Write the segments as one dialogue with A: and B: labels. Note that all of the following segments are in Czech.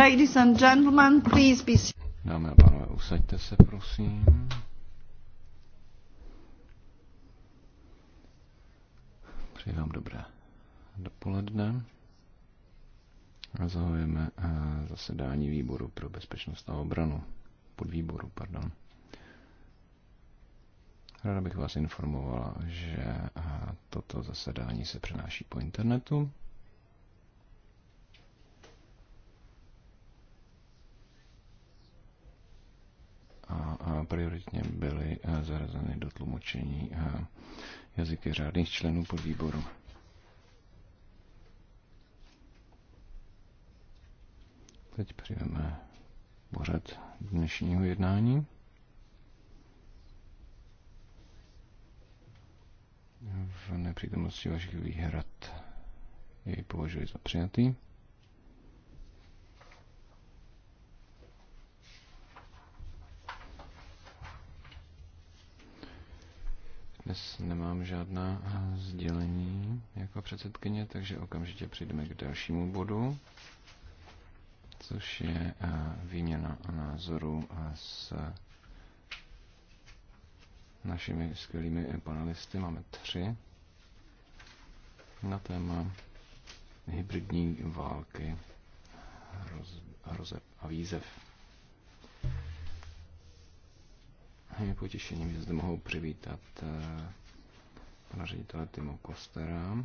A: Ladies and gentlemen, please be...
B: Dámy a pánové, usaďte se, prosím. Přeji vám dobré dopoledne. Zahajujeme eh, zasedání výboru pro bezpečnost a obranu. Podvýboru, pardon. Ráda bych vás informovala, že eh, toto zasedání se přenáší po internetu. a prioritně byly eh, zarazeny do tlumočení eh, jazyky řádných členů podvýboru. Teď přijeme pořad dnešního jednání. V nepřítomnosti vašich výhrad jej považuji za přijatý. Dnes nemám žádná eh, sdělení jako předsedkyně, takže okamžitě přijdeme k dalšímu bodu, což je eh, výměna názoru eh, s našimi skvělými panelisty. Máme tři na téma hybridní války, hrozeb a výzev. Je potěšením, že zde mohou přivítat eh, pana ředitele Timo Kostera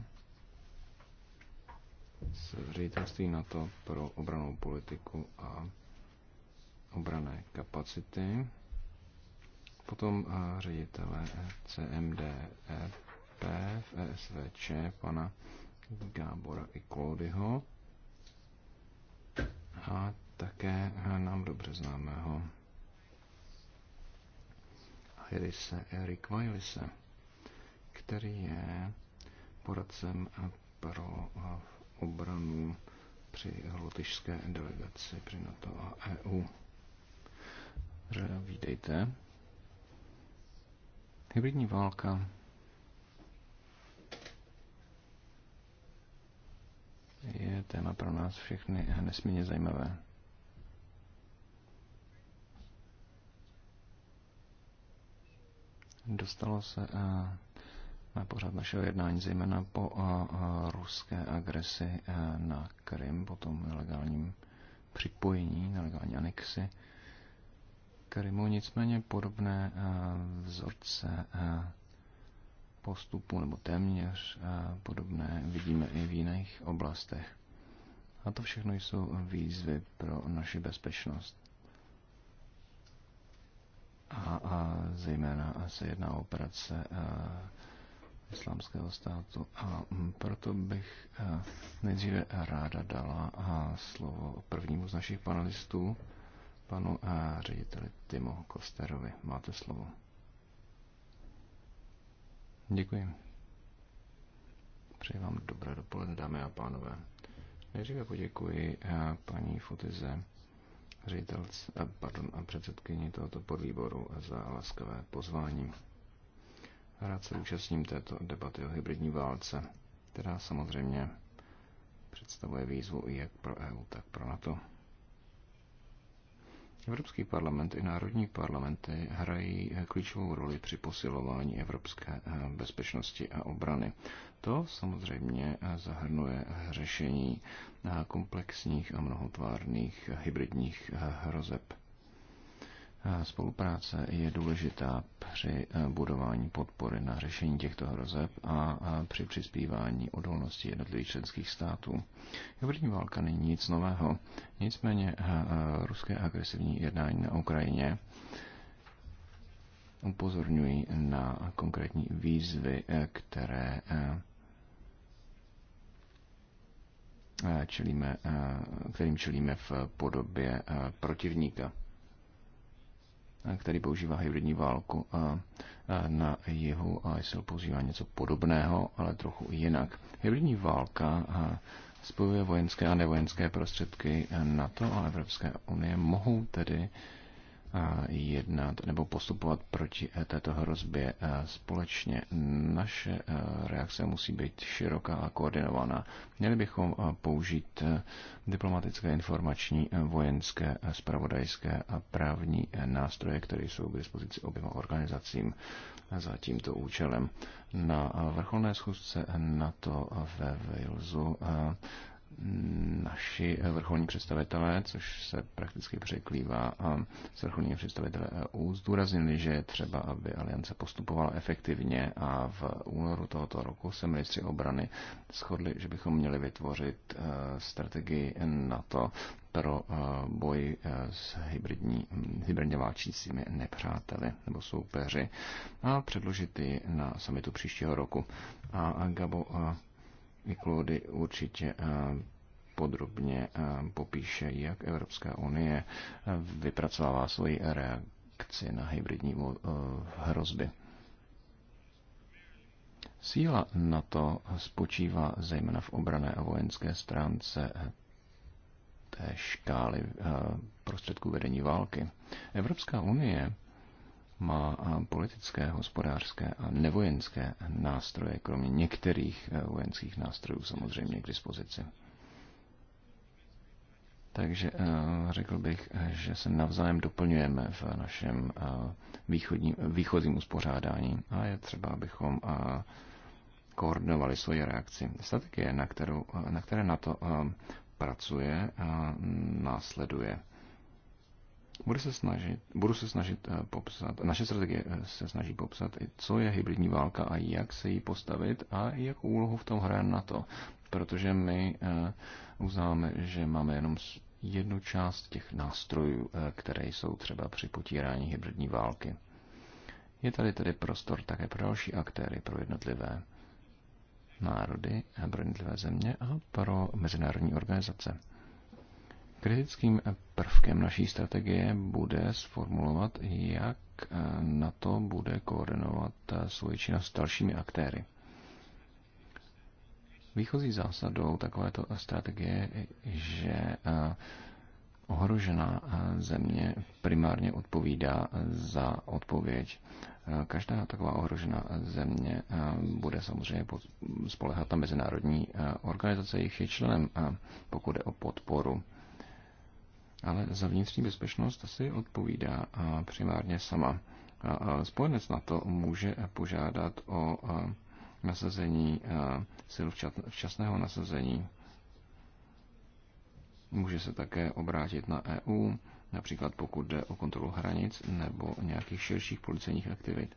B: z ředitelství NATO pro obranou politiku a obrané kapacity. Potom eh, ředitele CMDP e v ESVČ pana Gábora i a také eh, nám dobře známého Hilise, Eric Vajlise, který je poradcem pro eh, obranu při lotyšské delegaci při NATO a EU. Vítejte. Hybridní válka je téma pro nás všechny nesmírně zajímavé. Dostalo se eh, na pořád našeho jednání zejména po eh, eh, ruské agresi na Krym, po tom nelegálním připojení, nelegální anexi Krymu. Nicméně podobné vzorce postupu, nebo téměř podobné, vidíme i v jiných oblastech. A to všechno jsou výzvy pro naši bezpečnost a, a zejména se jedná o operace eh, islámského státu. A mm, proto bych eh, nejdříve ráda dala a eh, slovo prvnímu z našich panelistů, panu řediteli Timo Kosterovi. Máte slovo. Děkuji. Přeji vám dobré dopoledne, dámy a pánové. Nejdříve poděkuji paní Fotize ředitel, eh, pardon, a předsedkyni tohoto podvýboru za laskavé pozvání. Rád se účastním této debaty o hybridní válce, která samozřejmě představuje výzvu jak pro EU, tak pro NATO. Evropský parlament i národní parlamenty hrají eh, klíčovou roli při posilování evropské eh, bezpečnosti a obrany. To samozřejmě eh, zahrnuje řešení komplexních a mnohotvárných hybridních hrozeb. Spolupráce je důležitá při eh, budování podpory na řešení těchto hrozeb a při přispívání odolnosti jednotlivých členských států. Hybridní válka není nic nového, nicméně eh, eh, ruské agresivní jednání na Ukrajině upozorňují na konkrétní výzvy, které čelíme, kterým čelíme v podobě protivníka který používá hybridní válku a na jihu a ISIL používá něco podobného, ale trochu jinak. Hybridní válka spojuje vojenské a nevojenské prostředky NATO a Evropské unie mohou tedy jednat nebo postupovat proti eh, této hrozbě eh, společně. Naše eh, reakce musí být široká a koordinovaná. Měli bychom použít diplomatické, informační, vojenské, spravodajské a právní nástroje, které jsou k dispozici oběma organizacím za tímto účelem. Na vrcholné schůzce NATO ve Walesu naši vrcholní představitelé, což se prakticky překlívá s vrcholními představitelé EU, zdůraznili, že je třeba, aby aliance postupovala efektivně a v únoru tohoto roku se ministři obrany shodli, že bychom měli vytvořit e, strategii NATO pro e, boj e, s hybridní, hybridně válčícími nepřáteli nebo soupeři a předložit ji na samitu příštího roku. A Gabo, i Klody určitě eh, podrobně eh, popíše, jak Evropská unie eh, vypracovává svoji reakci na hybridní hrozby. Síla NATO spočívá zejména v obrané a vojenské stránce té škály prostředků vedení války. Evropská unie má politické, hospodářské a nevojenské nástroje, kromě některých eh, vojenských nástrojů samozřejmě k dispozici. Takže eh, řekl bych, že se navzájem doplňujeme v našem eh, východním, východním uspořádání a je třeba, abychom koordinovali svoji reakci. Strategie, na, kterou, na které na to pracuje, následuje. Budu se snažit, budu se snažit eh, popsat, naše strategie eh, se snaží popsat, co je hybridní válka a jak se jí postavit a jakou úlohu v tom hraje NATO. Protože my eh, uznáváme, že máme jenom jednu část těch nástrojů, které jsou třeba při potírání hybridní války. Je tady tedy prostor také pro další aktéry, pro jednotlivé národy, pro jednotlivé země a pro mezinárodní organizace. Kritickým prvkem naší strategie bude sformulovat, jak eh, na to bude koordinovat eh, svoji činnost s dalšími aktéry. Výchozí zásadou takovéto strategie je, že eh, ohrožená země primárně odpovídá za odpověď. Každá taková ohrožená země bude samozřejmě spolehat na mezinárodní organizace, jejich je členem, pokud je o podporu ale za vnitřní bezpečnost si odpovídá primárně sama. Spojenec na to může požádat o nasazení sil včasného nasazení. Může se také obrátit na EU, například pokud jde o kontrolu hranic nebo nějakých širších policejních aktivit.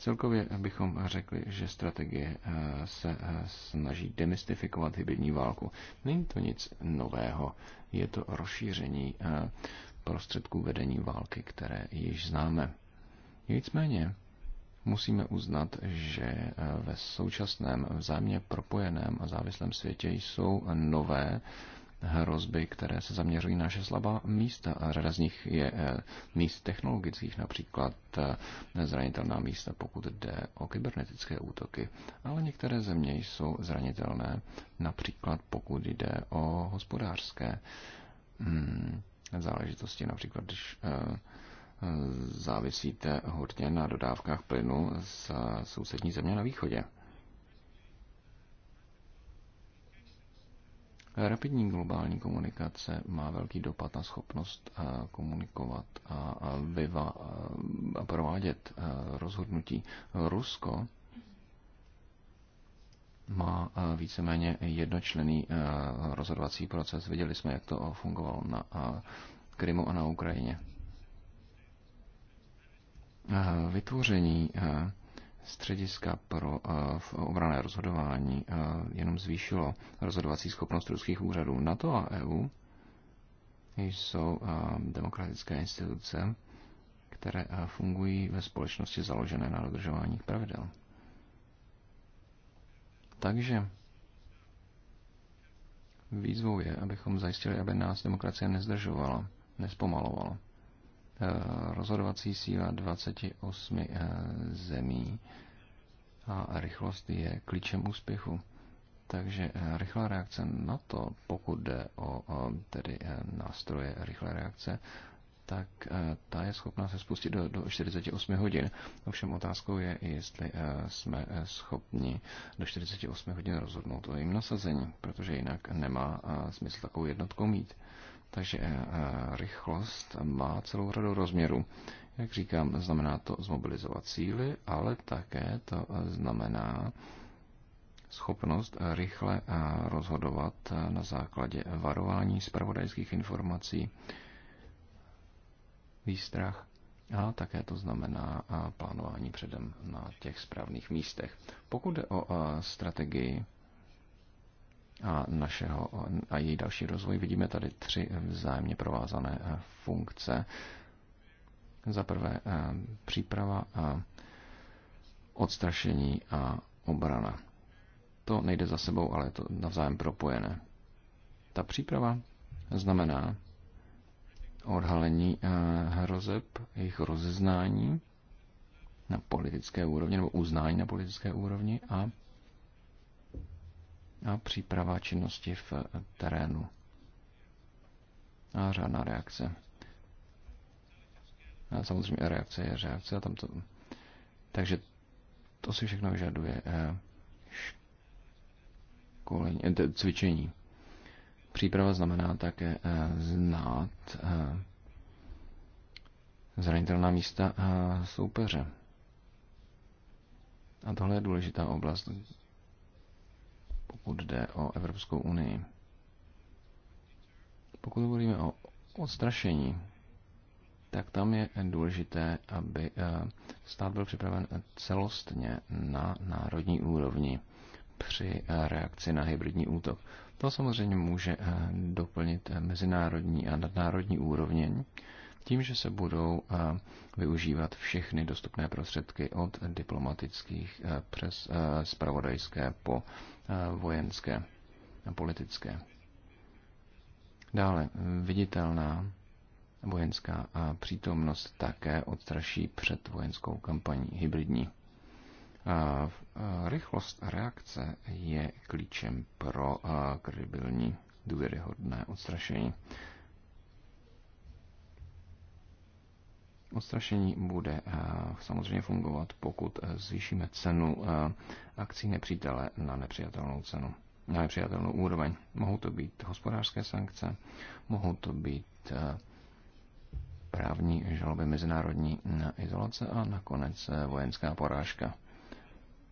B: Celkově bychom řekli, že strategie eh, se eh, snaží demystifikovat hybridní válku. Není to nic nového, je to rozšíření eh, prostředků vedení války, které již známe. Nicméně musíme uznat, že ve současném vzájemně propojeném a závislém světě jsou nové hrozby, které se zaměřují na naše slabá místa. Řada z nich je eh, míst technologických, například eh, zranitelná místa, pokud jde o kybernetické útoky. Ale některé země jsou zranitelné, například pokud jde o hospodářské hmm, záležitosti, například když eh, závisíte hodně na dodávkách plynu z sousední země na východě. Rapidní globální komunikace má velký dopad na schopnost eh, komunikovat a, vyva, eh, a provádět eh, rozhodnutí. Rusko má víceméně jednočlený rozhodovací proces. Viděli jsme, jak to fungovalo na Krymu a na Ukrajině. Vytvoření střediska pro eh, obrané rozhodování eh, jenom zvýšilo rozhodovací schopnost ruských úřadů. NATO a EU jsou eh, demokratické instituce, které fungují ve společnosti založené na dodržování pravidel. Takže výzvou je, abychom zajistili, aby nás demokracie nezdržovala, nespomalovala. Eh, rozhodovací síla 28 eh, zemí a rychlost je klíčem úspěchu. Takže eh, rychlá reakce na to, pokud jde o tedy nástroje rychlé reakce, tak ta je schopná se spustit do, do 48 hodin. Ovšem otázkou je, jestli jsme schopni do 48 hodin rozhodnout o jejím nasazení, protože jinak nemá smysl takovou jednotku mít. Takže eh, eh, rychlost má celou řadu rozměrů. Jak říkám, znamená to zmobilizovat síly, ale také to eh, znamená schopnost rychle rozhodovat na základě varování zpravodajských informací, výstrach a také to znamená plánování předem na těch správných místech. Pokud jde o strategii a, našeho, a její další rozvoj. Vidíme tady tři vzájemně provázané eh, funkce. Za prvé eh, příprava, a odstrašení a obrana. To nejde za sebou, ale je to navzájem propojené. Ta příprava znamená odhalení eh, hrozeb, jejich rozeznání na politické úrovni nebo uznání na politické úrovni a a příprava činnosti v terénu a řádná reakce. A samozřejmě reakce je reakce a tam to... Takže to si všechno vyžaduje eh, školení, eh, cvičení. Příprava znamená také eh, znát zranitelná místa soupeře. A tohle je důležitá oblast, pokud jde o Evropskou unii. Pokud hovoríme o odstrašení, tak tam je důležité, aby eh, stát byl připraven celostně na národní úrovni při eh, reakci na hybridní útok. To samozřejmě může eh, doplnit mezinárodní a nadnárodní úrovně tím, že se budou eh, využívat všechny dostupné prostředky od diplomatických eh, přes spravodajské eh, po vojenské a politické. Dále viditelná vojenská přítomnost také odstraší před vojenskou kampaní hybridní. Rychlost reakce je klíčem pro kredibilní důvěryhodné odstrašení. Odstrašení bude eh, samozřejmě fungovat, pokud eh, zvýšíme cenu eh, akcí nepřítele na nepřijatelnou cenu na nepřijatelnou úroveň. Mohou to být hospodářské sankce, mohou to být právní žaloby mezinárodní na izolace a nakonec vojenská porážka.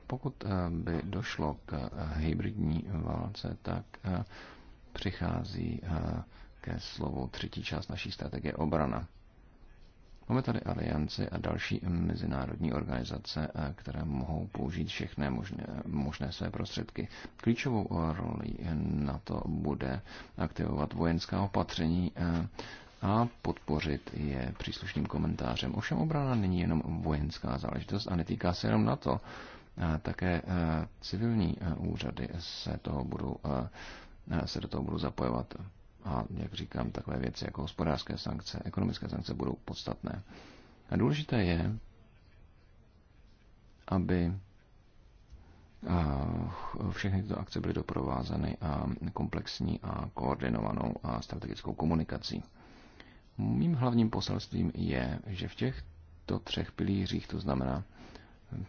B: Pokud by došlo k hybridní válce, tak přichází ke slovu třetí část naší strategie obrana. Máme tady alianci a další mezinárodní organizace, eh, které mohou použít všechny možné, možné své prostředky. Klíčovou eh, roli na to bude aktivovat vojenská opatření eh, a podpořit je příslušným komentářem. Ovšem obrana není jenom vojenská záležitost a netýká se jenom na to. Také civilní úřady se, toho budou, se do toho budou zapojovat. A jak říkám, takové věci jako hospodářské sankce, ekonomické sankce budou podstatné. A důležité je, aby všechny tyto akce byly doprovázeny a komplexní a koordinovanou a strategickou komunikací. Mým hlavním poselstvím je, že v těchto třech pilířích, to znamená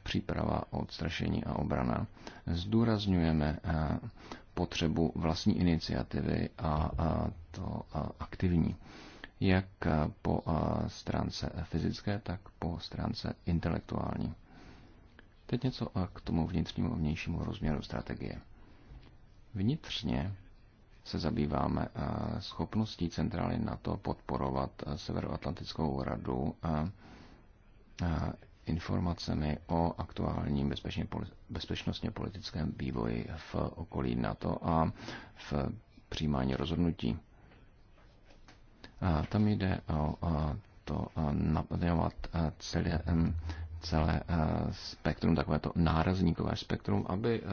B: příprava, odstrašení a obrana, zdůrazňujeme potřebu vlastní iniciativy a, a to a aktivní, jak po stránce fyzické, tak po stránce intelektuální. Teď něco k tomu vnitřnímu a vnějšímu rozměru strategie. Vnitřně se zabýváme schopností centrály NATO podporovat Severoatlantickou radu informacemi o aktuálním bezpečně, bezpečnostně politickém vývoji v okolí NATO a v přijímání rozhodnutí. A tam jde o to naplňovat celé, celé e, spektrum, takové to nárazníkové spektrum, aby e,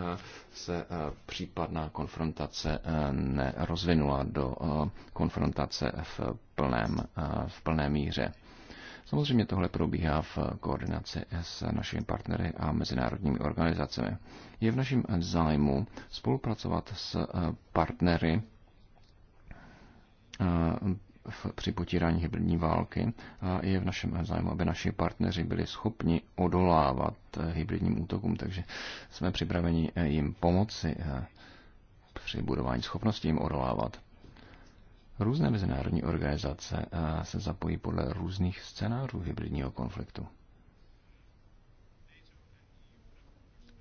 B: se e, případná konfrontace nerozvinula do konfrontace v, plném, v plné míře. Samozřejmě tohle probíhá v koordinaci s našimi partnery a mezinárodními organizacemi. Je v našem zájmu spolupracovat s eh, partnery eh, při potírání hybridní války a je v našem zájmu, aby naši partneři byli schopni odolávat eh, hybridním útokům, takže jsme připraveni jim pomoci při budování schopnosti jim odolávat. Různé mezinárodní organizace eh, se zapojí podle různých scénářů hybridního konfliktu.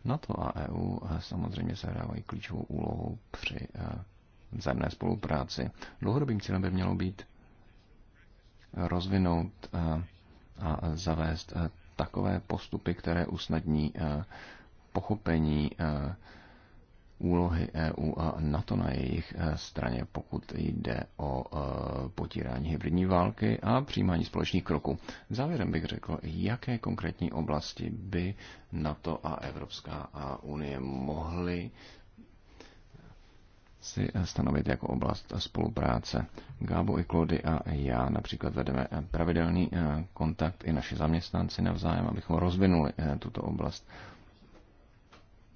B: NATO a EU eh, samozřejmě hrávají klíčovou úlohu při eh, vzájemné spolupráci. Dlouhodobým cílem by mělo být rozvinout a zavést takové postupy, které usnadní pochopení úlohy EU a NATO na jejich e, straně, pokud jde o e, potírání hybridní války a přijímání společných kroků. Závěrem bych řekl, jaké konkrétní oblasti by NATO a Evropská unie mohly si stanovit jako oblast spolupráce. Gábo i Klody a já například vedeme pravidelný e, kontakt i naši zaměstnanci navzájem, abychom rozvinuli tuto oblast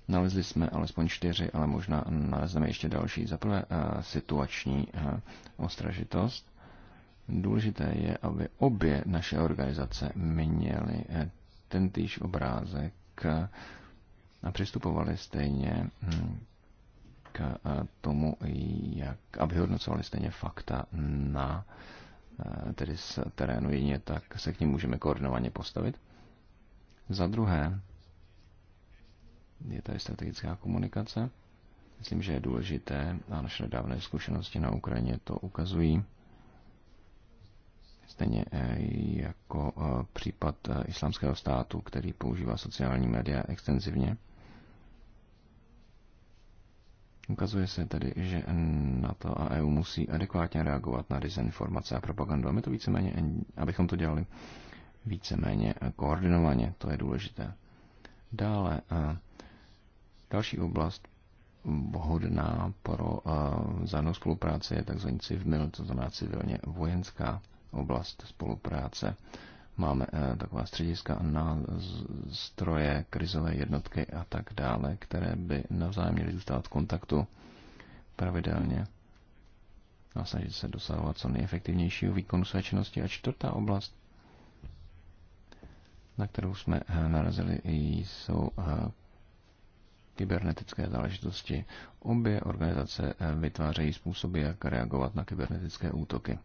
B: Nalezli jsme alespoň čtyři, ale možná nalezneme ještě další. Za prvé eh, situační eh, ostražitost. Důležité je, aby obě naše organizace měly eh, tentýž obrázek a přistupovali stejně hm, k tomu, jak, aby hodnocovali stejně fakta na tedy z terénu, jině tak se k ním můžeme koordinovaně postavit. Za druhé, je tady strategická komunikace. Myslím, že je důležité a naše nedávné zkušenosti na Ukrajině to ukazují. Stejně eh, jako eh, případ eh, islámského státu, který používá sociální média extenzivně. Ukazuje se tedy, že NATO a EU musí adekvátně reagovat na dezinformace a propagandu. A my to víceméně, abychom to dělali víceméně koordinovaně, to je důležité. Dále, Další oblast vhodná pro eh, vzájemnou spolupráci je tzv. civil, to znamená civilně vojenská oblast spolupráce. Máme eh, taková střediska, stroje krizové jednotky a tak dále, které by navzájem měly zůstat v kontaktu pravidelně a snažit se dosahovat co nejefektivnějšího výkonu své činnosti. A čtvrtá oblast, na kterou jsme eh, narazili, jsou kybernetické záležitosti. Obě organizace eh, vytvářejí způsoby, jak reagovat na kybernetické útoky.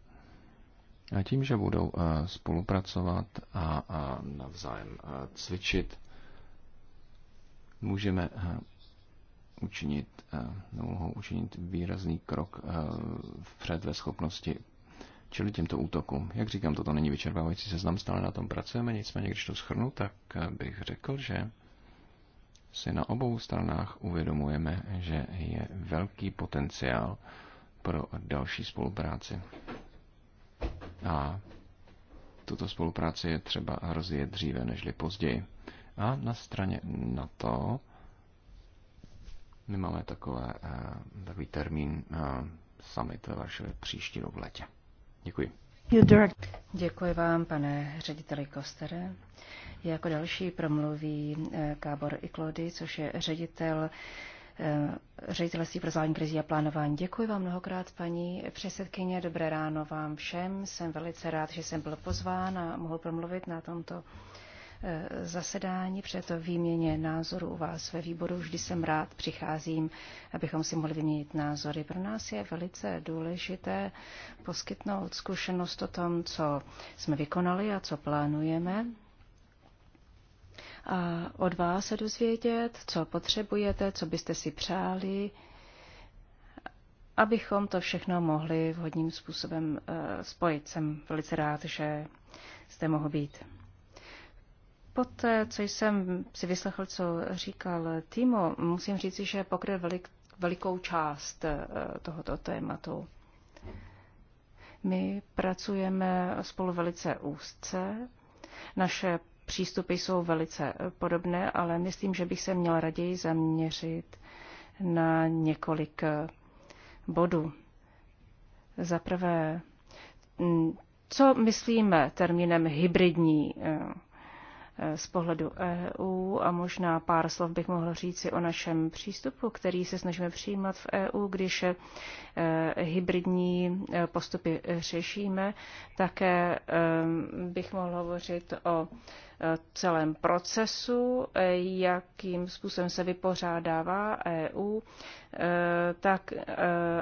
B: A tím, že budou eh, spolupracovat a, navzájem eh, cvičit, můžeme učinit, mohou učinit výrazný krok vpřed ve schopnosti čili těmto útokům. Jak říkám, toto není vyčerpávající seznam, stále na tom pracujeme, nicméně když to schrnu, tak bych řekl, že si na obou stranách uvědomujeme, že je velký potenciál pro další spolupráci. A tuto spolupráci je třeba rozjet dříve nežli později. A na straně to my máme takové, eh, takový termín eh, summit ve Varšavě příští rok v létě. Děkuji.
A: Děkuji vám, pane řediteli Kostere. Jako další promluví Kábor eh, Iklody, což je ředitel eh, ředitelství pro zvládní krizi a plánování. Děkuji vám mnohokrát, paní předsedkyně. Dobré ráno vám všem. Jsem velice rád, že jsem byl pozván a mohl promluvit na tomto eh, zasedání, to výměně názoru u vás ve výboru. Vždy jsem rád přicházím, abychom si mohli vyměnit názory. Pro nás je velice důležité poskytnout zkušenost o tom, co jsme vykonali a co plánujeme a od vás se dozvědět, co potřebujete, co byste si přáli, abychom to všechno mohli vhodným způsobem eh, spojit. Jsem velice rád, že jste mohl být. Poté, co jsem si vyslechl, co říkal Timo, musím říct, že pokryl velik, velikou část eh, tohoto tématu. My pracujeme spolu velice úzce. Naše přístupy jsou velice eh, podobné, ale myslím, že bych se měl raději zaměřit na několik eh, bodů. Za prvé, mm, co myslíme termínem hybridní eh, Eh, z pohledu EU a možná pár slov bych mohl říci o našem přístupu, který se snažíme přijímat v EU, když eh, hybridní eh, postupy řešíme. Také bych mohl hovořit o celém procesu, jakým způsobem se vypořádává EU, tak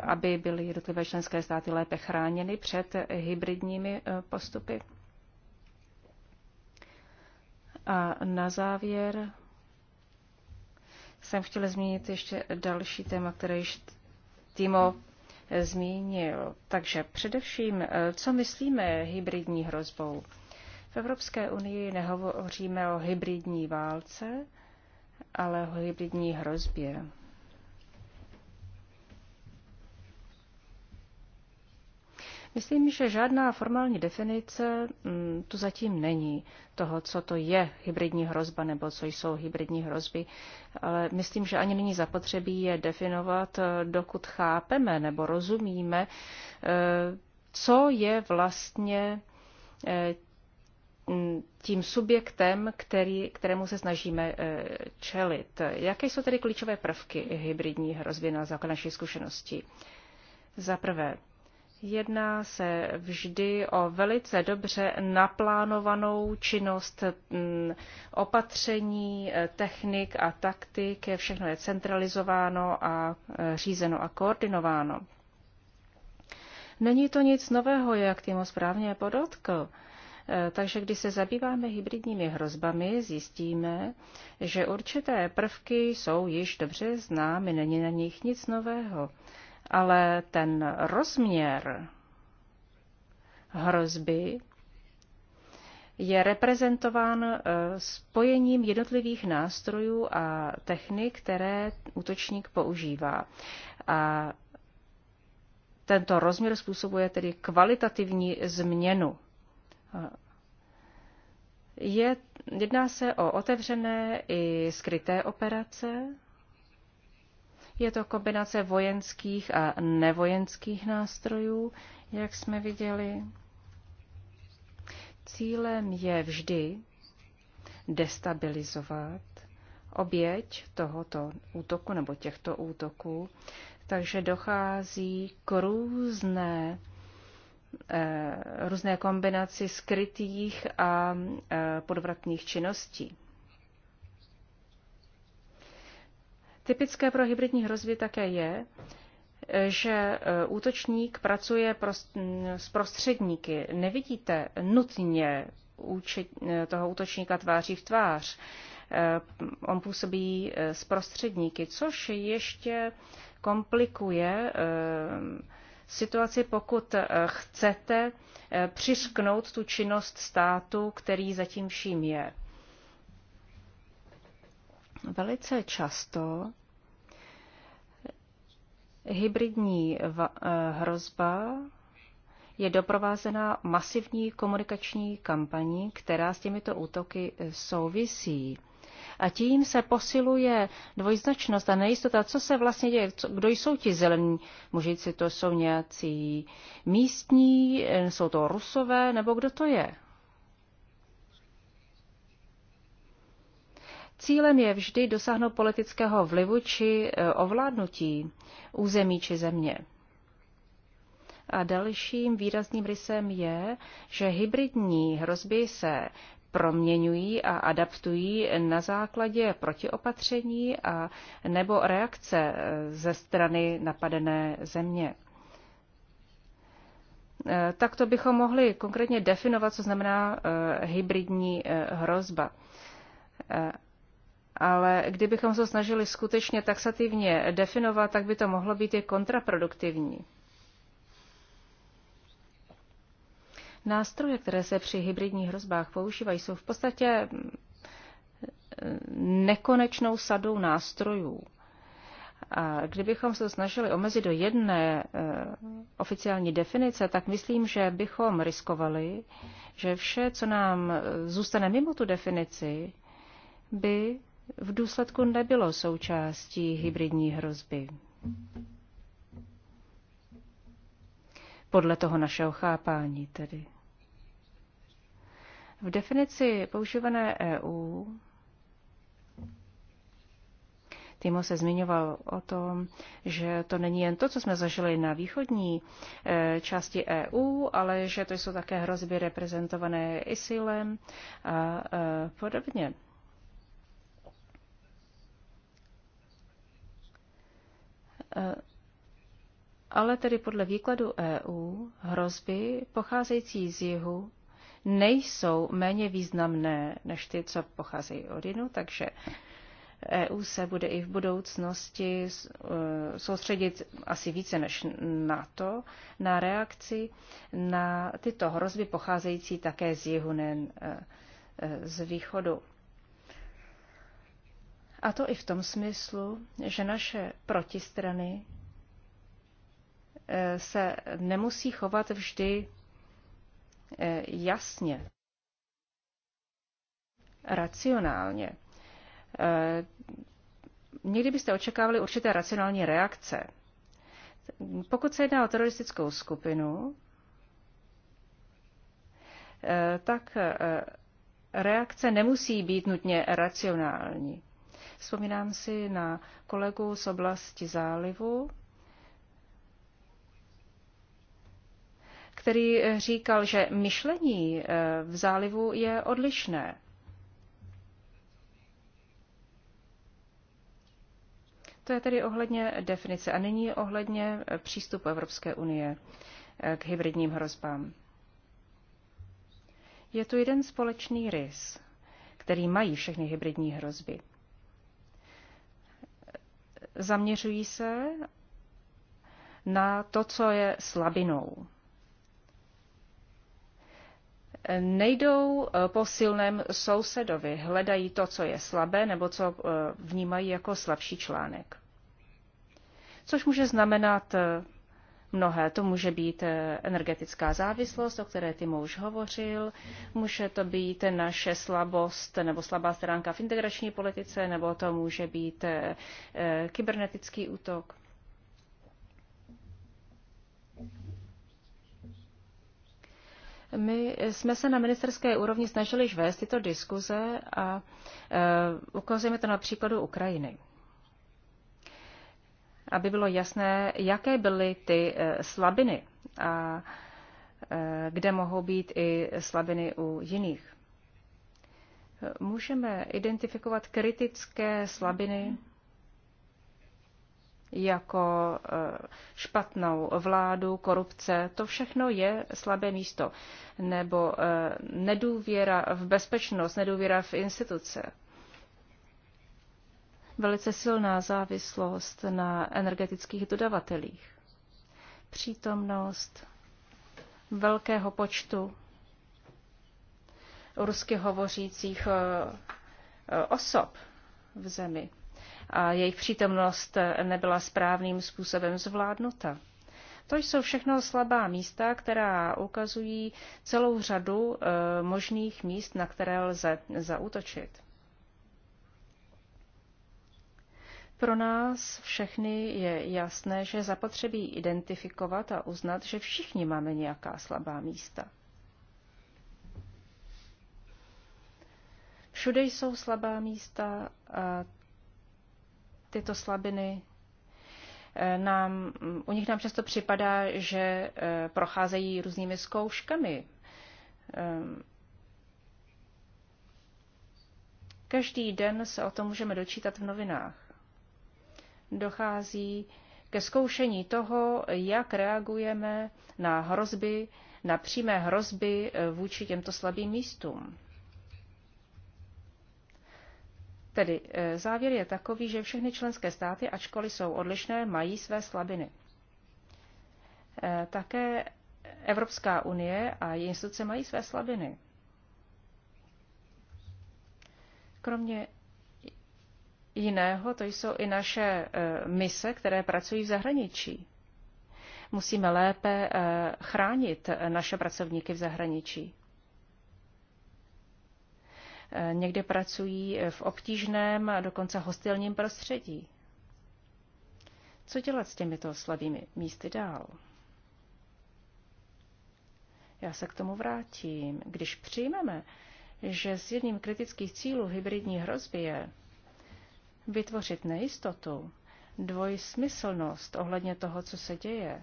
A: aby byly jednotlivé členské státy lépe chráněny před hybridními postupy. A na závěr jsem chtěla zmínit ještě další téma, které již Timo zmínil. Takže především, eh, co myslíme hybridní hrozbou? V Evropské unii nehovoříme o hybridní válce, ale o hybridní hrozbě. Myslím, že žádná formální definice mm, tu zatím není toho, co to je hybridní hrozba nebo co jsou hybridní hrozby, ale myslím, že ani není zapotřebí je definovat, eh, dokud chápeme nebo rozumíme, eh, co je vlastně eh, mm, tím subjektem, který, kterému se snažíme čelit. Jaké jsou tedy klíčové prvky hybridní hrozby na základě naší zkušenosti? Za prvé, Jedná se vždy o velice dobře naplánovanou činnost mm, opatření, eh, technik a taktik. Všechno je centralizováno a eh, řízeno a koordinováno. Není to nic nového, jak Timo správně podotkl. Eh, takže když se zabýváme hybridními hrozbami, zjistíme, že určité prvky jsou již dobře známy, není na nich nic nového ale ten rozměr hrozby je reprezentován eh, spojením jednotlivých nástrojů a technik, které útočník používá. A tento rozměr způsobuje tedy kvalitativní změnu. Eh, je, jedná se o otevřené i skryté operace, je to kombinace vojenských a nevojenských nástrojů, jak jsme viděli. Cílem je vždy destabilizovat oběť tohoto útoku nebo těchto útoků, takže dochází k různé eh, různé kombinaci skrytých a eh, podvratných činností. Typické pro hybridní hrozby také je, že e, útočník pracuje s prostředníky. Nevidíte nutně e, toho útočníka tváří v tvář. E, on působí s prostředníky, což ještě komplikuje situaci, pokud chcete přisknout tu činnost státu, který zatím vším je. Velice často hybridní eh, hrozba je doprovázená masivní komunikační kampaní, která s těmito útoky souvisí. A tím se posiluje dvojznačnost a nejistota, co se vlastně děje, co, kdo jsou ti zelení mužici, to jsou nějací místní, eh, jsou to rusové, nebo kdo to je. Cílem je vždy dosáhnout politického vlivu či e, ovládnutí území či země. A dalším výrazným rysem je, že hybridní hrozby se proměňují a adaptují na základě protiopatření a nebo reakce e, ze strany napadené země. E, takto bychom mohli konkrétně definovat, co znamená hybridní hrozba ale kdybychom se snažili skutečně taxativně definovat, tak by to mohlo být i kontraproduktivní. Nástroje, které se při hybridních hrozbách používají, jsou v podstatě mm, nekonečnou sadou nástrojů. A kdybychom se snažili omezit do jedné e, oficiální definice, tak myslím, že bychom riskovali, že vše, co nám eh, zůstane mimo tu definici, by v důsledku nebylo součástí hybridní hrozby. Podle toho našeho chápání tedy. V definici používané EU Timo se zmiňoval o tom, že to není jen to, co jsme zažili na východní e, části EU, ale že to jsou také hrozby reprezentované ISILem a e, podobně. Eh, ale tedy podle výkladu EU hrozby pocházející z jihu nejsou méně významné než ty, co pocházejí od jinu, takže EU se bude i v budoucnosti eh, soustředit asi více než na to, na reakci na tyto hrozby pocházející také z jihu, nejen eh, z východu. A to i v tom smyslu, že naše protistrany eh, se nemusí chovat vždy eh, jasně, racionálně. Eh, někdy byste očekávali určité racionální reakce. Pokud se jedná o teroristickou skupinu, tak reakce nemusí být nutně racionální. Vzpomínám si na kolegu z oblasti zálivu, který říkal, že myšlení eh, v zálivu je odlišné. To je tedy ohledně definice a nyní ohledně eh, přístupu Evropské unie eh, k hybridním hrozbám. Je tu jeden společný rys, který mají všechny hybridní hrozby zaměřují se na to, co je slabinou. Nejdou eh, po silném sousedovi, hledají to, co je slabé nebo co eh, vnímají jako slabší článek. Což může znamenat eh, mnohé. To může být eh, energetická závislost, o které ty už hovořil, může to být naše slabost nebo slabá stránka v integrační politice, nebo to může být eh, eh, kybernetický útok. My jsme se na ministerské úrovni snažili vést tyto diskuze a e, ukazujeme to na příkladu Ukrajiny aby bylo jasné, jaké byly ty eh, slabiny a eh, kde mohou být i slabiny u jiných. Můžeme identifikovat kritické slabiny jako eh, špatnou vládu, korupce, to všechno je slabé místo. Nebo nedůvěra v bezpečnost, nedůvěra v instituce velice silná závislost na energetických dodavatelích. Přítomnost velkého počtu rusky hovořících eh, eh, osob v zemi a jejich přítomnost nebyla správným způsobem zvládnuta. To jsou všechno slabá místa, která ukazují celou řadu eh, možných míst, na které lze zaútočit. Pro nás všechny je jasné, že zapotřebí identifikovat a uznat, že všichni máme nějaká slabá místa. Všude jsou slabá místa a tyto slabiny eh, nám, u nich nám často připadá, že eh, procházejí různými zkouškami. Ehm, každý den se o tom můžeme dočítat v novinách dochází ke zkoušení toho, jak reagujeme na hrozby, na přímé hrozby eh, vůči těmto slabým místům. Tedy eh, závěr je takový, že všechny členské státy, ačkoliv jsou odlišné, mají své slabiny. Eh, také Evropská unie a její instituce mají své slabiny. Kromě jiného, to jsou i naše e, mise, které pracují v zahraničí. Musíme lépe e, chránit naše pracovníky v zahraničí. E, někde pracují v obtížném a dokonce hostilním prostředí. Co dělat s těmito slabými místy dál? Já se k tomu vrátím. Když přijmeme, že s jedním kritických cílů hybridní hrozby je vytvořit nejistotu, dvojsmyslnost ohledně toho, co se děje.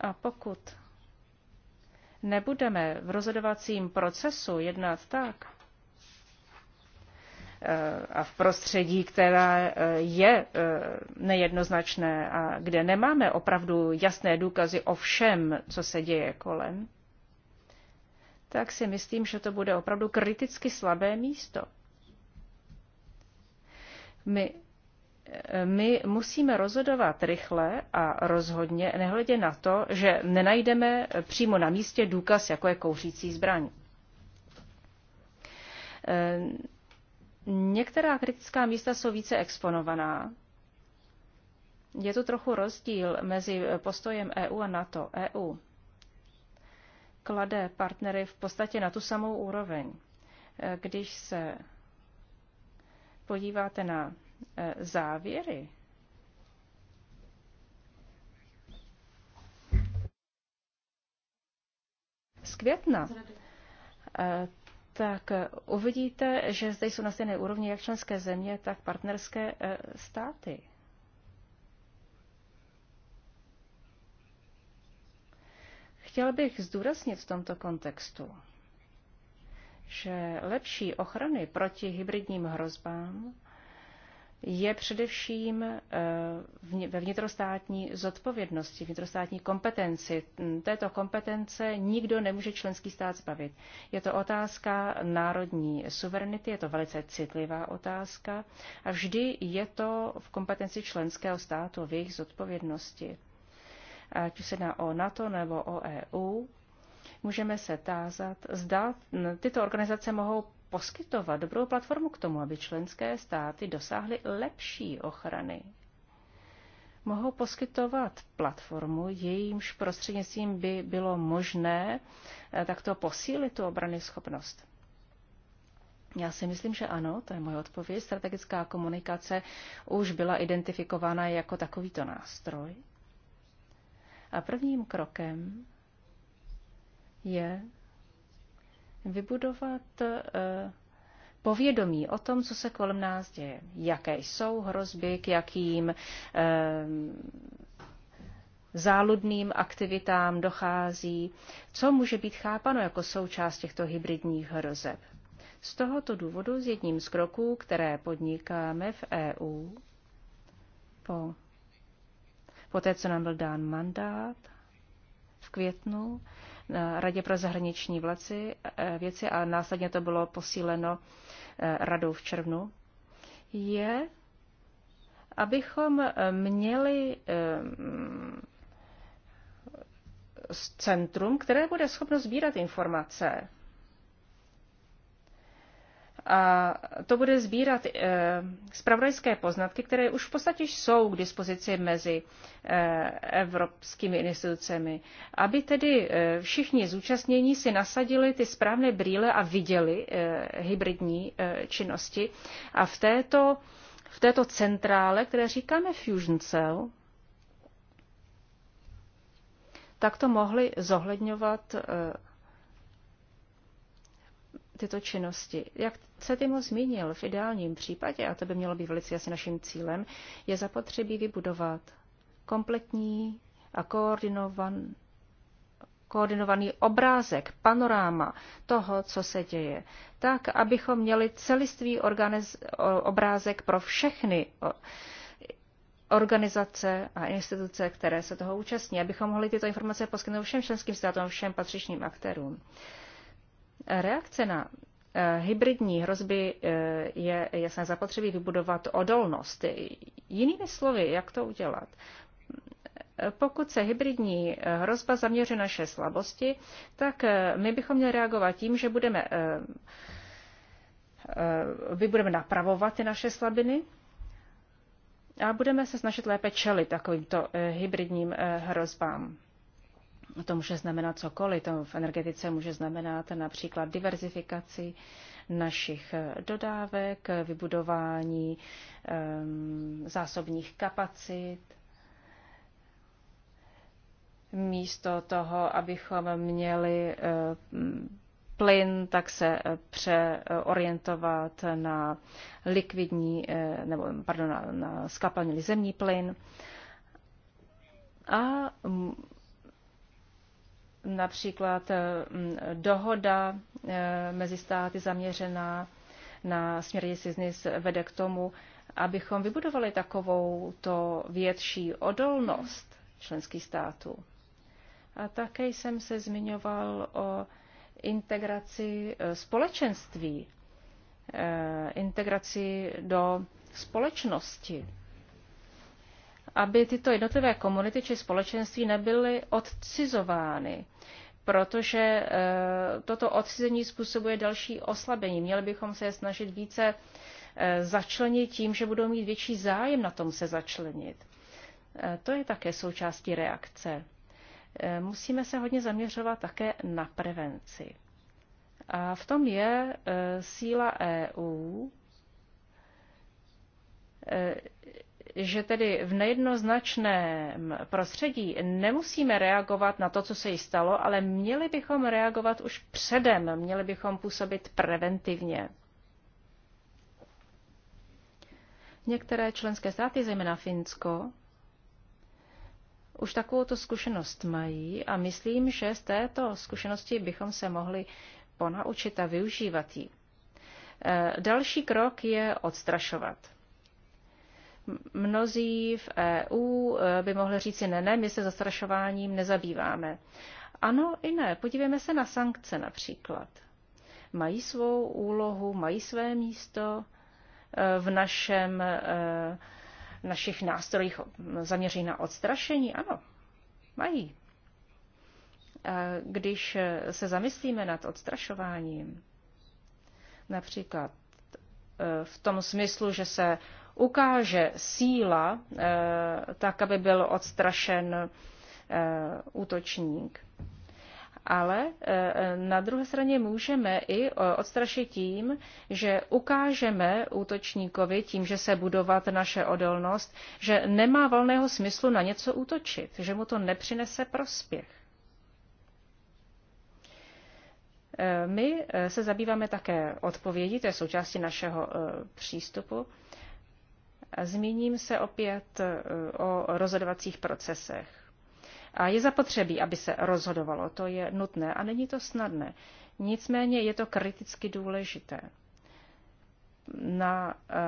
A: A pokud nebudeme v rozhodovacím procesu jednat tak, eh, a v prostředí, která eh, je eh, nejednoznačné a kde nemáme opravdu jasné důkazy o všem, co se děje kolem, tak si myslím, že to bude opravdu kriticky slabé místo. My, my musíme rozhodovat rychle a rozhodně, nehledě na to, že nenajdeme přímo na místě důkaz, jako je kouřící zbraň. Ehm, některá kritická místa jsou více exponovaná. Je tu trochu rozdíl mezi postojem EU a NATO. EU klade partnery v podstatě na tu samou úroveň. Eh, když se podíváte na eh, závěry z května, eh, tak uvidíte, že zde jsou na stejné úrovni jak členské země, tak partnerské státy. Chtěl bych zdůraznit v tomto kontextu, že lepší ochrany proti hybridním hrozbám je především eh, ve vnitrostátní zodpovědnosti, vnitrostátní kompetenci. Této kompetence nikdo nemůže členský stát zbavit. Je to otázka národní suverenity, je to velice citlivá otázka a vždy je to v kompetenci členského státu, v jejich zodpovědnosti ať už se jedná o NATO nebo o EU, můžeme se tázat, zda tyto organizace mohou poskytovat dobrou platformu k tomu, aby členské státy dosáhly lepší ochrany. Mohou poskytovat platformu, jejímž prostřednictvím by bylo možné eh, takto posílit tu obrany schopnost. Já si myslím, že ano, to je moje odpověď. Strategická komunikace už byla identifikována jako takovýto nástroj. A prvním krokem je vybudovat eh, povědomí o tom, co se kolem nás děje, jaké jsou hrozby, k jakým eh, záludným aktivitám dochází, co může být chápano jako součást těchto hybridních hrozeb. Z tohoto důvodu s jedním z kroků, které podnikáme v EU po poté co nám byl dán mandát v květnu na Radě pro zahraniční vlaci, eh, věci a následně to bylo posíleno eh, radou v červnu, je, abychom eh, měli centrum, které bude schopno sbírat informace a to bude sbírat e, eh, spravodajské poznatky, které už v podstatě jsou k dispozici mezi e, evropskými institucemi, aby tedy e, všichni zúčastnění si nasadili ty správné brýle a viděli e, hybridní e, činnosti. A v této, v této centrále, které říkáme Fusion Cell, tak to mohli zohledňovat e, tyto činnosti. Jak se Timo zmínil, v ideálním případě, a to by mělo být velice asi naším cílem, je zapotřebí vybudovat kompletní a koordinovan, koordinovaný obrázek, panoráma toho, co se děje, tak, abychom měli celistvý organiz, obrázek pro všechny organizace a instituce, které se toho účastní, abychom mohli tyto informace poskytnout všem členským státům, všem patřičním aktérům. Reakce na eh, hybridní hrozby eh, je jasné zapotřebí vybudovat odolnost. Jinými slovy, jak to udělat? Pokud se hybridní hrozba zaměří na naše slabosti, tak eh, my bychom měli reagovat tím, že budeme, my budeme napravovat ty naše slabiny a budeme se snažit lépe čelit takovýmto hybridním hrozbám to může znamenat cokoliv. To v energetice může znamenat například diverzifikaci našich eh, dodávek, vybudování um, zásobních kapacit. Místo toho, abychom měli um, plyn, tak se eh, přeorientovat na likvidní, nebo pardon, na, na skapalnělý zemní plyn. A například eh, dohoda eh, mezi státy zaměřená na směrnici business vede k tomu, abychom vybudovali takovou to větší odolnost členských států. A také jsem se zmiňoval o integraci eh, společenství, integraci do společnosti aby tyto jednotlivé komunity či společenství nebyly odcizovány, protože e, toto odcizení způsobuje další oslabení. Měli bychom se snažit více e, začlenit tím, že budou mít větší zájem na tom se začlenit. E, to je také součástí reakce. Musíme se hodně zaměřovat také na prevenci. A v tom je síla EU, že tedy v nejednoznačném prostředí nemusíme reagovat na to, co se jí stalo, ale měli bychom reagovat už předem, měli bychom působit preventivně. Některé členské státy, zejména Finsko, už takovou zkušenost mají a myslím, že z této zkušenosti bychom se mohli ponaučit a využívat ji. E, další krok je odstrašovat. Mnozí v EU eh, by mohli říci ne, ne, my se zastrašováním nezabýváme. Ano i ne, podívejme se na sankce například. Mají svou úlohu, mají své místo eh, v našem, eh, našich nástrojích zaměřených na odstrašení? Ano, mají. Když se zamyslíme nad odstrašováním, například v tom smyslu, že se ukáže síla, eh, tak aby byl odstrašen eh, útočník. Ale eh, na druhé straně můžeme i odstrašit tím, že ukážeme útočníkovi tím, že se budovat naše odolnost, že nemá volného smyslu na něco útočit, že mu to nepřinese prospěch. My se zabýváme také odpovědí, to je součástí našeho přístupu. Zmíním se opět e, o rozhodovacích procesech. A je zapotřebí, aby se rozhodovalo, to je nutné a není to snadné. Nicméně je to kriticky důležité. Na, e,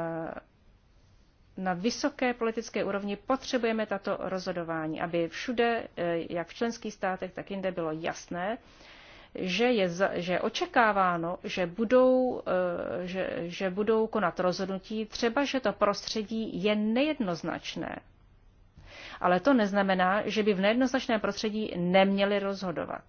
A: na vysoké politické úrovni potřebujeme tato rozhodování, aby všude, e, jak v členských státech, tak jinde bylo jasné, že, je, že je očekáváno, že budou, eh, že, že budou konat rozhodnutí, třeba že to prostředí je nejednoznačné. Ale to neznamená, že by v nejednoznačném prostředí neměli rozhodovat.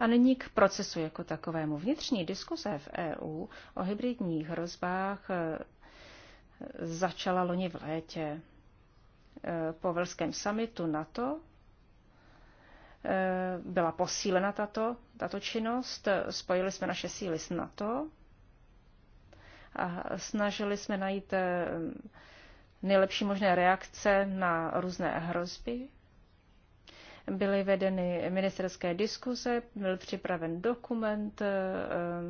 A: A nyní k procesu jako takovému. Vnitřní diskuse v EU o hybridních hrozbách eh, začala loni v létě eh, po velském samitu NATO Eh, byla posílena tato, tato činnost, spojili jsme naše síly s NATO a snažili jsme najít eh, nejlepší možné reakce na různé hrozby byly vedeny ministerské diskuze, byl připraven dokument, eh,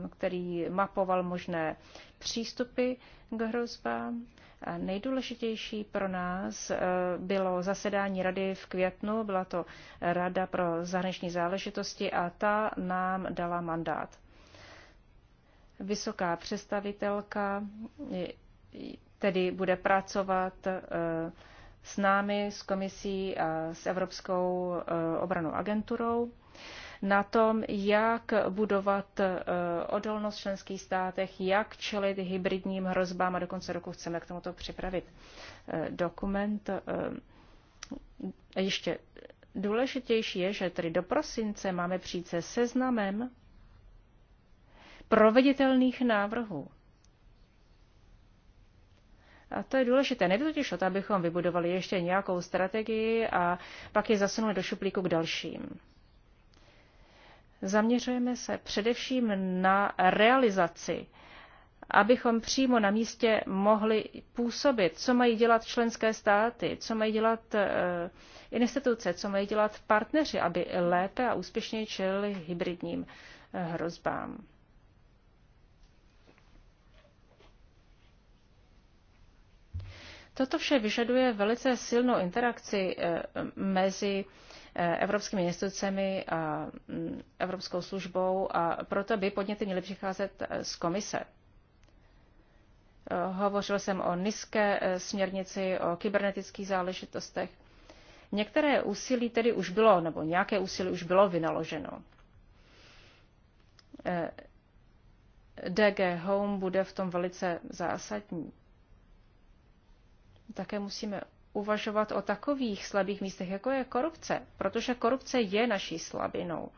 A: který mapoval možné přístupy k hrozbám. A nejdůležitější pro nás eh, bylo zasedání rady v květnu, byla to Rada pro zahraniční záležitosti a ta nám dala mandát. Vysoká představitelka eh, tedy bude pracovat s námi, s komisí a s Evropskou e, obranou agenturou na tom, jak budovat e, odolnost v členských státech, jak čelit hybridním hrozbám a dokonce roku chceme k tomuto připravit e, dokument. Ještě důležitější je, že tedy do prosince máme přijít se seznamem proveditelných návrhů a to je důležité. Nejde totiž o to, abychom vybudovali ještě nějakou strategii a pak je zasunuli do šuplíku k dalším. Zaměřujeme se především na realizaci, abychom přímo na místě mohli působit, co mají dělat členské státy, co mají dělat eh, instituce, co mají dělat partneři, aby lépe a úspěšněji čelili hybridním eh, hrozbám. Toto vše vyžaduje velice silnou interakci eh, mezi eh, evropskými institucemi a mm, Evropskou službou a proto by podněty měly přicházet eh, z komise. Hovořil jsem o nízké směrnici, o kybernetických záležitostech. Některé úsilí tedy už bylo, nebo nějaké úsilí už bylo vynaloženo. DG Home bude v tom velice zásadní. Také musíme uvažovat o takových slabých místech, jako je korupce, protože korupce je naší slabinou.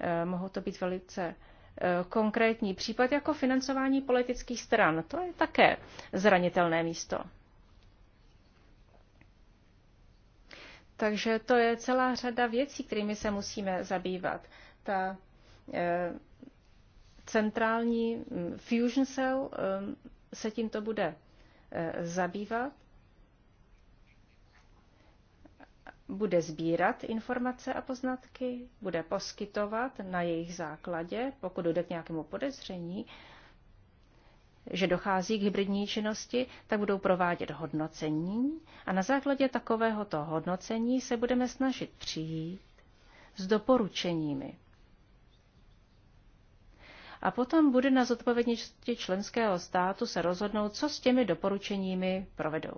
A: Eh, mohou to být velice eh, konkrétní případ jako financování politických stran. To je také zranitelné místo. Takže to je celá řada věcí, kterými se musíme zabývat. Ta eh, centrální mm, fusion cell se tímto bude Eh, zabývat, bude sbírat informace a poznatky, bude poskytovat na jejich základě, pokud dojde k nějakému podezření, že dochází k hybridní činnosti, tak budou provádět hodnocení a na základě takovéhoto hodnocení se budeme snažit přijít s doporučeními. A potom bude na zodpovědnosti členského státu se rozhodnout, co s těmi doporučeními provedou.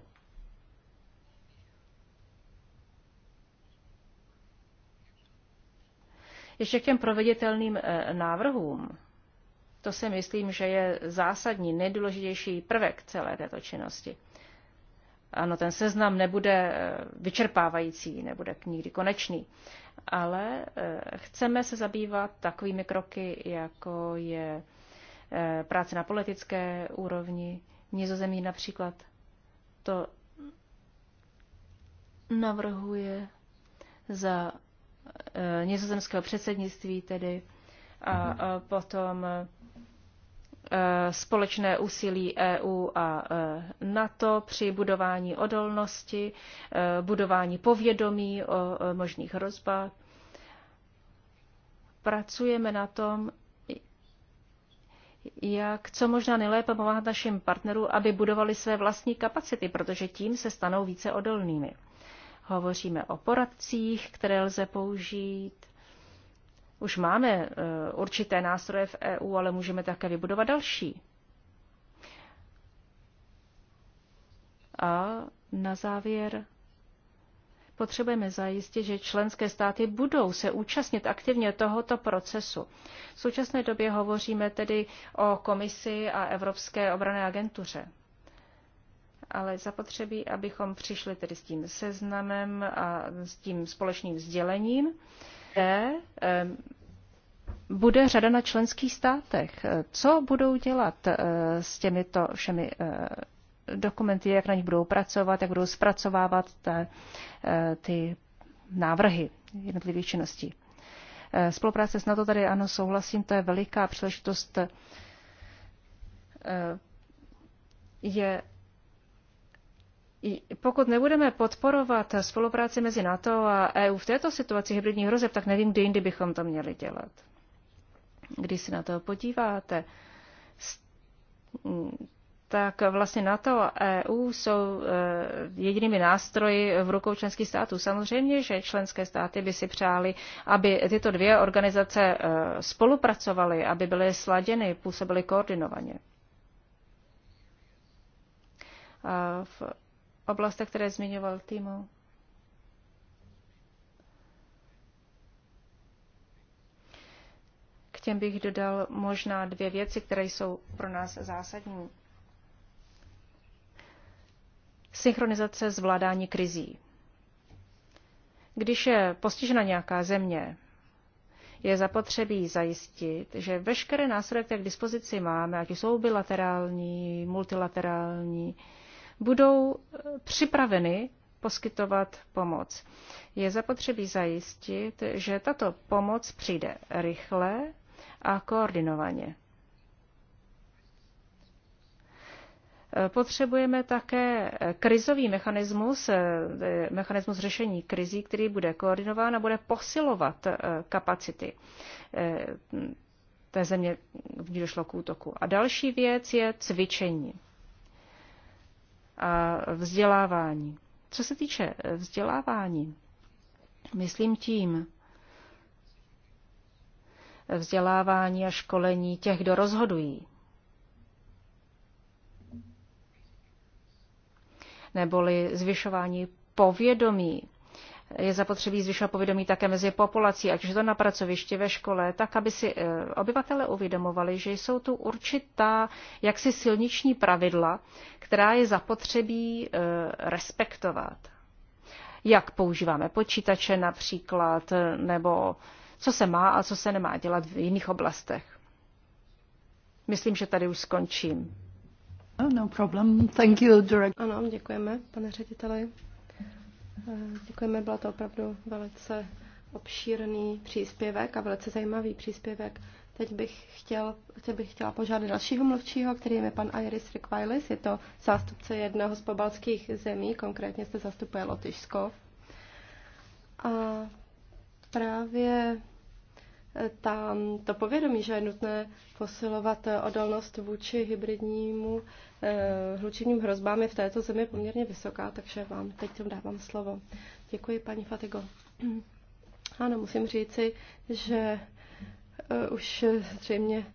A: Ještě k těm proveditelným eh, návrhům. To si myslím, že je zásadní, nejdůležitější prvek celé této činnosti. Ano, ten seznam nebude eh, vyčerpávající, nebude nikdy konečný ale eh, chceme se zabývat takovými kroky, jako je eh, práce na politické úrovni, nizozemí například to navrhuje za eh, nizozemského předsednictví tedy a mhm. potom Eh, společné úsilí EU a eh, NATO při budování odolnosti, eh, budování povědomí o možných hrozbách. Pracujeme na tom, jak co možná nejlépe pomáhat našim partnerům, aby budovali své vlastní kapacity, protože tím se stanou více odolnými. Hovoříme o poradcích, které lze použít, už máme eh, určité nástroje v EU, ale můžeme také vybudovat další. A na závěr potřebujeme zajistit, že členské státy budou se účastnit aktivně tohoto procesu. V současné době hovoříme tedy o komisi a Evropské obrané agentuře. Ale zapotřebí, abychom přišli tedy s tím seznamem a s tím společným sdělením kde e, bude řada na členských státech. Co budou dělat e, s těmito všemi e, dokumenty, jak na nich budou pracovat, jak budou zpracovávat ta, ty návrhy jednotlivých činností. Spolupráce s NATO tady ano, souhlasím, to je veliká příležitost. Je pokud nebudeme podporovat spolupráci mezi NATO a EU v této situaci hybridních hrozeb, tak nevím, kdy jindy bychom to měli dělat. Když se na to podíváte, tak vlastně NATO a EU jsou eh, jedinými nástroji v rukou členských států. Samozřejmě, že členské státy by si přáli, aby tyto dvě organizace eh, spolupracovaly, aby byly sladěny, působily koordinovaně. A v oblastech, které zmiňoval Timo. K těm bych dodal možná dvě věci, které jsou pro nás zásadní. Synchronizace zvládání krizí. Když je postižena nějaká země, je zapotřebí zajistit, že veškeré nástroje, které k dispozici máme, ať jsou bilaterální, multilaterální, budou eh, připraveny poskytovat pomoc. Je zapotřebí zajistit, že tato pomoc přijde rychle a koordinovaně. Eh, potřebujeme také eh, krizový mechanismus, mechanismus řešení krizí, který bude koordinován a bude posilovat kapacity té země, v došlo k útoku. A další věc je cvičení a vzdělávání. Co se týče vzdělávání, myslím tím vzdělávání a školení těch, kdo rozhodují. Neboli zvyšování povědomí je zapotřebí zvyšovat povědomí také mezi populací, ať už to na pracovišti, ve škole, tak, aby si eh, obyvatele uvědomovali, že jsou tu určitá jaksi silniční pravidla, která je zapotřebí eh, respektovat. Jak používáme počítače například, eh, nebo co se má a co se nemá dělat v jiných oblastech. Myslím, že tady už skončím.
C: No, no problem. Thank you, direct. Ano, děkujeme, pane řediteli. Děkujeme, byla to opravdu velice obšírný příspěvek a velice zajímavý příspěvek. Teď bych, chtěl, teď bych chtěla požádat dalšího mluvčího, který je pan Iris Requilis. Je to zástupce jednoho z pobalských zemí, konkrétně se zastupuje Lotyšsko. A právě ta, to povědomí, že je nutné posilovat odolnost vůči hybridnímu eh, hlučením hrozbám je v této zemi poměrně vysoká, takže vám teď tomu dávám slovo. Děkuji, paní Fatigo. Ano, musím říci, že eh, už zřejmě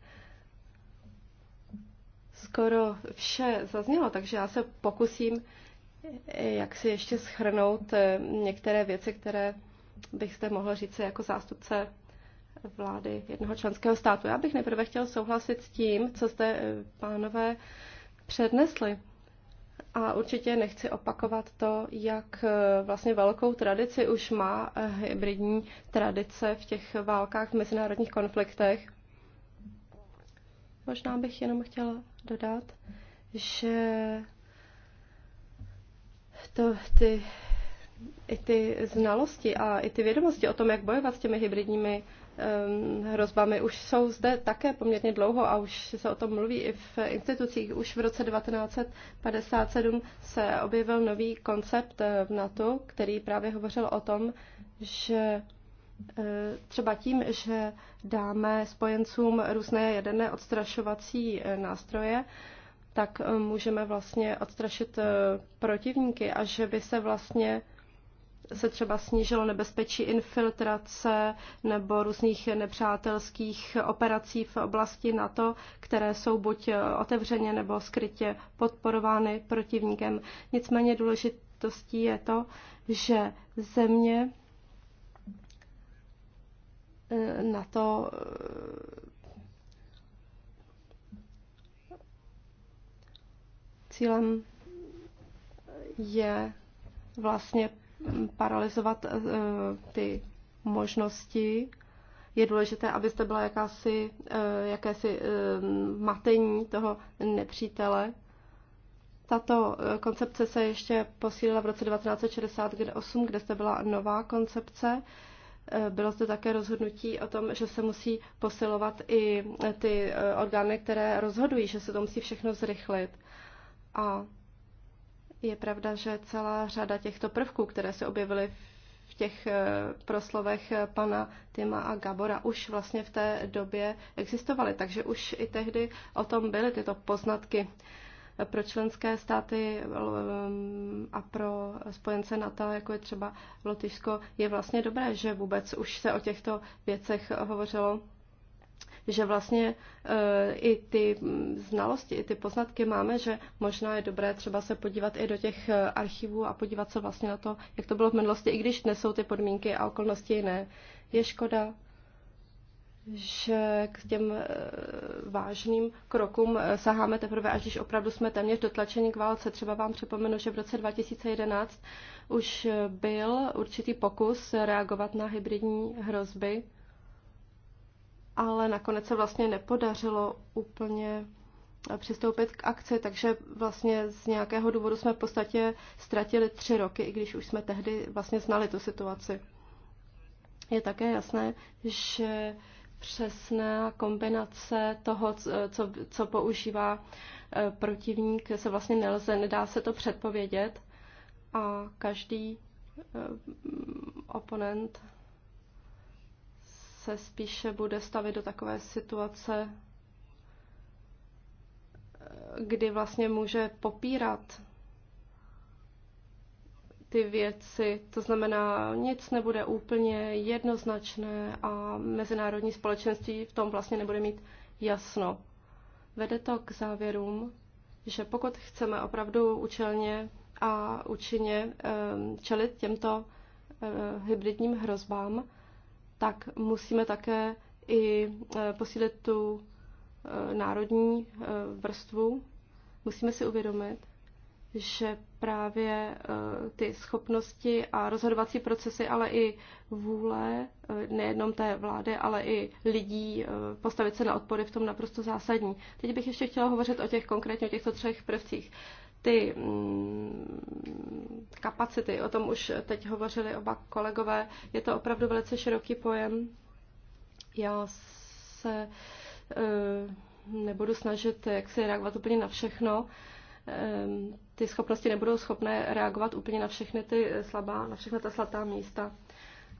C: skoro vše zaznělo, takže já se pokusím eh, jak si ještě schrnout eh, některé věci, které bych zde mohla říct jako zástupce vlády jednoho členského státu. Já bych nejprve chtěl souhlasit s tím, co jste eh, pánové přednesli. A určitě nechci opakovat to, jak eh, vlastně velkou tradici už má eh, hybridní tradice v těch válkách, v mezinárodních konfliktech. Možná bych jenom chtěla dodat, že to ty, i ty znalosti a i ty vědomosti o tom, jak bojovat s těmi hybridními Ehm, hrozbami už jsou zde také poměrně dlouho a už se o tom mluví i v institucích. Už v roce 1957 se objevil nový koncept eh, v NATO, který právě hovořil o tom, že eh, třeba tím, že dáme spojencům různé jaderné odstrašovací eh, nástroje, tak můžeme vlastně odstrašit protivníky a že by se vlastně se třeba snížilo nebezpečí infiltrace nebo různých nepřátelských operací v oblasti NATO, které jsou buď otevřeně nebo skrytě podporovány protivníkem. Nicméně důležitostí je to, že země eh, na to eh, cílem je vlastně paralizovat eh, ty možnosti. Je důležité, abyste byla jakási, eh, jakési eh, matení toho nepřítele. Tato koncepce se ještě posílila v roce 1968, kde jste byla nová koncepce. Bylo zde také rozhodnutí o tom, že se musí posilovat i ty orgány, které rozhodují, že se to musí všechno zrychlit. A je pravda, že celá řada těchto prvků, které se objevily v těch eh, proslovech pana Tima a Gabora, už vlastně v té době existovaly, takže už i tehdy o tom byly tyto poznatky pro členské státy eh, a pro spojence NATO, jako je třeba Lotyšsko, je vlastně dobré, že vůbec už se o těchto věcech hovořilo že vlastně eh, i ty znalosti, i ty poznatky máme, že možná je dobré třeba se podívat i do těch eh, archivů a podívat se vlastně na to, jak to bylo v minulosti, i když dnes jsou ty podmínky a okolnosti jiné. Je škoda, že k těm eh, vážným krokům saháme teprve, až když opravdu jsme téměř dotlačeni k válce. Třeba vám připomenu, že v roce 2011 už byl určitý pokus reagovat na hybridní hrozby ale nakonec se vlastně nepodařilo úplně přistoupit k akci, takže vlastně z nějakého důvodu jsme v podstatě ztratili tři roky, i když už jsme tehdy vlastně znali tu situaci. Je také jasné, že přesná kombinace toho, co, co používá e, protivník, se vlastně nelze, nedá se to předpovědět a každý e, oponent se spíše bude stavit do takové situace, kdy vlastně může popírat ty věci. To znamená, nic nebude úplně jednoznačné a mezinárodní společenství v tom vlastně nebude mít jasno. Vede to k závěrům, že pokud chceme opravdu účelně a účinně ehm, čelit těmto ehm, hybridním hrozbám, tak musíme také i e, posílit tu e, národní e, vrstvu. Musíme si uvědomit, že právě ty schopnosti a rozhodovací procesy, ale i vůle nejenom té vlády, ale i lidí postavit se na odpory v tom naprosto zásadní. Teď bych ještě chtěla hovořit o těch konkrétně o těchto třech prvcích ty mm, kapacity, o tom už teď hovořili oba kolegové, je to opravdu velice široký pojem. Já se eh, nebudu snažit jak si reagovat úplně na všechno. Ehm, ty schopnosti nebudou schopné reagovat úplně na všechny ty slabá, na všechna ta slatá místa.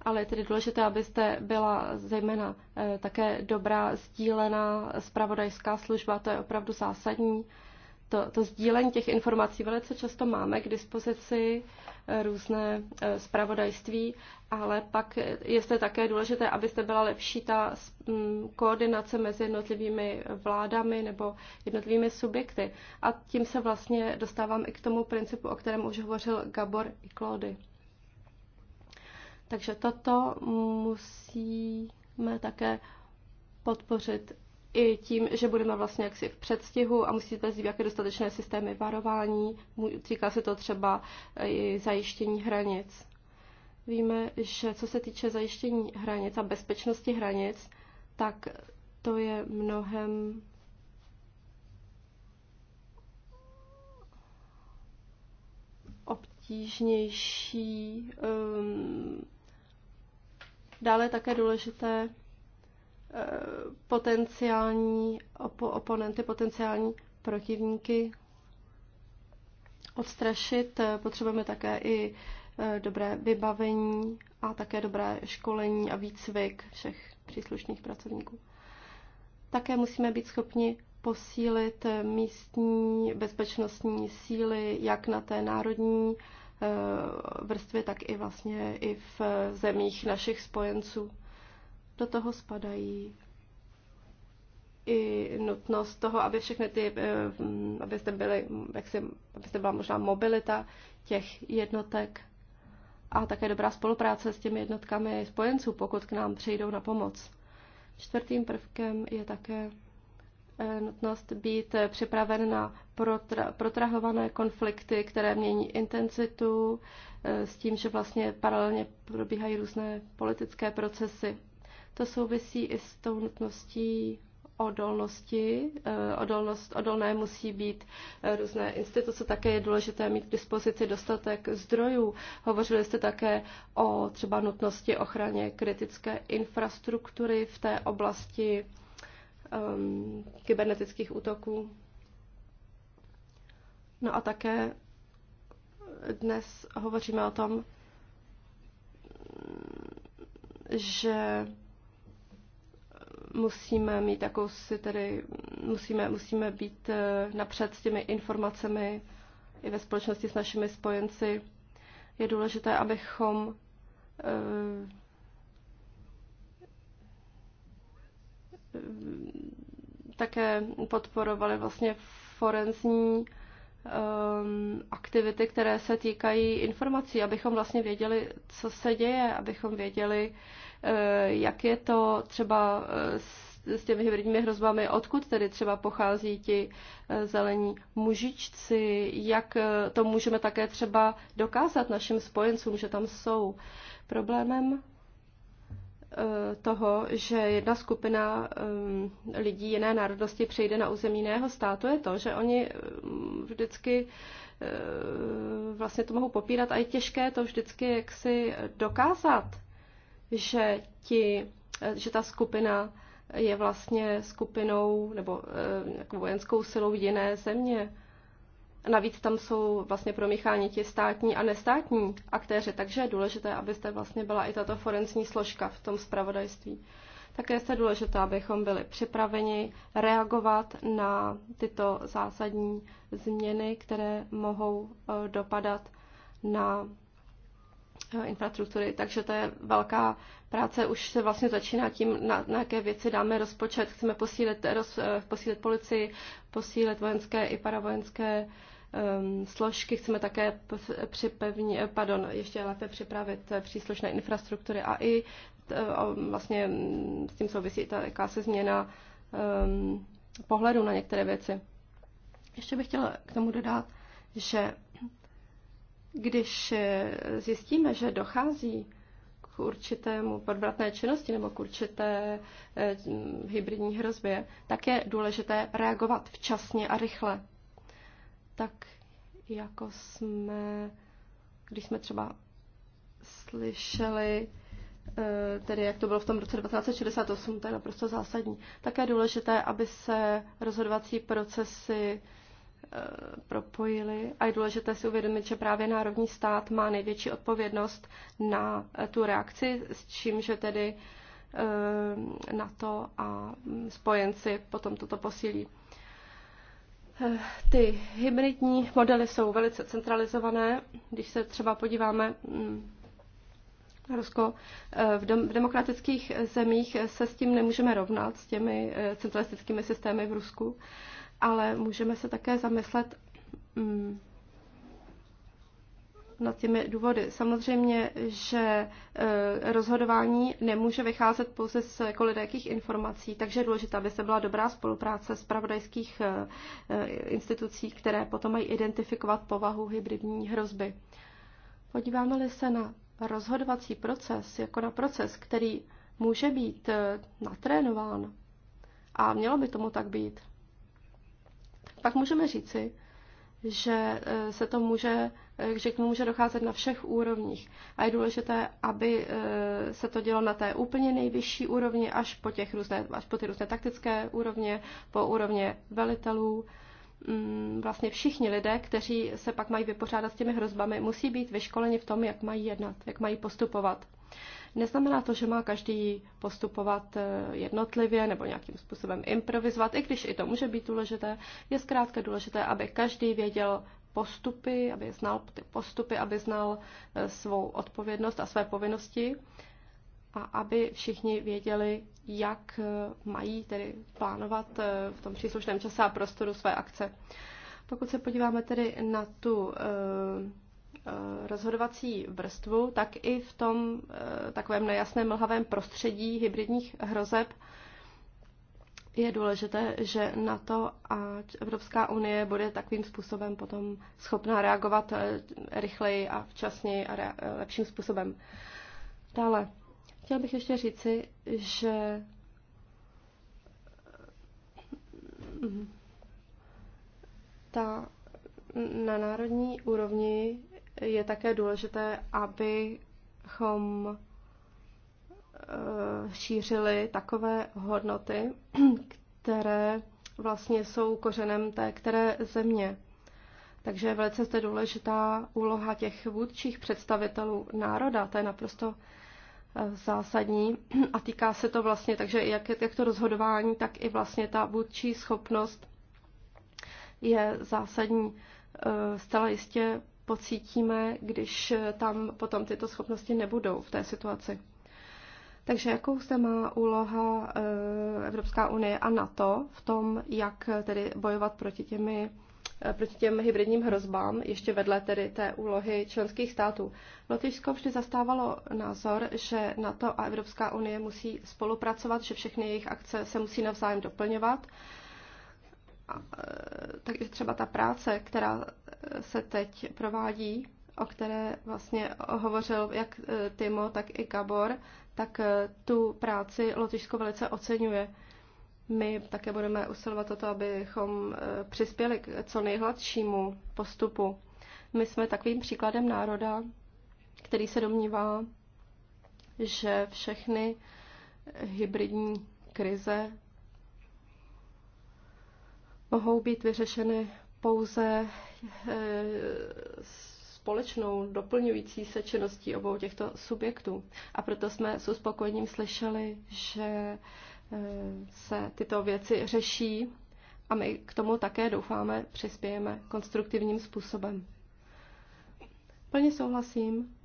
C: Ale je tedy důležité, abyste byla zejména eh, také dobrá sdílená spravodajská služba, to je opravdu zásadní to, to sdílení těch informací velice často máme k dispozici eh, různé eh, zpravodajství, ale pak je zde také důležité, abyste byla lepší ta mm, koordinace mezi jednotlivými vládami nebo jednotlivými subjekty. A tím se vlastně dostávám i k tomu principu, o kterém už hovořil Gabor i Klody. Takže toto musíme také podpořit i tím, že budeme vlastně jaksi v předstihu a musíte zjít, jaké dostatečné systémy varování. Týká se to třeba eh, i zajištění hranic. Víme, že co se týče zajištění hranic a bezpečnosti hranic, tak to je mnohem obtížnější. Ehm, dále také důležité Eh, potenciální op- oponenty, potenciální protivníky odstrašit. Eh, potřebujeme také i eh, dobré vybavení a také dobré školení a výcvik všech příslušných pracovníků. Také musíme být schopni posílit místní bezpečnostní síly, jak na té národní vrstvě, tak i vlastně i v zemích našich spojenců. Do toho spadají i nutnost toho, aby všechny ty, eh, mm, abyste byli, jak si, abyste byla možná mobilita těch jednotek a také dobrá spolupráce s těmi jednotkami spojenců, pokud k nám přijdou na pomoc. Čtvrtým prvkem je také eh, nutnost být připraven na protra, protrahované konflikty, které mění intenzitu, eh, s tím, že vlastně paralelně probíhají různé politické procesy to souvisí i s tou nutností odolnosti. Eh, odolnost odolné musí být eh, různé instituce. Také je důležité mít k dispozici dostatek zdrojů. Hovořili jste také o třeba nutnosti ochraně kritické infrastruktury v té oblasti um, kybernetických útoků. No a také dnes hovoříme o tom, že musíme mít si tedy, musíme, musíme být eh, napřed s těmi informacemi i ve společnosti s našimi spojenci. Je důležité, abychom eh, také podporovali vlastně forenzní um, aktivity, které se týkají informací, abychom vlastně věděli, co se děje, abychom věděli, Eh, jak je to třeba eh, s těmi hybridními hrozbami, odkud tedy třeba pochází ti eh, zelení mužičci, jak to můžeme také třeba dokázat našim spojencům, že tam jsou. Problémem toho, že jedna skupina lidí jiné národnosti přejde na území jiného státu, je to, že oni vždycky vlastně to mohou popírat a je těžké to vždycky jaksi dokázat že, ti, že ta skupina je vlastně skupinou nebo eh, jako vojenskou silou jiné země. Navíc tam jsou vlastně promícháni ti státní a nestátní aktéři, takže je důležité, abyste vlastně byla i tato forenzní složka v tom zpravodajství. Také je důležité, abychom byli připraveni reagovat na tyto zásadní změny, které mohou eh, dopadat na Eh, infrastruktury, takže to je velká práce. Už se vlastně začíná tím, na, na jaké věci dáme rozpočet. Chceme posílit, roz, eh, posílit policii, posílit vojenské i paravojenské um, složky. Chceme také připevně, eh, pardon, ještě lépe připravit příslušné infrastruktury a i um, vlastně mm, s tím souvisí ta jakási změna um, pohledu na některé věci. Ještě bych chtěla k tomu dodat, že když eh, zjistíme, že dochází k určitému podvratné činnosti nebo k určité eh, hybridní hrozbě, tak je důležité reagovat včasně a rychle. Tak jako jsme, když jsme třeba slyšeli, eh, tedy jak to bylo v tom roce 1968, to je naprosto zásadní. Tak je důležité, aby se rozhodovací procesy Eh, propojili a je důležité si uvědomit, že právě národní stát má největší odpovědnost na eh, tu reakci, s čím, že tedy eh, na to a mm, spojenci potom toto posílí. Ty hybridní modely jsou velice centralizované. Když se třeba podíváme mm, na Rusko, v demokratických zemích se s tím nemůžeme rovnat, s těmi centralistickými systémy v Rusku ale můžeme se také zamyslet mm, nad těmi důvody. Samozřejmě, že eh, rozhodování nemůže vycházet pouze z kolidékých informací, takže je důležité, aby se byla dobrá spolupráce s pravodajských eh, eh, institucí, které potom mají identifikovat povahu hybridní hrozby. Podíváme-li se na rozhodovací proces jako na proces, který může být natrénován, a mělo by tomu tak být, pak můžeme říci, že eh, se to může, eh, že k tomu může docházet na všech úrovních. A je důležité, aby eh, se to dělo na té úplně nejvyšší úrovni, až po, těch různé, až po ty různé taktické úrovně, po úrovně velitelů. Mm, vlastně všichni lidé, kteří se pak mají vypořádat s těmi hrozbami, musí být vyškoleni v tom, jak mají jednat, jak mají postupovat. Neznamená to, že má každý postupovat eh, jednotlivě nebo nějakým způsobem improvizovat, i když i to může být důležité. Je zkrátka důležité, aby každý věděl postupy, aby znal ty postupy, aby znal eh, svou odpovědnost a své povinnosti a aby všichni věděli, jak eh, mají tedy plánovat v tom příslušném čase a prostoru své akce. Pokud se podíváme tedy na tu Eh, rozhodovací vrstvu, tak i v tom eh, takovém nejasném mlhavém prostředí hybridních hrozeb je důležité, že na to a Evropská unie bude takovým způsobem potom schopná reagovat eh, rychleji a včasněji a lepším způsobem. Dále, chtěla bych ještě říci, že mhm. ta na národní úrovni je také důležité, abychom eh, šířili takové hodnoty, které vlastně jsou kořenem té které země. Takže je velice zde důležitá úloha těch vůdčích představitelů národa, to je naprosto eh, zásadní a týká se to vlastně, takže jak, jak to rozhodování, tak i vlastně ta vůdčí schopnost je zásadní. Eh, zcela jistě pocítíme, když tam potom tyto schopnosti nebudou v té situaci. Takže jakou zde má úloha eh, Evropská unie a NATO v tom, jak tedy bojovat proti těmi eh, proti těm hybridním hrozbám, ještě vedle tedy té úlohy členských států. Lotyšsko vždy zastávalo názor, že NATO a Evropská unie musí spolupracovat, že všechny jejich akce se musí navzájem doplňovat E, takže třeba ta práce, která e, se teď provádí, o které vlastně hovořil jak e, Timo, tak i Gabor, tak tu práci Lotyšsko velice oceňuje. My také budeme usilovat o to, abychom přispěli k co nejhladšímu postupu. My jsme takovým příkladem národa, který se domnívá, že všechny hybridní krize mohou být vyřešeny pouze eh, společnou doplňující se činností obou těchto subjektů. A proto jsme s uspokojením slyšeli, že eh, se tyto věci řeší a my k tomu také doufáme přispějeme konstruktivním způsobem. Plně souhlasím,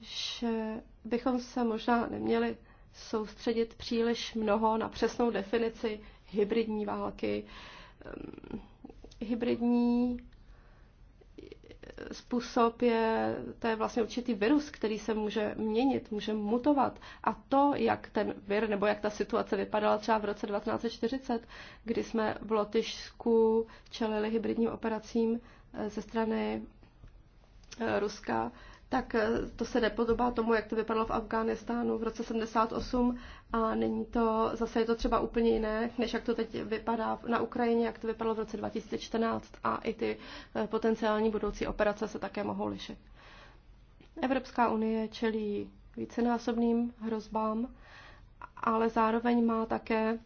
C: že bychom se možná neměli soustředit příliš mnoho na přesnou definici hybridní války, Ehm, hybridní eh, způsob je, to je vlastně určitý virus, který se může měnit, může mutovat. A to, jak ten vir, nebo jak ta situace vypadala třeba v roce 1940, kdy jsme v Lotyšsku čelili hybridním operacím eh, ze strany eh, Ruska, tak to se nepodobá tomu, jak to vypadalo v Afghánistánu v roce 78 a není to, zase je to třeba úplně jiné, než jak to teď vypadá na Ukrajině, jak to vypadalo v roce 2014 a i ty eh, potenciální budoucí operace se také mohou lišit. Evropská unie čelí vícenásobným hrozbám, ale zároveň má také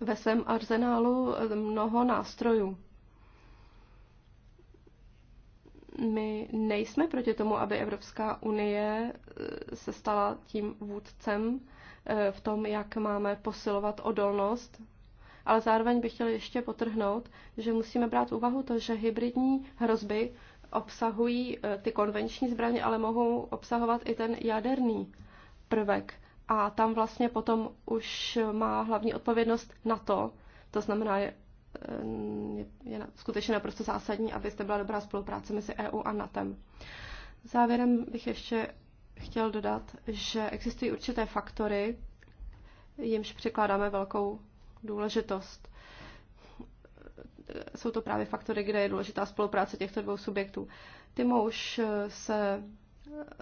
C: ve svém arzenálu eh, mnoho nástrojů. My nejsme proti tomu, aby Evropská unie eh, se stala tím vůdcem, Eh, v tom, jak máme posilovat odolnost ale zároveň bych chtěl ještě potrhnout, že musíme brát úvahu to, že hybridní hrozby obsahují eh, ty konvenční zbraně, ale mohou obsahovat i ten jaderný prvek. A tam vlastně potom už má hlavní odpovědnost na to, to znamená, je, eh, je, je skutečně naprosto zásadní, aby zde byla dobrá spolupráce mezi EU a NATO. Závěrem bych ještě chtěl dodat, že existují určité faktory, jimž překládáme velkou důležitost. Jsou to právě faktory, kde je důležitá spolupráce těchto dvou subjektů. Timouš eh, se eh,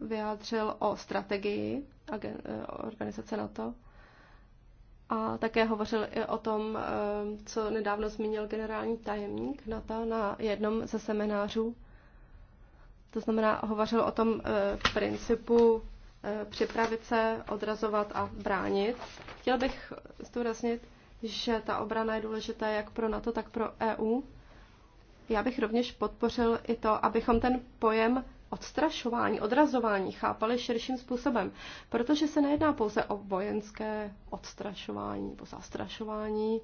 C: vyjádřil o strategii eh, organizace NATO a také hovořil i o tom, co nedávno zmínil generální tajemník NATO na jednom ze seminářů to znamená, hovořil o tom eh, principu eh, připravit se, odrazovat a bránit. Chtěl bych zdůraznit, že ta obrana je důležitá jak pro NATO, tak pro EU. Já bych rovněž podpořil i to, abychom ten pojem odstrašování, odrazování chápali širším způsobem, protože se nejedná pouze o vojenské odstrašování nebo zastrašování,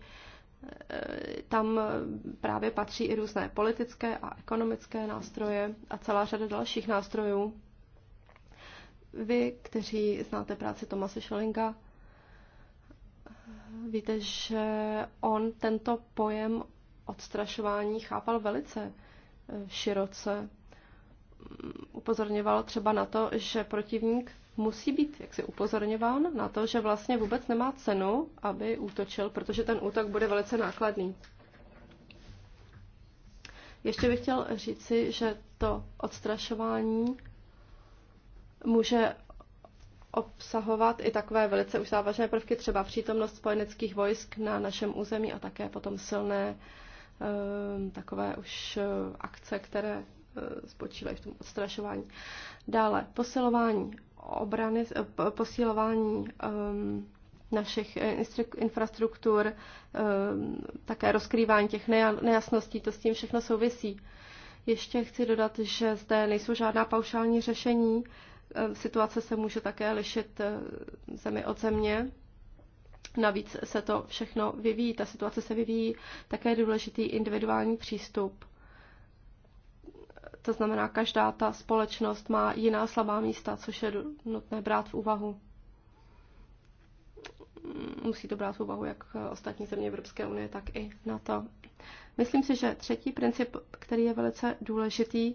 C: Eh, tam eh, právě patří i různé politické a ekonomické nástroje a celá řada dalších nástrojů. Vy, kteří znáte práci Tomase Schellinga, eh, víte, že on tento pojem odstrašování chápal velice široce. Mm, upozorňoval třeba na to, že protivník musí být jaksi upozorňován na to, že vlastně vůbec nemá cenu, aby útočil, protože ten útok bude velice nákladný. Ještě bych chtěl říci, že to odstrašování může obsahovat i takové velice už závažné prvky, třeba přítomnost spojeneckých vojsk na našem území a také potom silné eh, takové už eh, akce, které eh, spočívají v tom odstrašování. Dále posilování obrany, eh, posilování ehm, našich infrastruktur, ehm, také rozkrývání těch nejasností, to s tím všechno souvisí. Ještě chci dodat, že zde nejsou žádná paušální řešení. Ehm, situace se může také lišit eh, zemi od země. Navíc se to všechno vyvíjí, ta situace se vyvíjí, také je důležitý individuální přístup to znamená, každá ta společnost má jiná slabá místa, což je nutné brát v úvahu. Musí to brát v úvahu jak ostatní země Evropské unie, tak i NATO. Myslím si, že třetí princip, který je velice důležitý,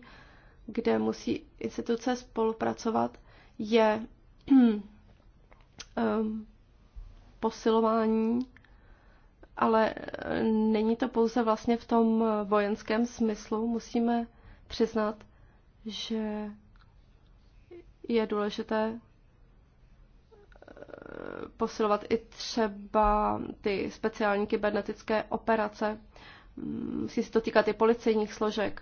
C: kde musí instituce spolupracovat, je um, posilování, ale e, není to pouze vlastně v tom e, vojenském smyslu. Musíme přiznat, že je důležité eh, posilovat i třeba ty speciální kybernetické operace. Mm, musí se to týkat i policejních složek.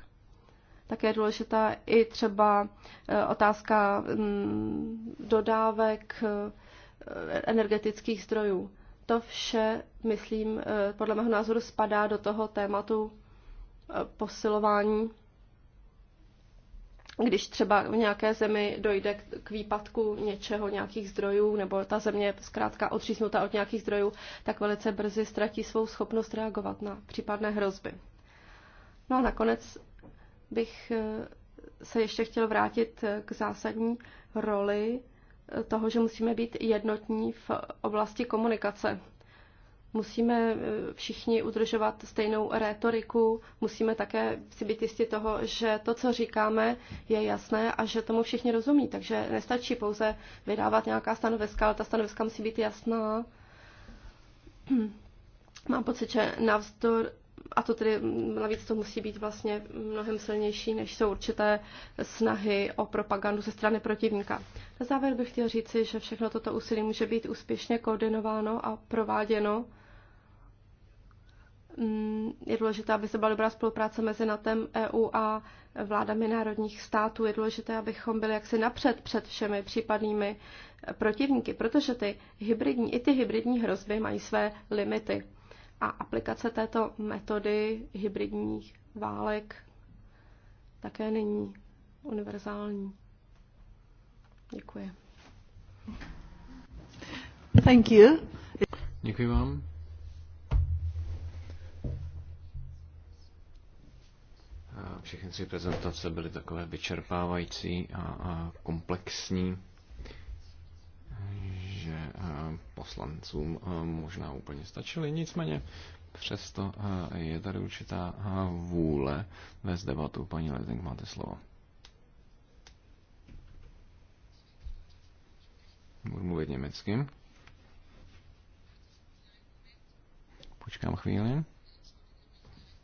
C: Také je důležitá i třeba eh, otázka mm, dodávek eh, energetických zdrojů. To vše, myslím, podle mého názoru spadá do toho tématu posilování když třeba v nějaké zemi dojde k výpadku něčeho, nějakých zdrojů, nebo ta země je zkrátka odříznuta od nějakých zdrojů, tak velice brzy ztratí svou schopnost reagovat na případné hrozby. No a nakonec bych eh, se ještě chtěl vrátit eh, k zásadní roli eh, toho, že musíme být jednotní v oblasti komunikace. Musíme eh, všichni udržovat stejnou rétoriku, musíme také si být jistí toho, že to, co říkáme, je jasné a že tomu všichni rozumí. Takže nestačí pouze vydávat nějaká stanoviska, ale ta stanoviska musí být jasná. Mám pocit, že navzdor a to tedy mm, navíc to musí být vlastně mnohem silnější, než jsou určité snahy o propagandu ze strany protivníka. Na závěr bych chtěl říci, že všechno toto úsilí může být úspěšně koordinováno a prováděno Mm, je důležité, aby se byla dobrá spolupráce mezi NATEM, EU a vládami národních států. Je důležité, abychom byli jaksi napřed před všemi případnými protivníky, protože ty hybridní, i ty hybridní hrozby mají své limity. A aplikace této metody hybridních válek také není univerzální. Děkuji. Thank you.
B: Děkuji vám. všechny tři prezentace byly takové vyčerpávající a, a komplexní, že poslancům možná úplně stačily. Nicméně přesto je tady určitá vůle vést debatu. Paní Lezing, máte slovo. Budu mluvit německy. Počkám chvíli.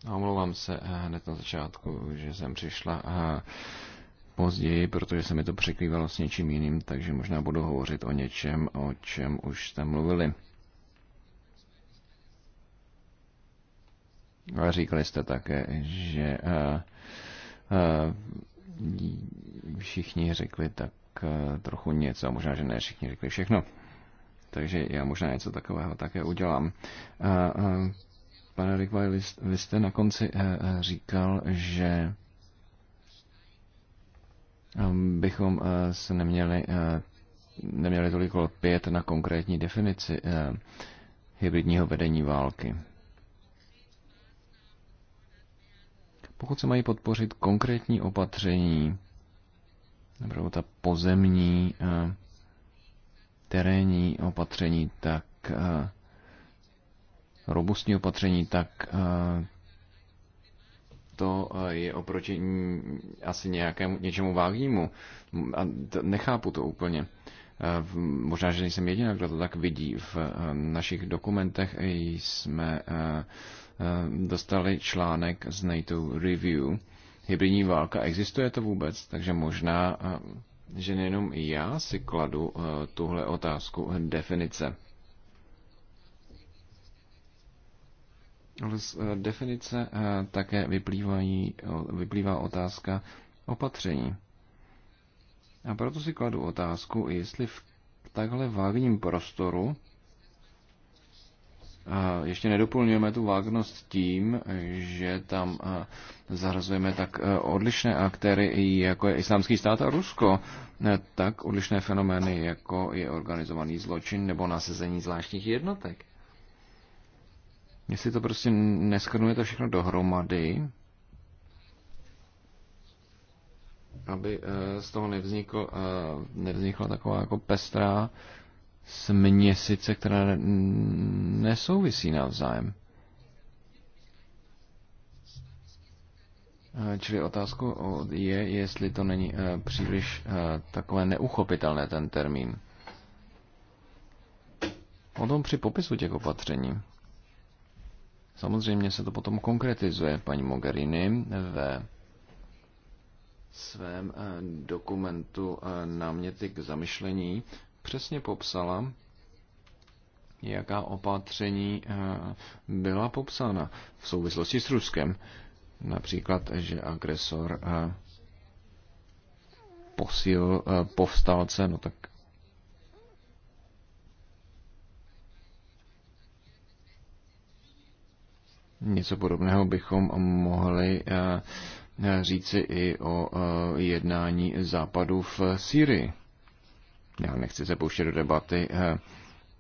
B: A omlouvám se eh, hned na začátku, že jsem přišla eh, později, protože se mi to překrývalo s něčím jiným, takže možná budu hovořit o něčem, o čem už jste mluvili. A říkali jste také, že eh, všichni řekli tak trochu něco, a možná, že ne všichni řekli všechno. Takže já možná něco takového také udělám. Pane Rikvaj, vy jste na konci eh, eh, říkal, že eh, bychom se neměli, neměli tolik pět na konkrétní definici hybridního vedení války. Pokud se mají podpořit konkrétní opatření, nebo ta pozemní, terénní opatření, tak robustní opatření, tak eh, to eh, je oproti asi nějakému něčemu vágnímu. A nechápu to úplně. Eh, možná, že nejsem jediná, kdo to tak vidí. V našich dokumentech jsme dostali článek z NATO Review. Hybridní válka, existuje to vůbec? Takže možná, že nejenom já si kladu tuhle otázku definice. Ale z eh, definice eh, také vyplývají, eh, vyplývá otázka opatření. A proto si kladu otázku, jestli v takhle vágním prostoru ještě nedoplňujeme tu vágnost tím, že tam zahrazujeme tak odlišné aktéry, jako je islámský stát a Rusko, tak odlišné fenomény, jako je organizovaný zločin nebo nasezení zvláštních jednotek. Jestli to prostě neskrnuje to všechno dohromady, aby eh, z toho nevznikl, eh, nevznikla taková jako pestrá směsice, která nesouvisí navzájem. Eh, čili otázku je, jestli to není příliš takové neuchopitelné ten termín. O tom při popisu těch opatření. Samozřejmě se to potom konkretizuje paní Mogherini ve svém eh, dokumentu eh, náměty k zamyšlení přesně popsala, jaká opatření eh, byla popsána v souvislosti s Ruskem. Například, že agresor posíl povstalce, no tak Něco podobného bychom mohli eh, eh, říci i o eh, jednání západu v Sýrii. Já nechci se pouštět do debaty,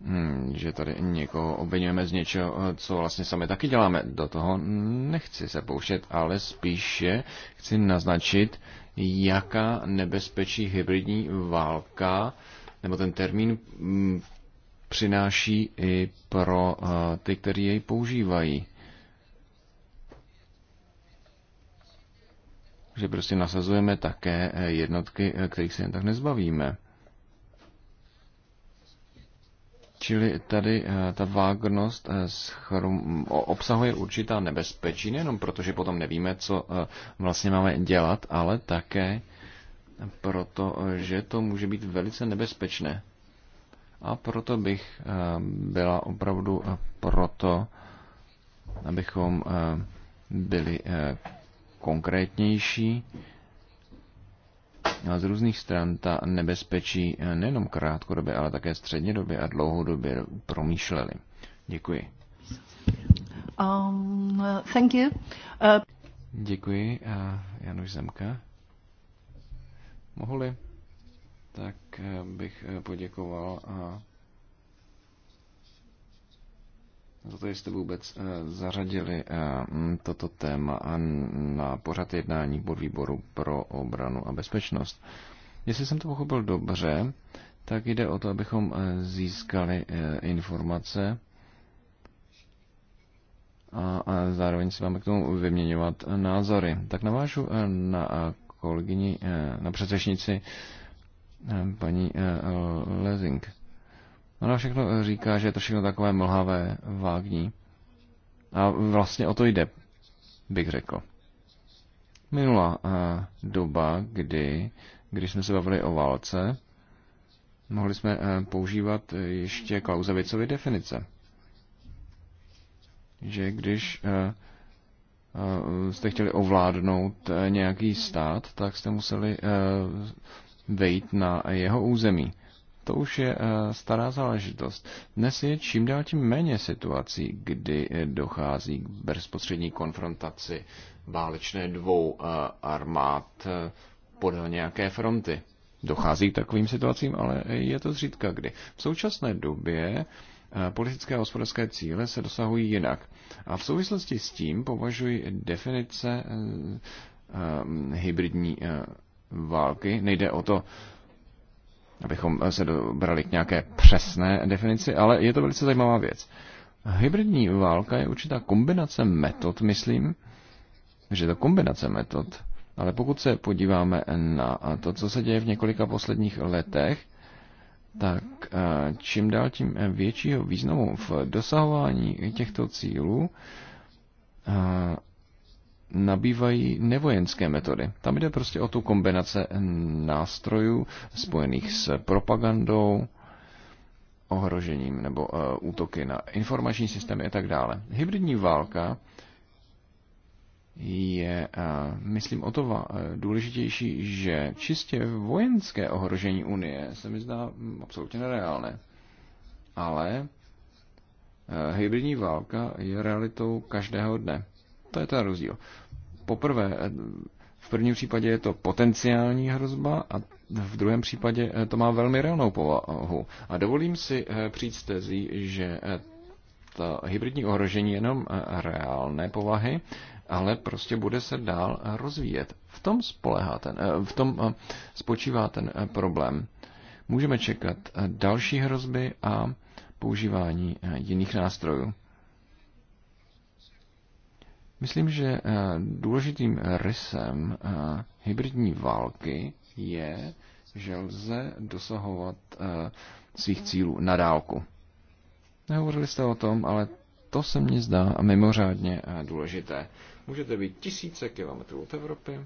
B: hm, že tady někoho obvinujeme z něčeho, co vlastně sami taky děláme. Do toho nechci se pouštět, ale spíše chci naznačit, jaká nebezpečí hybridní válka nebo ten termín hm, přináší i pro ty, kteří jej používají. že prostě nasazujeme také eh, jednotky, eh, kterých se jen tak nezbavíme. Čili tady eh, ta vágnost obsahuje určitá nebezpečí, nejenom protože potom nevíme, co vlastně máme dělat, ale také proto, že to může být velice nebezpečné. A proto bych byla opravdu proto, abychom byli konkrétnější. A z různých stran ta nebezpečí nejenom krátkodobě, ale také střednědobě a dlouhodobě promýšleli. Děkuji.
C: Um, thank you. Uh...
B: Děkuji, uh, Januš Zemka. Mohli? Tak eh, bych eh, poděkoval a za to, že jste vůbec eh, zařadili eh, toto téma na pořad jednání podvýboru pro obranu a bezpečnost. Jestli jsem to pochopil dobře, tak jde o to, abychom eh, získali informace a, a zároveň si máme k tomu vyměňovat názory. Tak navážu na kolegyni, na předřečnici paní Lezing. Ona no všechno říká, že je to všechno takové mlhavé, vágní. A vlastně o to jde, bych řekl. Minulá eh, doba, kdy, když jsme se bavili o válce, mohli jsme eh, používat ještě Klausovicovy definice. Že když eh, jste chtěli ovládnout nějaký stát, tak jste museli vejít na jeho území to už je eh, stará záležitost. Dnes je čím dál tím méně situací, kdy eh, dochází k bezprostřední konfrontaci válečné dvou eh, armád podél nějaké fronty. Dochází k takovým situacím, ale je to zřídka kdy. V současné době politické a hospodářské cíle se dosahují jinak. A v souvislosti s tím považuji definice hybridní války. Nejde o to abychom se dobrali k nějaké přesné definici, ale je to velice zajímavá věc. Hybridní válka je určitá kombinace metod, myslím, že je to kombinace metod, ale pokud se podíváme na to, co se děje v několika posledních letech, tak eh, čím dál tím většího významu v dosahování těchto cílů eh, nabývají nevojenské metody. Tam jde prostě o tu kombinace nástrojů spojených s propagandou, ohrožením nebo uh, útoky na informační systémy a tak dále. Hybridní válka je, uh, myslím, o to uh, důležitější, že čistě vojenské ohrožení Unie se mi zdá um, absolutně nereálné. Ale uh, hybridní válka je realitou každého dne. To je ten rozdíl poprvé eh, v prvním případě je to potenciální hrozba a v druhém případě eh, to má velmi reálnou povahu. A dovolím si eh, přijít z tezí, že to hybridní ohrožení je jenom reálné povahy, ale prostě bude se dál rozvíjet. V tom, spolehá ten, v tom spočívá ten problém. Můžeme čekat další hrozby a používání jiných nástrojů. Myslím, že eh, důležitým rysem eh, hybridní války je, že lze dosahovat eh, svých cílů na dálku. Nehovořili jste o tom, ale to se mně zdá mimořádně důležité. Můžete být tisíce kilometrů od Evropy,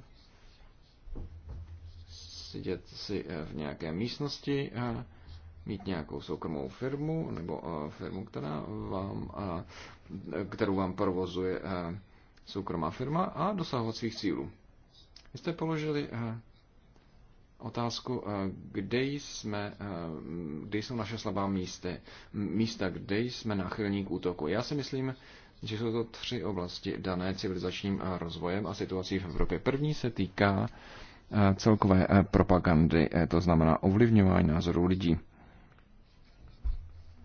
B: sedět si v nějaké místnosti, mít nějakou soukromou firmu nebo firmu, která vám, kterou vám provozuje soukromá firma a dosahovat svých cílů. Vy jste položili eh, otázku, eh, kde jsme, eh, kde jsou naše slabá místa, místa, kde jsme náchylní k útoku. Já si myslím, že jsou to tři oblasti dané civilizačním rozvojem a situací v Evropě. První se týká celkové propagandy, to znamená ovlivňování názorů lidí.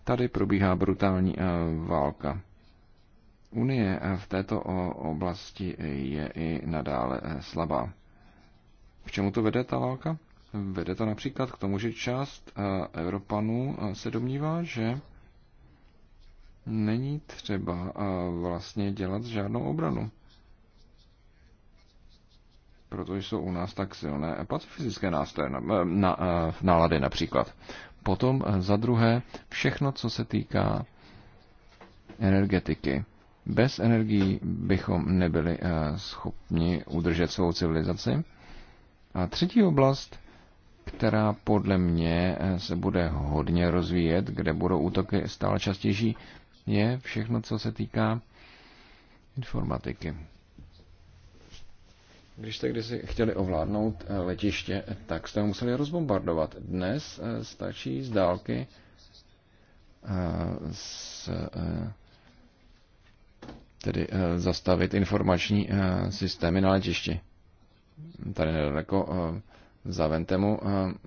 B: Tady probíhá brutální válka Unie v této oblasti je i nadále eh, slabá. K čemu to vede ta válka? Vede to například k tomu, že část eh, Evropanů eh, se domnívá, že není třeba vlastně dělat žádnou obranu. Protože jsou u nás tak silné pacifistické nástroje, na, na, nálady například. Potom za druhé, všechno, co se týká energetiky. Bez energií bychom nebyli eh, schopni udržet svou civilizaci. A třetí oblast, která podle mě eh, se bude hodně rozvíjet, kde budou útoky stále častější, je všechno, co se týká informatiky. Když jste kdysi chtěli ovládnout eh, letiště, tak jste ho museli rozbombardovat. Dnes stačí z dálky s tedy eh, zastavit informační eh, systémy na letišti. Tady nedaleko eh, za Ventemu mm,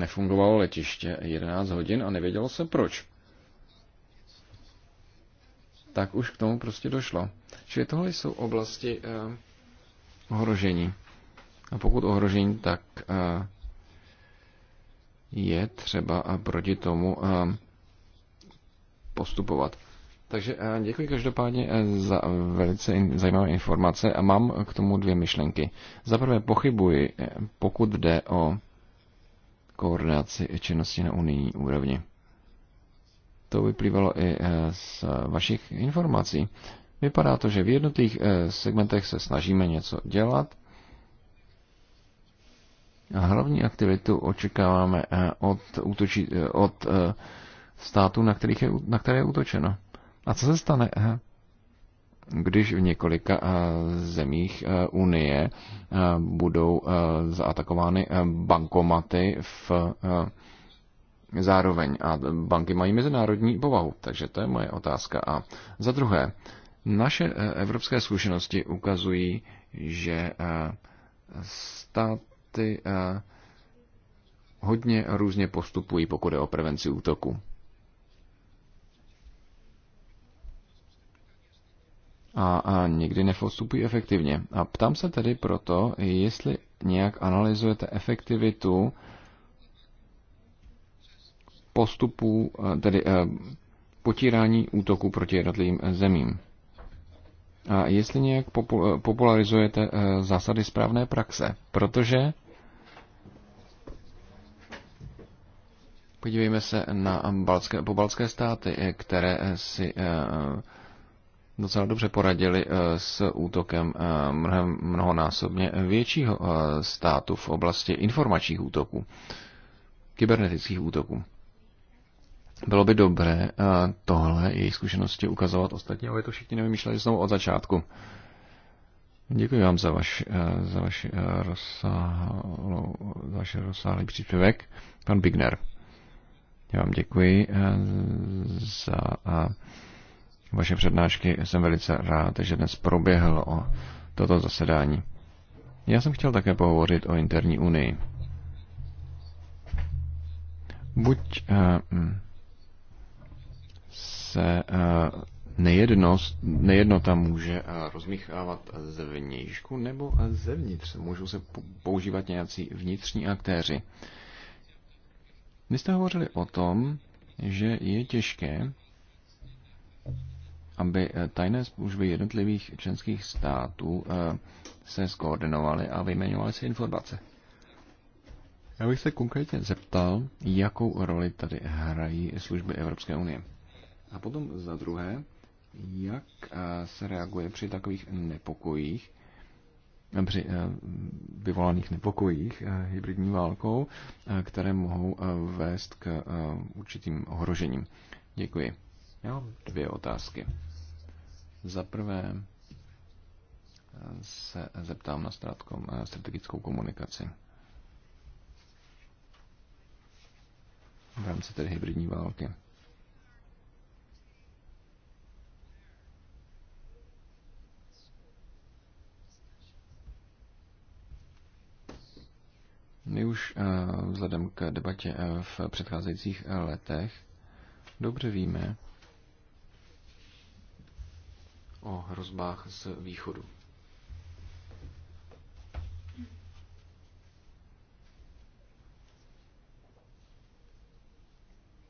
B: nefungovalo letiště 11 hodin a nevědělo se proč. Tak už k tomu prostě došlo. Čili tohle jsou oblasti ohrožení. A pokud ohrožení, tak je třeba proti tomu postupovat. Takže eh, děkuji každopádně eh, za velice zajímavé informace a mám k tomu dvě myšlenky. Za prvé pochybuji, eh, pokud jde o koordinaci činnosti na unijní úrovni. To vyplývalo i z vašich informací. Vypadá to, že v jednotlivých segmentech se snažíme něco dělat. A hlavní aktivitu očekáváme od, útočí, od států, na, kterých je, na které je útočeno. A co se stane, eh, když v několika eh, zemích eh, Unie budou zaatakovány bankomaty v zároveň a banky mají mezinárodní povahu, takže to je moje otázka. A za druhé, naše evropské zkušenosti ukazují, že státy hodně různě postupují, pokud je o prevenci útoku. a, a někdy nepostupují efektivně. A ptám se tedy proto, jestli nějak analyzujete efektivitu postupů, eh, tedy eh, potírání útoku proti jednotlivým eh, zemím. A jestli nějak popularizujete zásady správné praxe, protože podívejme se na po pobalské státy, které si docela dobře poradili eh, s útokem eh, mnohem, mnohonásobně většího eh, státu v oblasti informačních útoků, kybernetických útoků. Bylo by dobré tohle jejich zkušenosti ukazovat ostatně, aby to všichni nevymýšleli znovu od začátku. Děkuji vám za váš za vaš rozsáhlou, za vaš rozsáhlý příspěvek, pan Bigner. Já vám děkuji za vaše přednášky. Jsem velice rád, že dnes proběhlo o toto zasedání. Já jsem chtěl také pohovořit o interní unii. Buď eh, mm, se eh, nejednost, nejednota může eh, rozmíchávat z nebo zevnitř. Můžou se používat nějací vnitřní aktéři. Vy jste hovořili o tom, že je těžké aby eh, tajné služby jednotlivých členských států eh, se skoordinovaly a vyměňovaly si informace. Já bych se konkrétně zeptal, jakou roli tady hrají služby Evropské unie. A potom za druhé, jak eh, se reaguje při takových nepokojích, při vyvolaných nepokojích hybridní válkou, které mohou vést k určitým ohrožením. Děkuji. Já mám dvě otázky. Za prvé eh, se zeptám na eh, strategickou komunikaci. V rámci tedy hybridní války. My už eh, vzhledem k debatě v předcházejících letech dobře víme, o hrozbách z východu.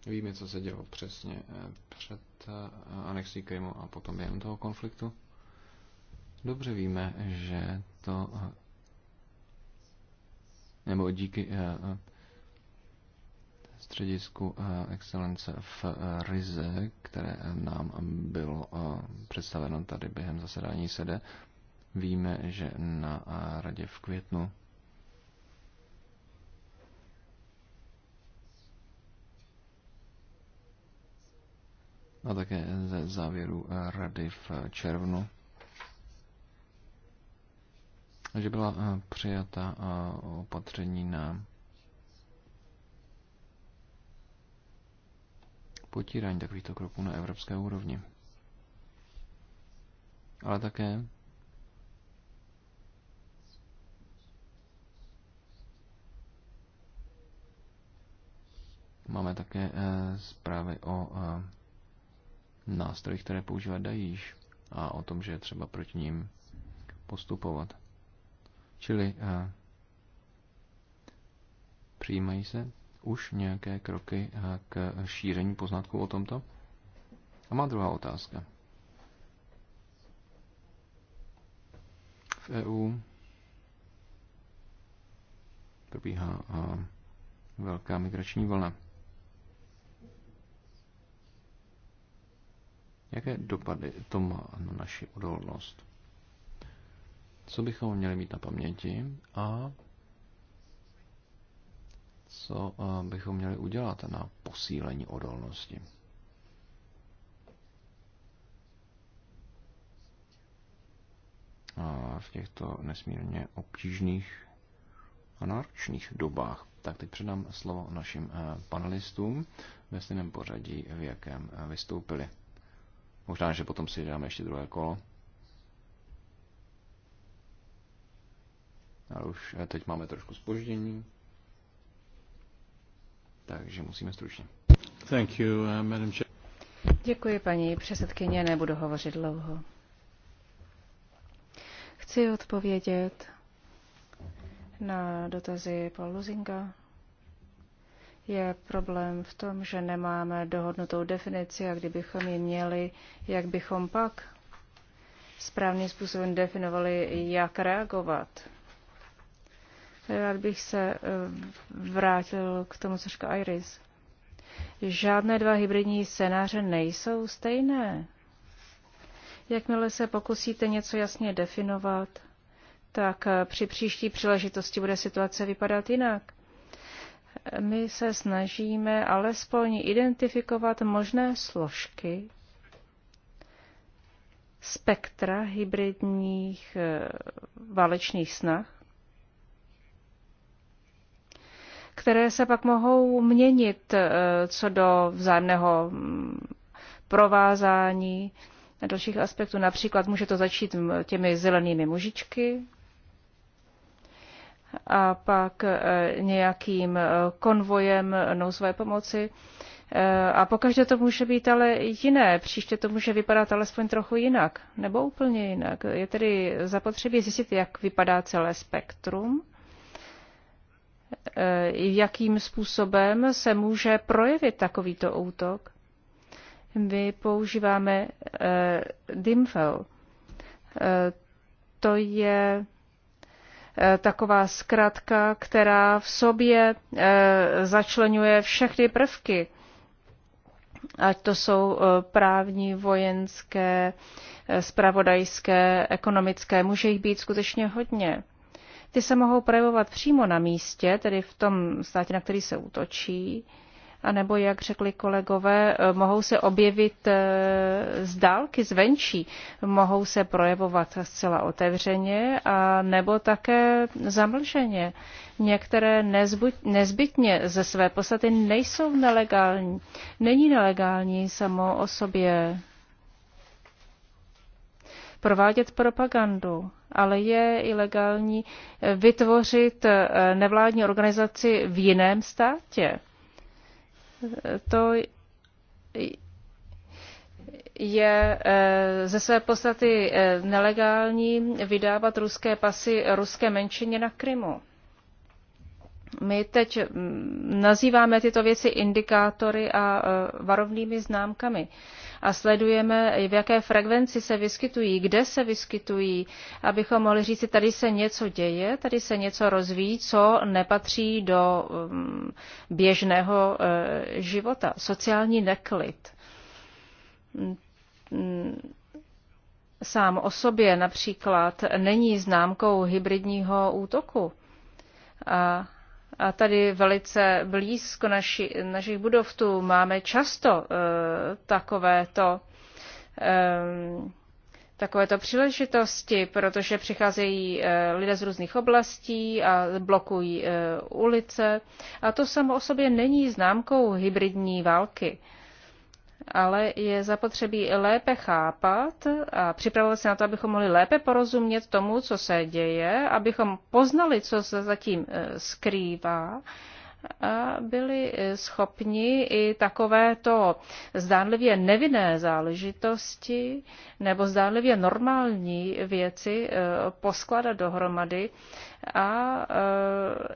B: Víme, co se dělo přesně eh, před eh, anexí Krymu a potom během toho konfliktu. Dobře víme, že to eh, nebo díky středisku eh, excelence v eh, Rize, které nám bylo eh, představeno tady během zasedání sede. Víme, že na radě v květnu a také ze závěru rady v červnu, že byla přijata opatření na potírání takovýchto kroků na evropské úrovni. Ale také máme také eh, zprávy o eh, nástrojích, které používá Dajíš a o tom, že je třeba proti ním postupovat. Čili eh, přijímají se už nějaké kroky eh, k šíření poznatků o tomto? A má druhá otázka. V EU probíhá eh, velká migrační vlna. Jaké dopady to má na naši odolnost? Co bychom měli mít na paměti a co eh, bychom měli udělat na posílení odolnosti. A v těchto nesmírně obtížných a náročných dobách. Tak teď předám slovo našim eh, panelistům ve stejném pořadí, v jakém eh, vystoupili. Možná, že potom si dáme ještě druhé kolo. Ale už teď máme trošku spoždění takže musíme stručně. Thank you, uh, Madam
A: Děkuji, paní předsedkyně, nebudu hovořit dlouho. Chci odpovědět na dotazy Paul Luzinga. Je problém v tom, že nemáme dohodnutou definici a kdybychom ji měli, jak bychom pak správným způsobem definovali, jak reagovat Rád bych se eh, vrátil k tomu, co říká Iris. Žádné dva hybridní scénáře nejsou stejné. Jakmile se pokusíte něco jasně definovat, tak eh, při příští příležitosti bude situace vypadat jinak. My se snažíme alespoň identifikovat možné složky spektra hybridních eh, válečných snah které se pak mohou měnit eh, co do vzájemného mm, provázání a dalších aspektů. Například může to začít mm, těmi zelenými mužičky a pak eh, nějakým eh, konvojem nouzové pomoci. A pokaždé to může být ale jiné, příště to může vypadat alespoň trochu jinak, nebo úplně jinak. Je tedy zapotřebí zjistit, jak vypadá celé spektrum Eh, jakým způsobem se může projevit takovýto útok. My používáme eh, DIMFEL. Eh, to je taková zkratka, která v sobě začlenuje všechny prvky. Ať to jsou právní, vojenské, spravodajské, ekonomické, může jich být skutečně hodně. Ty se mohou projevovat přímo na místě, tedy v tom státě, na který se útočí, anebo, jak řekli kolegové, eh, mohou se objevit eh, z dálky, zvenčí, mohou se projevovat zcela otevřeně a nebo také zamlženě. Některé nezbytně ze své podstaty nejsou nelegální. Není nelegální samo o sobě provádět propagandu, ale je ilegální eh, vytvořit eh, nevládní organizaci v jiném státě. Eh, to je ze své podstaty nelegální vydávat ruské pasy ruské menšině na Krymu. My teď mm, nazýváme tyto věci indikátory a e, varovnými známkami a sledujeme, v jaké frekvenci se vyskytují, kde se vyskytují, abychom mohli říct, tady se něco děje, tady se něco rozvíjí, co nepatří do mm, běžného e, života. Sociální neklid. Mm, sám o sobě například není známkou hybridního útoku. A a tady velice blízko naši, našich budov tu máme často e, takovéto, e, takovéto příležitosti, protože přicházejí e, lidé z různých oblastí a blokují e, ulice. A to samo o sobě není známkou hybridní války. E, ale je zapotřebí lépe chápat a připravovat se na to, abychom mohli lépe porozumět tomu, co se děje, abychom poznali, co se zatím eh, skrývá a byli eh, schopni i takovéto zdánlivě nevinné záležitosti nebo zdánlivě normální věci eh, poskladat dohromady a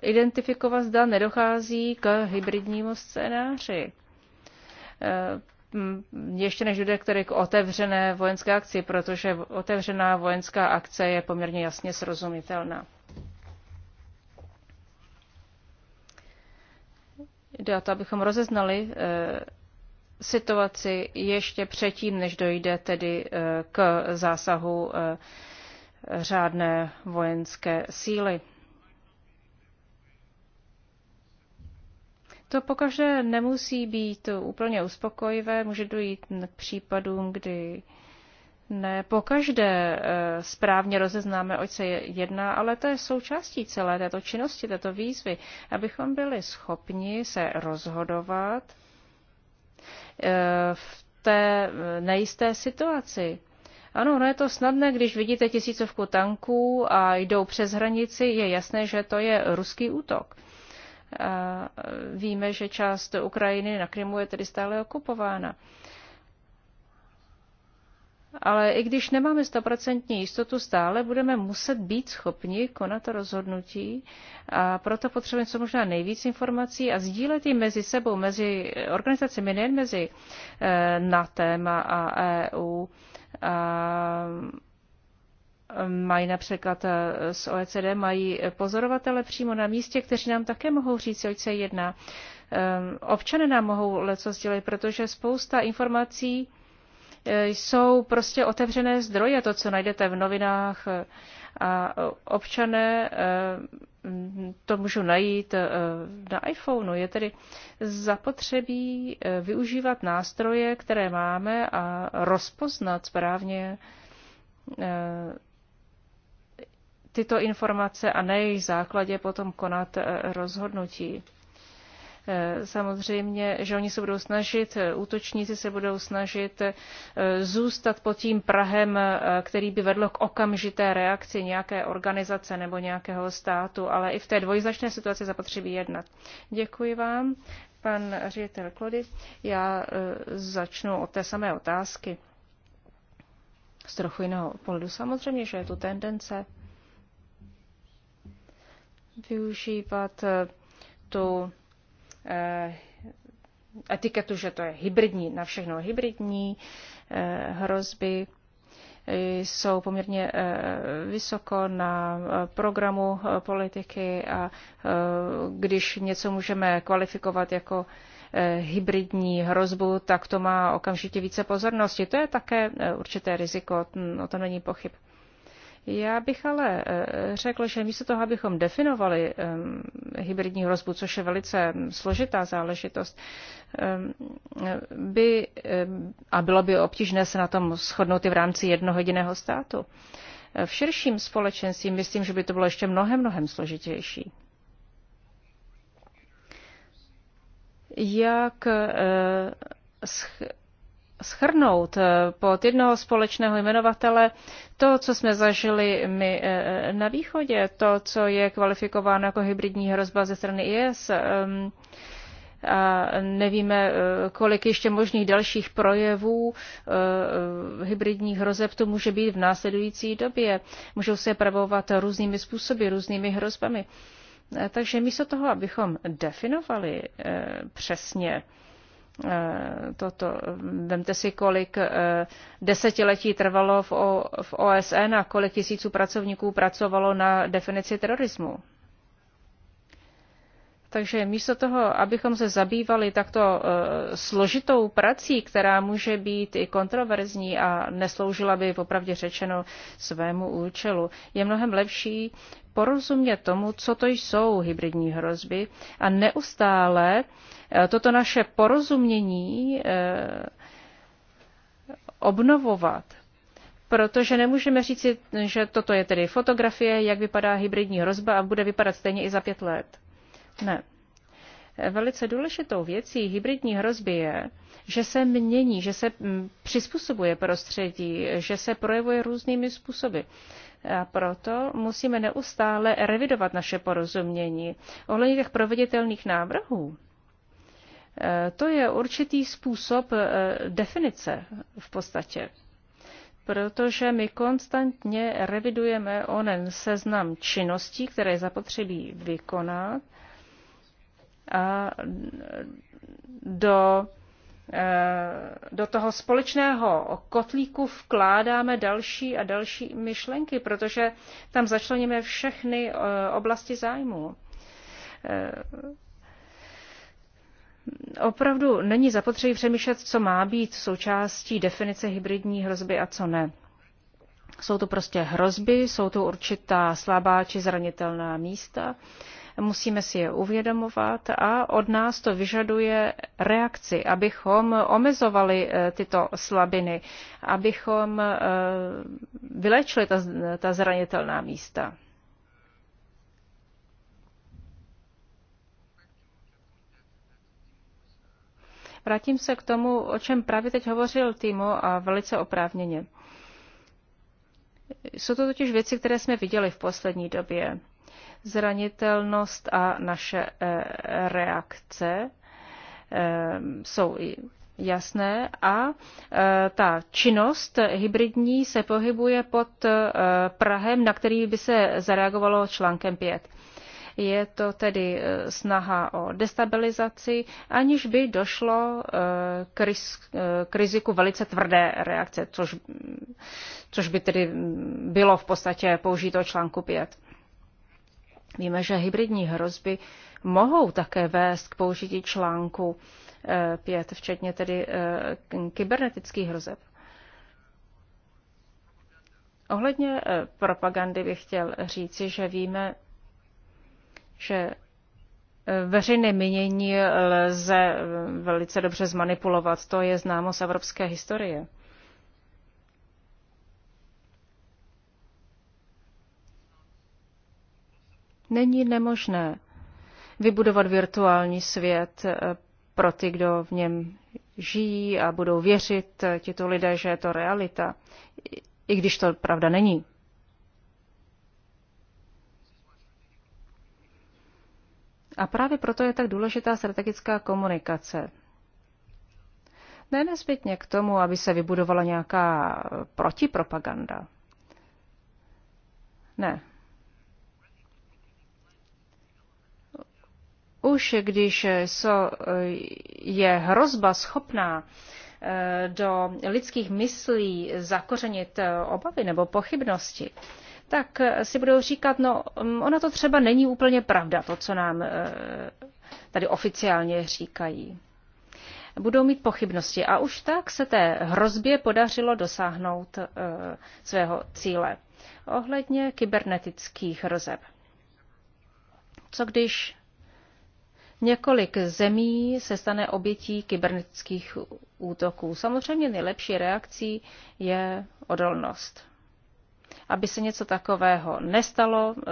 A: identifikovat, zda nedochází k hybridnímu scénáři Mm, ještě než jde k otevřené vojenské akci, protože otevřená vojenská akce je poměrně jasně srozumitelná. Jde o to, abychom rozeznali e, situaci ještě předtím, než dojde tedy e, k zásahu e, řádné vojenské síly. To pokaže nemusí být úplně uspokojivé, může dojít k případům, kdy ne pokaždé eh, správně rozeznáme, oč se jedná, ale to je součástí celé této činnosti, této výzvy, abychom byli schopni se rozhodovat eh, v té eh, nejisté situaci. Ano, no je to snadné, když vidíte tisícovku tanků a jdou přes hranici, je jasné, že to je ruský útok. E, víme, že část Ukrajiny na Krymu je tedy stále okupována. Ale i když nemáme stoprocentní jistotu stále, budeme muset být schopni konat rozhodnutí a proto potřebujeme co možná nejvíc informací a sdílet ji mezi sebou, mezi organizacemi, nejen mezi e, NATO a EU. A, mají například eh, z OECD, mají pozorovatele přímo na místě, kteří nám také mohou říct, oč se jedná. Ehm, občané nám mohou leco sdělit, protože spousta informací eh, jsou prostě otevřené zdroje, to, co najdete v novinách eh, a občané ehm, to můžou najít na iPhoneu. Je tedy zapotřebí využívat nástroje, které máme a rozpoznat správně tyto informace a na jejich základě potom konat eh, rozhodnutí. Eh, samozřejmě, že oni se budou snažit, eh, útočníci se budou snažit zůstat pod tím Prahem, který by vedl k okamžité reakci nějaké organizace nebo nějakého státu, ale i v té dvojznačné situaci zapotřebí jednat. Děkuji vám, pan ředitel Klody. Já začnu od té samé otázky. Z trochu jiného pohledu samozřejmě, že je tu tendence využívat eh, tu eh, etiketu, že to je hybridní, na všechno hybridní eh, hrozby jsou poměrně vysoko na programu politiky a když něco můžeme kvalifikovat jako hybridní hrozbu, tak to má okamžitě více pozornosti. To je také určité riziko, o tom není pochyb. Já bych ale eh, řekl, že místo toho, abychom definovali eh, hybridní hrozbu, což je velice složitá záležitost, eh, by, a bylo by obtížné se na tom shodnout i v rámci jednoho jediného státu, v širším společenství myslím, že by to bylo ještě mnohem, mnohem složitější. Jak schrnout eh, pod jednoho společného jmenovatele to, co jsme zažili my eh, eh, na východě, to, co je kvalifikováno jako hybridní hrozba ze strany IS. Ehm, a nevíme, kolik ještě možných dalších projevů hybridních hrozeb to může být v následující době. Můžou se pravovat různými způsoby, různými hrozbami. Takže místo toho, abychom definovali přesně, Eh, toto. Vemte si, kolik eh, desetiletí trvalo v OSN a kolik tisíců pracovníků pracovalo na definici terorismu. Takže místo toho, abychom se zabývali takto eh, složitou prací, která může být i kontroverzní a nesloužila by opravdu řečeno svému účelu, je mnohem lepší porozumět tomu, co to jsou hybridní hrozby a neustále uh, Eh, toto naše porozumění eh, obnovovat. Protože nemůžeme říct, že toto je tedy fotografie, jak vypadá hybridní hrozba a bude vypadat stejně i za pět let. Ne. Eh, velice důležitou věcí hybridní hrozby je, že se mění, že se mm, přizpůsobuje prostředí, že se projevuje různými způsoby. A proto musíme neustále revidovat naše porozumění ohledně těch proveditelných návrhů Eh, to je určitý způsob eh, definice v podstatě, protože my konstantně revidujeme onen seznam činností, které je zapotřebí vykonat a do eh, do toho společného kotlíku vkládáme další a další myšlenky, protože tam začleníme všechny oblasti zájmu opravdu není zapotřebí přemýšlet, co má být součástí definice hybridní hrozby a co ne. Jsou to prostě hrozby, jsou to určitá slabá či zranitelná místa, musíme si je uvědomovat a od nás to vyžaduje reakci, abychom omezovali eh, tyto slabiny, abychom eh, vylečili ta, ta zranitelná místa. Vrátím se k tomu, o čem právě teď hovořil Týmo a velice oprávněně. Jsou to totiž věci, které jsme viděli v poslední době. Zranitelnost a naše eh, reakce eh, jsou i jasné a eh, ta činnost hybridní se pohybuje pod Prahem, na který by se zareagovalo článkem 5. Je to tedy e, snaha o destabilizaci, aniž by došlo e, k, riz, e, k riziku velice tvrdé reakce, což, což by tedy bylo v podstatě použito článku 5. Víme, že hybridní hrozby mohou také vést k použití článku 5, včetně tedy kybernetických hrozeb. Ohledně propagandy bych chtěl říci, že víme, že e, veřejné mínění lze e, velice dobře zmanipulovat. To je známo z evropské historie. Není nemožné vybudovat virtuální svět e, pro ty, kdo v něm žijí a budou věřit tito lidé, že je to realita, i když to pravda není. A právě proto je tak důležitá strategická komunikace. Ne nezbytně k tomu, aby se vybudovala nějaká eh, protipropaganda. Ne. Už když eh, eh, je hrozba schopná do lidských myslí zakořenit obavy nebo pochybnosti, tak si budou říkat, no mm, ona to třeba není úplně pravda, to, co nám eh, tady oficiálně říkají. Budou mít pochybnosti a už tak se té hrozbě podařilo dosáhnout eh, svého cíle ohledně kybernetických hrozeb. Co když Několik zemí se stane obětí kybernetických útoků. Samozřejmě nejlepší reakcí je odolnost aby se něco takového nestalo, eh,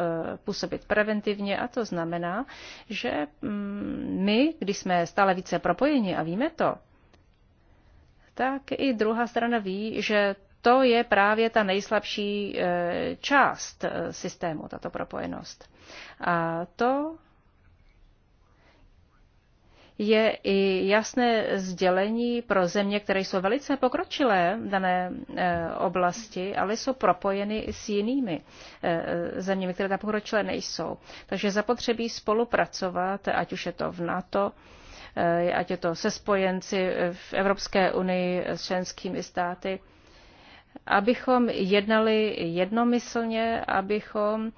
A: působit preventivně a to znamená, že mm, my, když jsme stále více propojeni a víme to, tak i druhá strana ví, že to je právě ta nejslabší eh, část eh, systému, tato propojenost. A to je i jasné sdělení pro země, které jsou velice pokročilé v dané eh, oblasti, ale jsou propojeny s jinými eh, zeměmi, které tam pokročilé nejsou. Takže zapotřebí spolupracovat, ať už je to v NATO, eh, ať je to se spojenci v Evropské unii s členskými státy, abychom jednali jednomyslně, abychom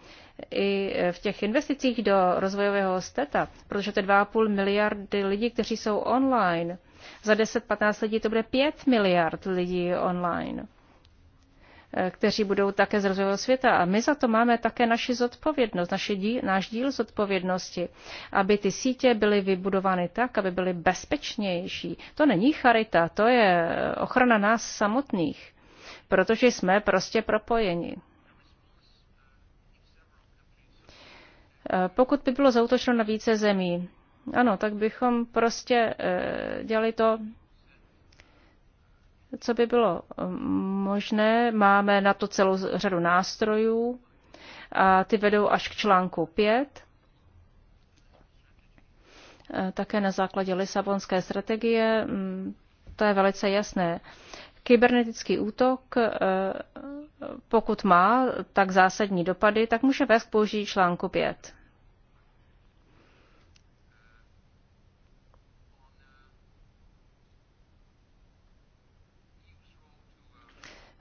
A: i v těch investicích do rozvojového steta, protože to je 2,5 miliardy lidí, kteří jsou online. Za 10-15 lidí to bude 5 miliard lidí online, eh, kteří budou také z rozvojového světa. A my za to máme také naši zodpovědnost, naši díl, náš díl zodpovědnosti, aby ty sítě byly vybudovány tak, aby byly bezpečnější. To není charita, to je ochrana nás samotných, protože jsme prostě propojeni. Eh, pokud by bylo zautočeno na více zemí, ano, tak bychom prostě eh, dělali to, co by bylo eh, možné. Máme na to celou řadu nástrojů a ty vedou až k článku 5. Také na základě Lisabonské strategie, mm, to je velice jasné. Kybernetický útok, eh, pokud má tak zásadní dopady, tak může vést k použití článku 5.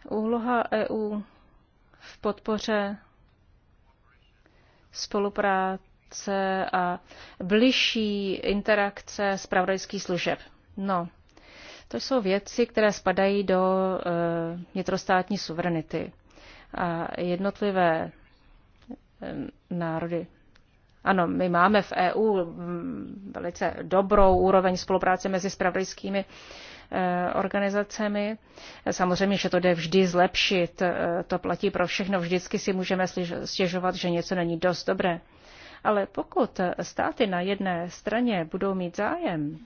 A: Úloha EU v podpoře spolupráce a bližší interakce zpravodajských služeb. No, to jsou věci, které spadají do eh, vnitrostátní suverenity. A jednotlivé eh, národy. Ano, my máme v EU mm, velice dobrou úroveň spolupráce mezi spravodajskými eh, organizacemi. Samozřejmě, že to jde vždy zlepšit, to platí pro všechno, vždycky si můžeme stěžovat, že něco není dost dobré. Ale pokud státy na jedné straně budou mít zájem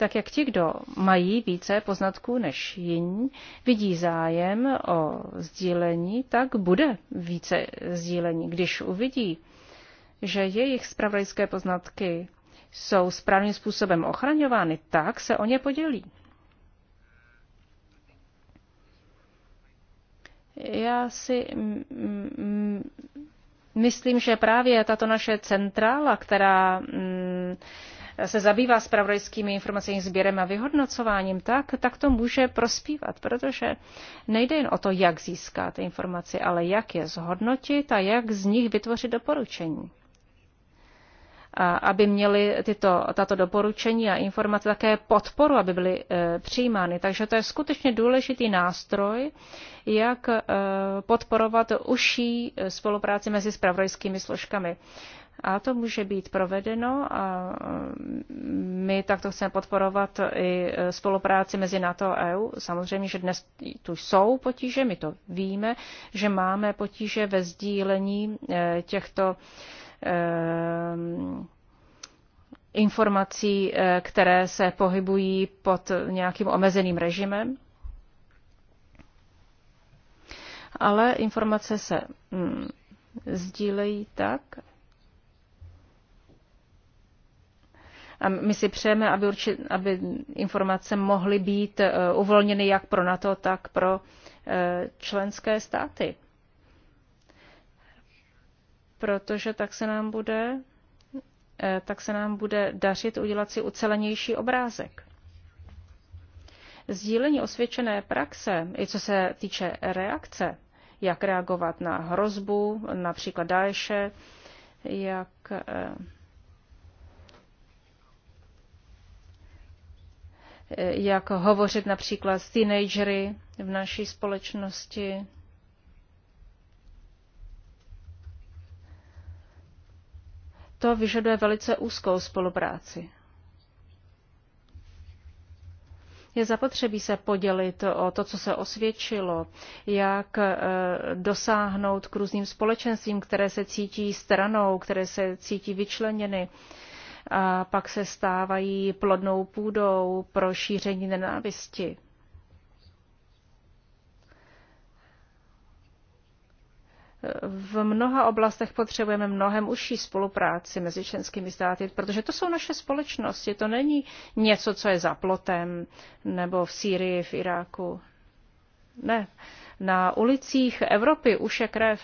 A: tak jak ti, kdo mají více poznatků než jiní, vidí zájem o sdílení, tak bude více sdílení. Když uvidí, že jejich spravodajské poznatky jsou správným způsobem ochraňovány, tak se o ně podělí. Já si myslím, že právě tato naše centrála, která se zabývá spravodajskými informacemi, sběrem a vyhodnocováním, tak, tak to může prospívat, protože nejde jen o to, jak získat informaci, ale jak je zhodnotit a jak z nich vytvořit doporučení. A aby měly tyto, tato doporučení a informace také podporu, aby byly e, přijímány. Takže to je skutečně důležitý nástroj, jak e, podporovat užší e, spolupráci mezi spravodajskými složkami. E, a to může být provedeno a mm, my takto chceme podporovat i e, spolupráci mezi NATO a EU. Samozřejmě, že dnes tu jsou potíže, my to víme, že máme potíže ve sdílení e, těchto e, mm, informací, které se pohybují pod nějakým omezeným režimem. Ale informace se mm, sdílejí tak, A my si přejeme, aby, urči, aby informace mohly být eh, uvolněny jak pro NATO, tak pro eh, členské státy. Protože tak se nám bude eh, tak se nám bude dařit udělat si ucelenější obrázek. Sdílení osvědčené praxe, i co se týče reakce, jak reagovat na hrozbu, například Daeše, jak Eh, jak hovořit například s teenagery v naší společnosti. To vyžaduje velice úzkou spolupráci. Je zapotřebí se podělit o to, co se osvědčilo, jak eh, dosáhnout k různým společenstvím, které se cítí stranou, které se cítí vyčleněny a pak se stávají plodnou půdou pro šíření nenávisti. V mnoha oblastech potřebujeme mnohem užší spolupráci mezi členskými státy, protože to jsou naše společnosti, to není něco, co je za plotem nebo v Sýrii, v Iráku. Ne. Na ulicích Evropy už je krev.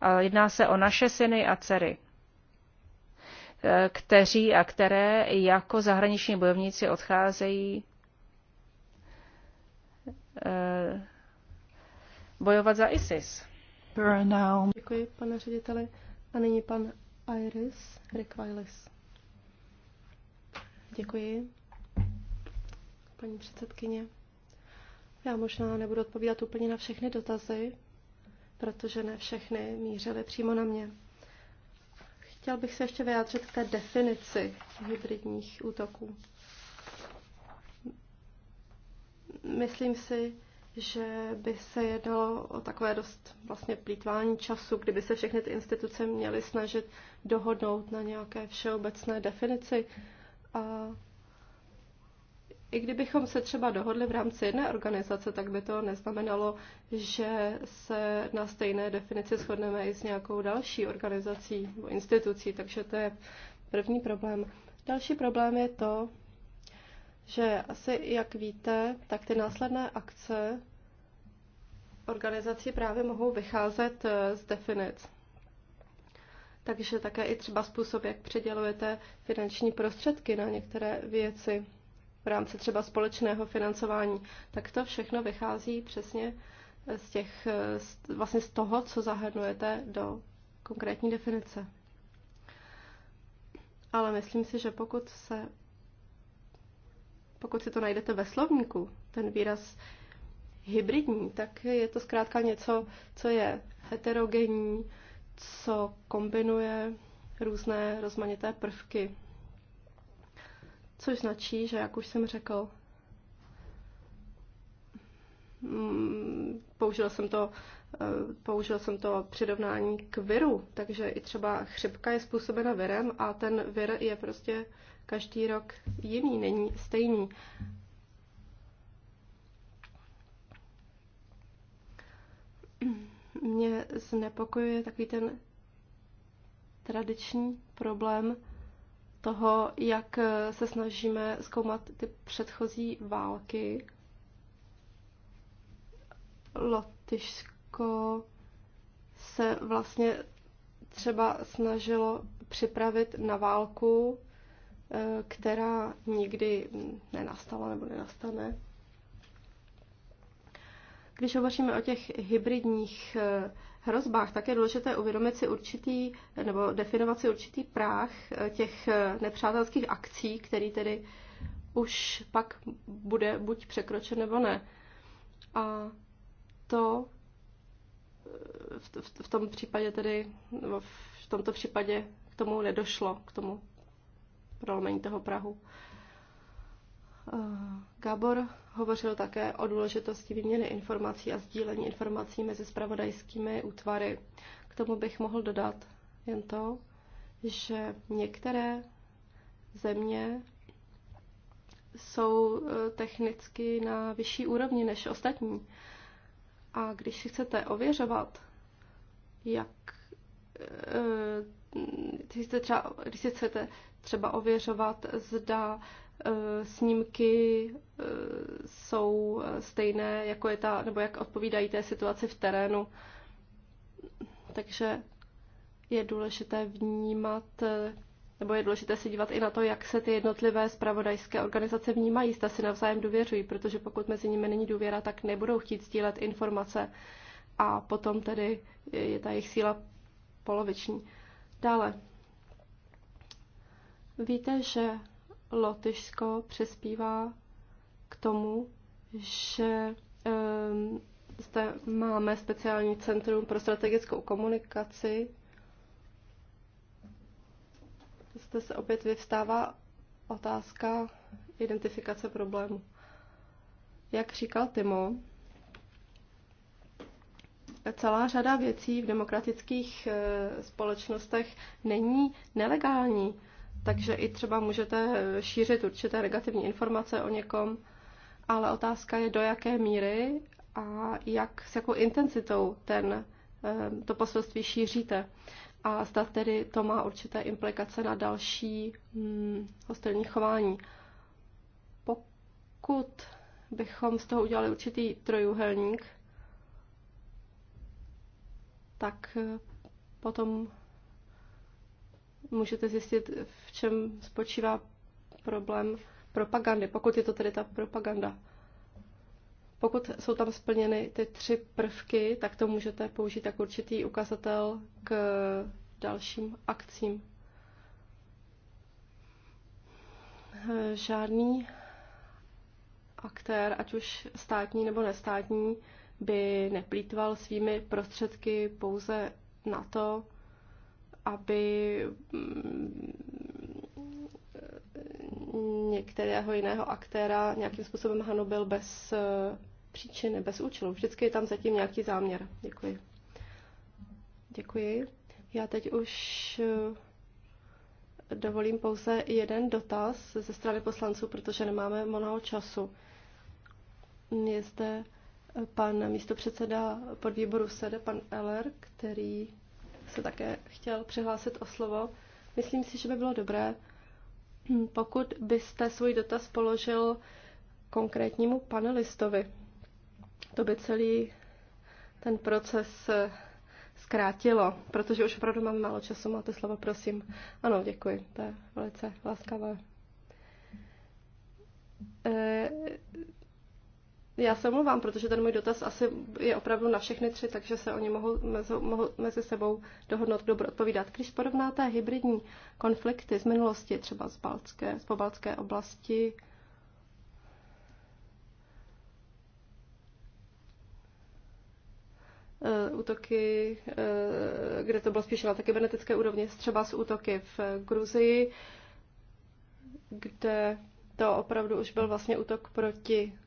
A: A jedná se o naše syny a dcery kteří a které jako zahraniční bojovníci odcházejí eh, bojovat za ISIS.
C: Děkuji, pane řediteli. A nyní pan Iris Rekvailis. Děkuji, paní předsedkyně. Já možná nebudu odpovídat úplně na všechny dotazy, protože ne všechny mířily přímo na mě. Chtěl bych se ještě vyjádřit k té definici hybridních útoků. Myslím si, že by se jednalo o takové dost vlastně plítvání času, kdyby se všechny ty instituce měly snažit dohodnout na nějaké všeobecné definici. A i kdybychom se třeba dohodli v rámci jedné organizace, tak by to neznamenalo, že se na stejné definici shodneme i s nějakou další organizací nebo institucí, takže to je první problém. Další problém je to, že asi, jak víte, tak ty následné akce organizací právě mohou vycházet eh, z definic. Takže také i třeba způsob, jak předělujete finanční prostředky na některé věci v rámci třeba společného financování, tak to všechno vychází přesně z, těch, vlastně z toho, co zahrnujete do konkrétní definice. Ale myslím si, že pokud se pokud si to najdete ve slovníku, ten výraz hybridní, tak je to zkrátka něco, co je heterogenní, co kombinuje různé rozmanité prvky což značí, že, jak už jsem řekl, mm, použil jsem to, eh, použil jsem to přirovnání k viru, takže i třeba chřipka je způsobena virem a ten vir je prostě každý rok jiný, není stejný. Mě znepokojuje takový ten tradiční problém toho, jak se snažíme zkoumat ty předchozí války. Lotyšsko se vlastně třeba snažilo připravit na válku, eh, která nikdy nenastala nebo nenastane. Když hovoříme o těch hybridních eh, hrozbách, tak je důležité uvědomit si určitý, nebo definovat si určitý práh eh, těch eh, nepřátelských akcí, který tedy už pak bude buď překročen nebo ne. A to v, v, v tom případě tedy, nebo v tomto případě k tomu nedošlo, k tomu prolomení toho Prahu. Eh, Gabor hovořil také o důležitosti výměny informací a sdílení informací mezi spravodajskými útvary. K tomu bych mohl dodat jen to, že některé země jsou eh, technicky na vyšší úrovni než ostatní. A když si chcete ověřovat, jak eh, když si když si chcete třeba ověřovat, zda Eh, snímky eh, jsou stejné, jako je ta, nebo jak odpovídají té situaci v terénu. Takže je důležité vnímat, eh, nebo je důležité se dívat i na to, jak se ty jednotlivé spravodajské organizace vnímají, zda si navzájem důvěřují, protože pokud mezi nimi není důvěra, tak nebudou chtít sdílet informace a potom tedy je ta jejich síla poloviční. Dále. Víte, že Lotyšsko přespívá k tomu, že ehm, zde máme speciální centrum pro strategickou komunikaci. Zde se opět vyvstává otázka identifikace problému. Jak říkal Timo, celá řada věcí v demokratických eh, společnostech není nelegální takže i třeba můžete eh, šířit určité negativní informace o někom, ale otázka je, do jaké míry a jak, s jakou intenzitou ten, eh, to poselství šíříte. A zda tedy to má určité implikace na další hmm, hostilní chování. Pokud bychom z toho udělali určitý trojuhelník, tak eh, potom můžete zjistit, v čem spočívá problém propagandy, pokud je to tedy ta propaganda. Pokud jsou tam splněny ty tři prvky, tak to můžete použít jako určitý ukazatel k dalším akcím. Žádný aktér, ať už státní nebo nestátní, by neplýtval svými prostředky pouze na to, aby mm, některého jiného aktéra nějakým způsobem hanobil bez eh, příčiny, bez účelu. Vždycky je tam zatím nějaký záměr. Děkuji. Děkuji. Já teď už eh, dovolím pouze jeden dotaz ze strany poslanců, protože nemáme mnoho času. Je zde eh, pan místopředseda podvýboru SEDE, pan Eller, který se také chtěl přihlásit o slovo. Myslím si, že by bylo dobré, hm, pokud byste svůj dotaz položil konkrétnímu panelistovi. To by celý ten proces eh, zkrátilo, protože už opravdu mám málo času. Máte slovo, prosím. Ano, děkuji. To je velice laskavé. Eh, já se omlouvám, protože ten můj dotaz asi je opravdu na všechny tři, takže se oni mohou mezi, mohou mezi sebou dohodnout, kdo bude odpovídat. Když porovnáte hybridní konflikty z minulosti, třeba z, Balcké, z pobaltské oblasti, eh, útoky, eh, kde to bylo spíše na také kybernetické úrovni, třeba z útoky v Gruzii, kde to opravdu už byl vlastně útok proti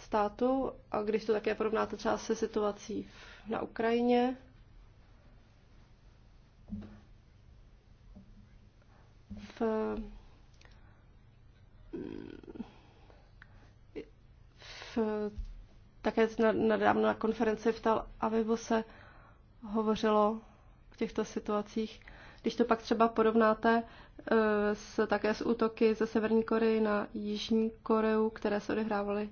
C: státu a když to také porovnáte třeba se situací na Ukrajině, v, v také nedávno na konferenci v Tal Avivu se hovořilo v těchto situacích. Když to pak třeba porovnáte eh, s, také s útoky ze Severní Koreji na Jižní Koreu, které se odehrávaly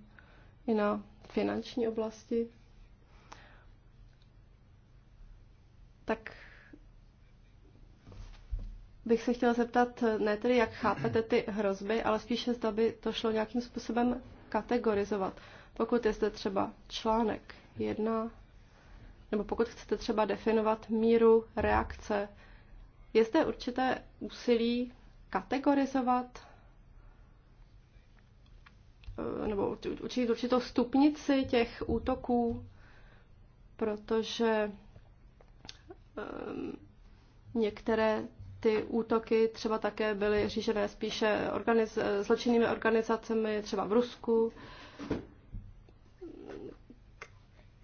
C: i na finanční oblasti, tak bych se chtěla zeptat, ne tedy jak chápete ty hrozby, ale spíše zda by to šlo nějakým způsobem kategorizovat. Pokud je zde třeba článek jedna, nebo pokud chcete třeba definovat míru reakce, je zde určité úsilí kategorizovat Eh, nebo určit, určitou stupnici těch útoků, protože ehm, některé ty útoky třeba také byly řížené spíše organiz, zločinnými organizacemi, třeba v Rusku,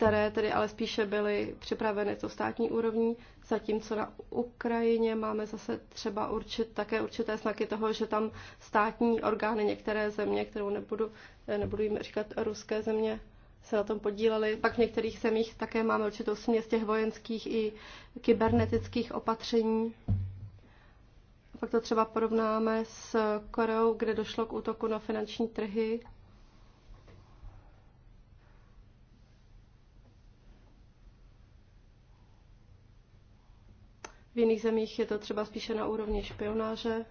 C: které tedy ale spíše byly připraveny to státní úrovní, zatímco na Ukrajině máme zase třeba určit, také určité znaky toho, že tam státní orgány některé země, kterou nebudu, nebudu jim říkat ruské země, se na tom podíleli. Pak v některých zemích také máme určitou směs těch vojenských i kybernetických opatření. pak to třeba porovnáme s Koreou, kde došlo k útoku na finanční trhy V jiných zemích je to třeba spíše na úrovni špionáže.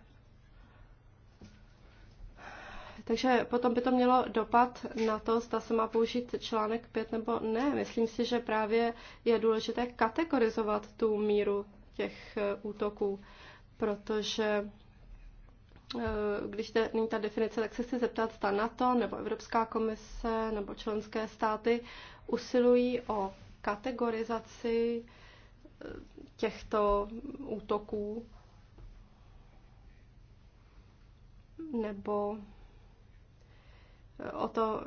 C: Takže potom by to mělo dopad na to, zda se má použít článek 5 nebo ne. Myslím si, že právě je důležité kategorizovat tu míru těch eh, útoků, protože eh, když jde, není ta definice, tak se chci zeptat, zda NATO nebo Evropská komise nebo členské státy usilují o kategorizaci těchto útoků nebo o to,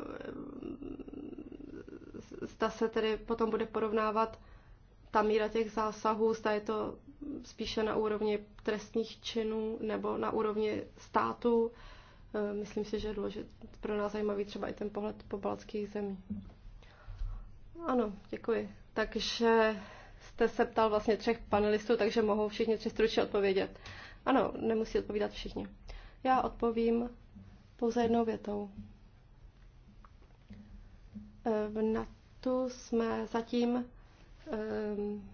C: zda se tedy potom bude porovnávat ta míra těch zásahů, zda je to spíše na úrovni trestních činů nebo na úrovni státu. Eh, myslím si, že je důležit, pro nás zajímavý třeba i ten pohled po baltských zemí. Ano, děkuji. Takže jste se ptal vlastně třech panelistů, takže mohou všichni tři stručně odpovědět. Ano, nemusí odpovídat všichni. Já odpovím pouze jednou větou. V ehm, NATO jsme zatím ehm,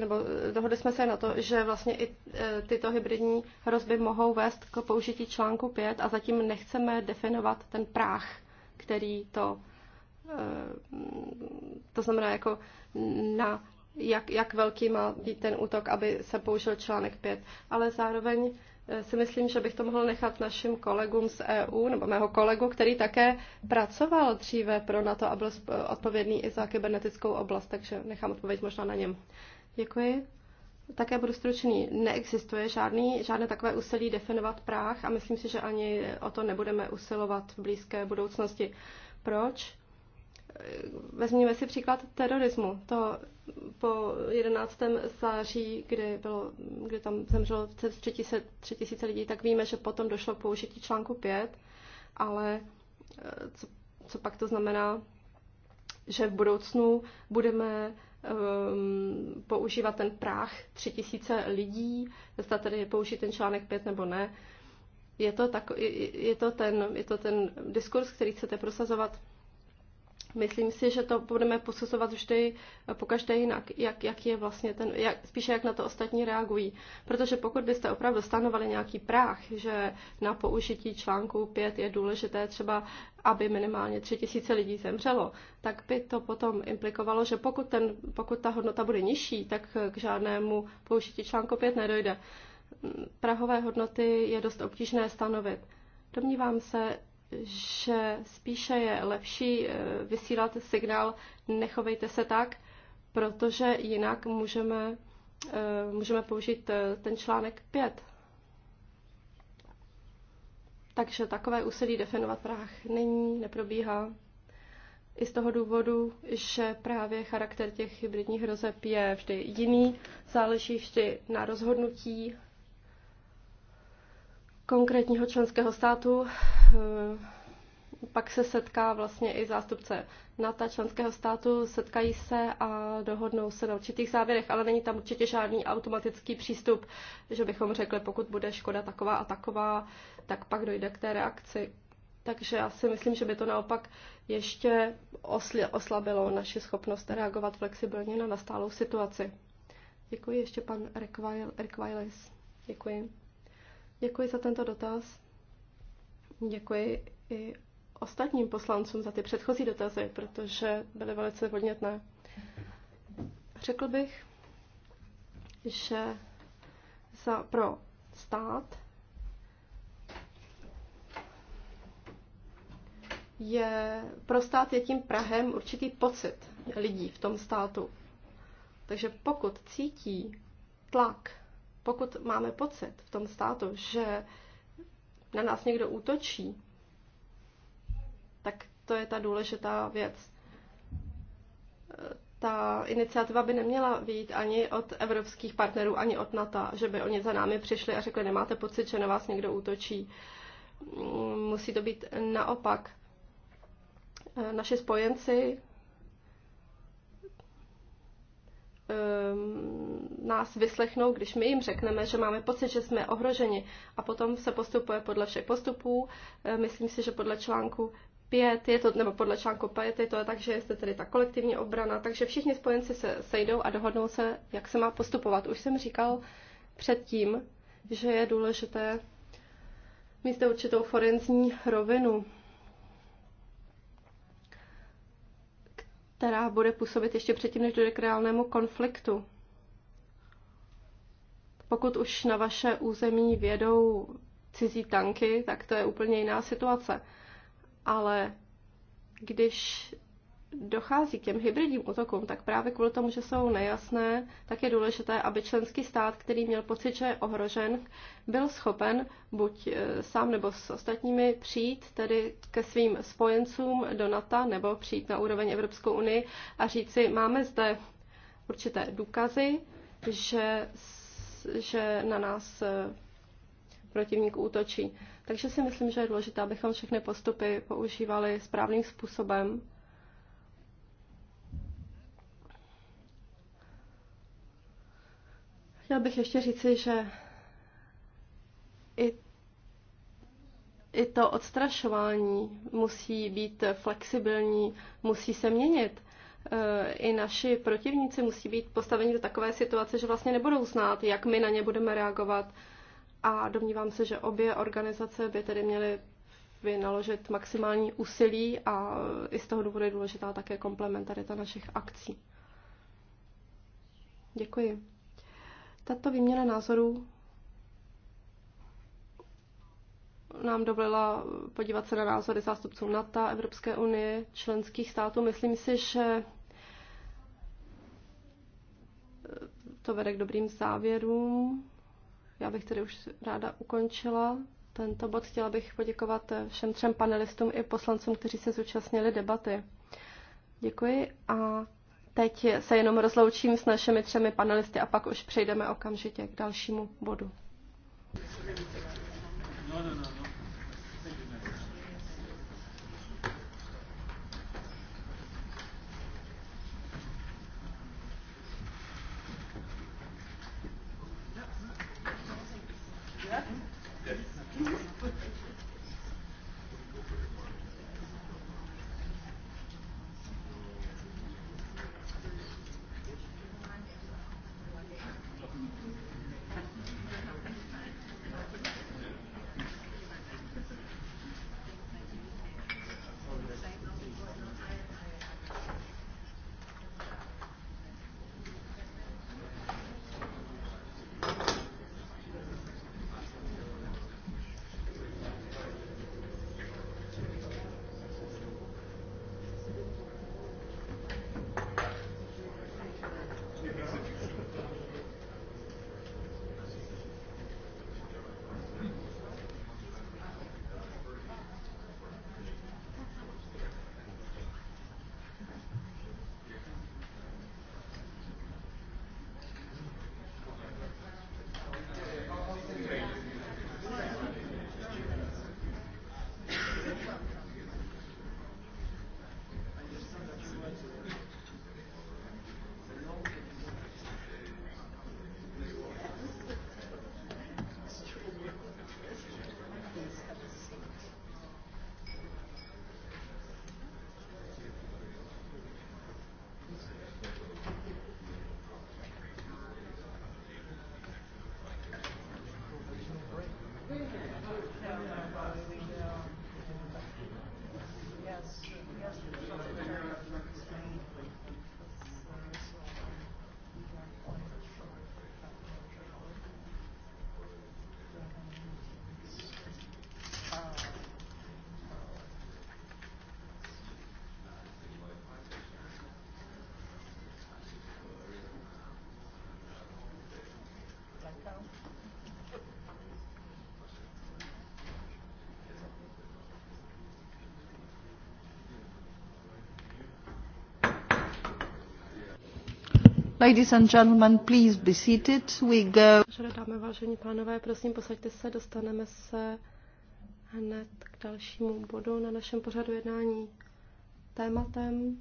C: nebo eh, dohodli jsme se na to, že vlastně i eh, tyto hybridní hrozby mohou vést k použití článku 5 a zatím nechceme definovat ten práh, který to Eh, to znamená jako na jak, jak velký má být ten útok, aby se použil článek 5. Ale zároveň eh, si myslím, že bych to mohl nechat našim kolegům z EU, nebo mého kolegu, který také pracoval dříve pro NATO a byl odpovědný i za kybernetickou oblast, takže nechám odpověď možná na něm. Děkuji. Také budu stručný. Neexistuje žádný, žádné takové úsilí definovat práh a myslím si, že ani o to nebudeme usilovat v blízké budoucnosti. Proč? vezměme si příklad terorismu. To po 11. září, kdy, bylo, kdy tam zemřelo přes 3000, 3000 lidí, tak víme, že potom došlo k použití článku 5, ale e, co, co pak to znamená, že v budoucnu budeme um, používat ten práh 3000 lidí, zda tedy je použít ten článek 5 nebo ne. Je to, tak, je, je, to ten, je to ten diskurs, který chcete prosazovat? Myslím si, že to budeme posuzovat vždy eh, pokaždé jinak, jak, jak je vlastně ten, jak, spíše jak na to ostatní reagují. Protože pokud byste opravdu stanovali nějaký práh, že na použití článku 5 je důležité třeba, aby minimálně 3000 lidí zemřelo, tak by to potom implikovalo, že pokud, ten, pokud ta hodnota bude nižší, tak eh, k žádnému použití článku 5 nedojde. Hm, prahové hodnoty je dost obtížné stanovit. Domnívám se, že spíše je lepší eh, vysílat signál nechovejte se tak, protože jinak můžeme, eh, můžeme použít eh, ten článek 5. Takže takové úsilí definovat práh není, neprobíhá. I z toho důvodu, že právě charakter těch hybridních hrozeb je vždy jiný, záleží vždy na rozhodnutí konkrétního členského státu. Eh, pak se setká vlastně i zástupce NATO členského státu, setkají se a dohodnou se na určitých závěrech, ale není tam určitě žádný automatický přístup, že bychom řekli, pokud bude škoda taková a taková, tak pak dojde k té reakci. Takže já si myslím, že by to naopak ještě osl- oslabilo naši schopnost reagovat flexibilně na nastálou situaci. Děkuji ještě pan Requiles. Děkuji. Děkuji za tento dotaz. Děkuji i ostatním poslancům za ty předchozí dotazy, protože byly velice podnětné. Řekl bych, že za, pro stát je, pro stát je tím Prahem určitý pocit lidí v tom státu. Takže pokud cítí tlak pokud máme pocit v tom státu, že na nás někdo útočí, tak to je ta důležitá věc. Ta iniciativa by neměla vyjít ani od evropských partnerů, ani od NATO, že by oni za námi přišli a řekli, nemáte pocit, že na vás někdo útočí. Musí to být naopak. Naši spojenci Ehm, nás vyslechnou, když my jim řekneme, že máme pocit, že jsme ohroženi. A potom se postupuje podle všech postupů. Ehm, myslím si, že podle článku 5 je to, nebo podle článku 5 je to tak, že jste tady tedy ta kolektivní obrana, takže všichni spojenci se sejdou a dohodnou se, jak se má postupovat. Už jsem říkal předtím, že je důležité mít určitou forenzní rovinu. která bude působit ještě předtím, než dojde k reálnému konfliktu. Pokud už na vaše území vědou cizí tanky, tak to je úplně jiná situace. Ale když dochází k těm hybridním útokům, tak právě kvůli tomu, že jsou nejasné, tak je důležité, aby členský stát, který měl pocit, že je ohrožen, byl schopen buď e, sám nebo s ostatními přijít tedy ke svým spojencům do NATO nebo přijít na úroveň Evropskou unii a říci, máme zde určité důkazy, že, že na nás e, protivník útočí. Takže si myslím, že je důležité, abychom všechny postupy používali správným způsobem Chtěla bych ještě říci, že i, i to odstrašování musí být flexibilní, musí se měnit. E, I naši protivníci musí být postaveni do takové situace, že vlastně nebudou znát, jak my na ně budeme reagovat. A domnívám se, že obě organizace by tedy měly vynaložit maximální úsilí a i z toho důvodu je důležitá také komplementarita našich akcí. Děkuji. Tato výměna názorů nám dovolila podívat se na názory zástupců NATO, Evropské unie, členských států. Myslím si, že to vede k dobrým závěrům. Já bych tedy už ráda ukončila tento bod. Chtěla bych poděkovat všem třem panelistům i poslancům, kteří se zúčastnili debaty. Děkuji a Teď se jenom rozloučím s našimi třemi panelisty a pak už přejdeme okamžitě k dalšímu bodu.
B: No, no, no.
A: Ladies and gentlemen, please be seated. We go.
C: Dámy, vážení pánové, prosím, posaďte se, dostaneme se hned k dalšímu bodu na našem pořadu jednání. Tématem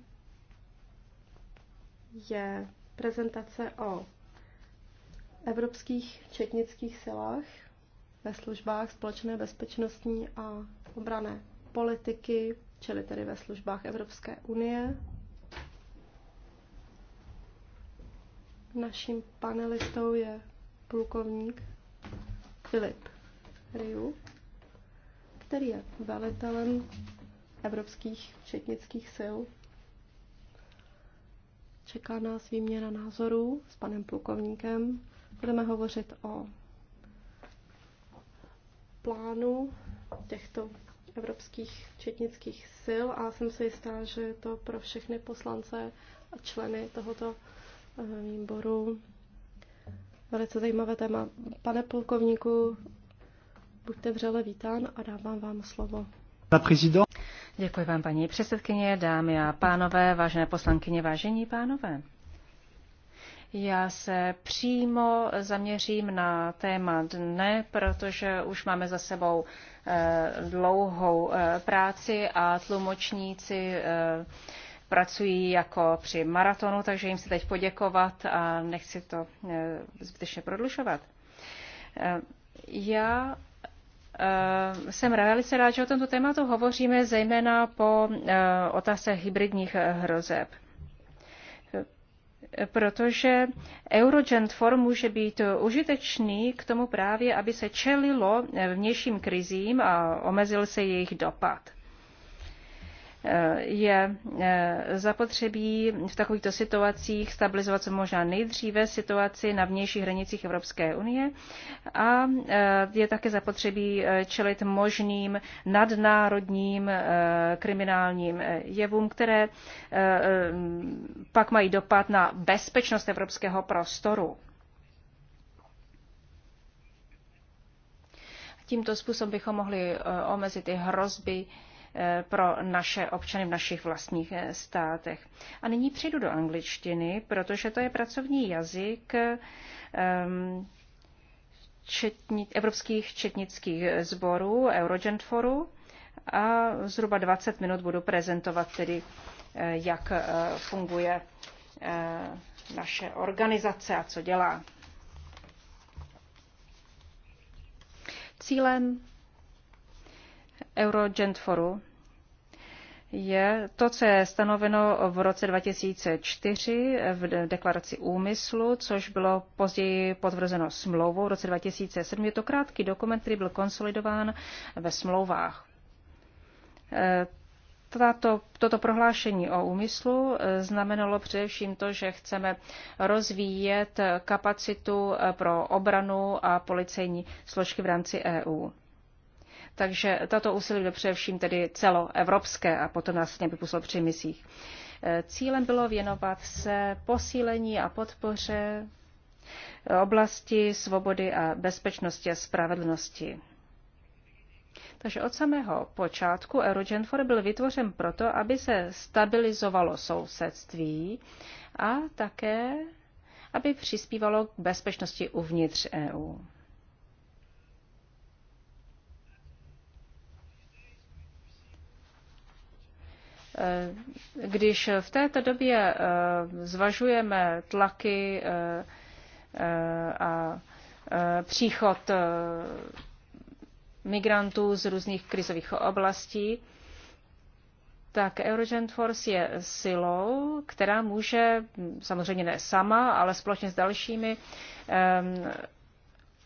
C: je prezentace o evropských četnických silách ve službách společné bezpečnostní a obrané politiky, čili tedy ve službách Evropské unie. Naším panelistou je plukovník Filip Riu, který je velitelem evropských četnických sil. Čeká nás výměna názorů s panem plukovníkem. Budeme hovořit o plánu těchto evropských četnických sil a jsem si jistá, že to pro všechny poslance a členy tohoto výboru. Velice zajímavé téma. Pane plukovníku, buďte vřele vítán a dávám vám slovo.
A: Děkuji vám, paní předsedkyně, dámy a pánové, vážené poslankyně, vážení pánové. Já se přímo zaměřím na téma dne, protože už máme za sebou eh, dlouhou eh, práci a tlumočníci eh, pracují jako při maratonu, takže jim se teď poděkovat a nechci to e, zbytečně prodlužovat. E, já e, jsem velice rád, že o tomto tématu hovoříme zejména po otázce hybridních hrozeb protože Eurogent Forum může být užitečný k tomu právě, aby se čelilo vnějším krizím a omezil se jejich dopad je e, zapotřebí v takovýchto situacích stabilizovat co možná nejdříve situaci na vnějších hranicích Evropské unie a e, je také zapotřebí e, čelit možným nadnárodním kriminálním jevům, které pak mají dopad na bezpečnost evropského prostoru. Tímto způsobem bychom mohli omezit i hrozby, Eh, pro naše občany v našich vlastních eh, státech. A nyní přejdu do angličtiny, protože to je pracovní jazyk ehm, četni, evropských četnických sborů, Eurogentforu a zhruba 20 minut budu prezentovat tedy, eh, jak funguje naše organizace a co dělá. Cílem Eurogentforu je to, co je stanoveno v roce 2004 v deklaraci úmyslu, což bylo později potvrzeno smlouvou v roce 2007. Je to krátký dokument, který byl konsolidován ve smlouvách. E, tato, toto prohlášení o úmyslu e, znamenalo především to, že chceme rozvíjet kapacitu e, pro obranu a policejní složky v rámci EU. Takže tato úsilí bylo především tedy celoevropské a potom nás by vypuslo při misích. E, cílem bylo věnovat se posílení a podpoře oblasti svobody a bezpečnosti a spravedlnosti. Takže od samého počátku Eurogenfor byl vytvořen proto, aby se stabilizovalo sousedství a také, aby přispívalo k bezpečnosti uvnitř EU. Eh, když v této době eh, zvažujeme tlaky eh, a příchod migrantů z různých krizových oblastí, tak Eurogent Force je silou, která může, samozřejmě ne sama, ale společně s dalšími,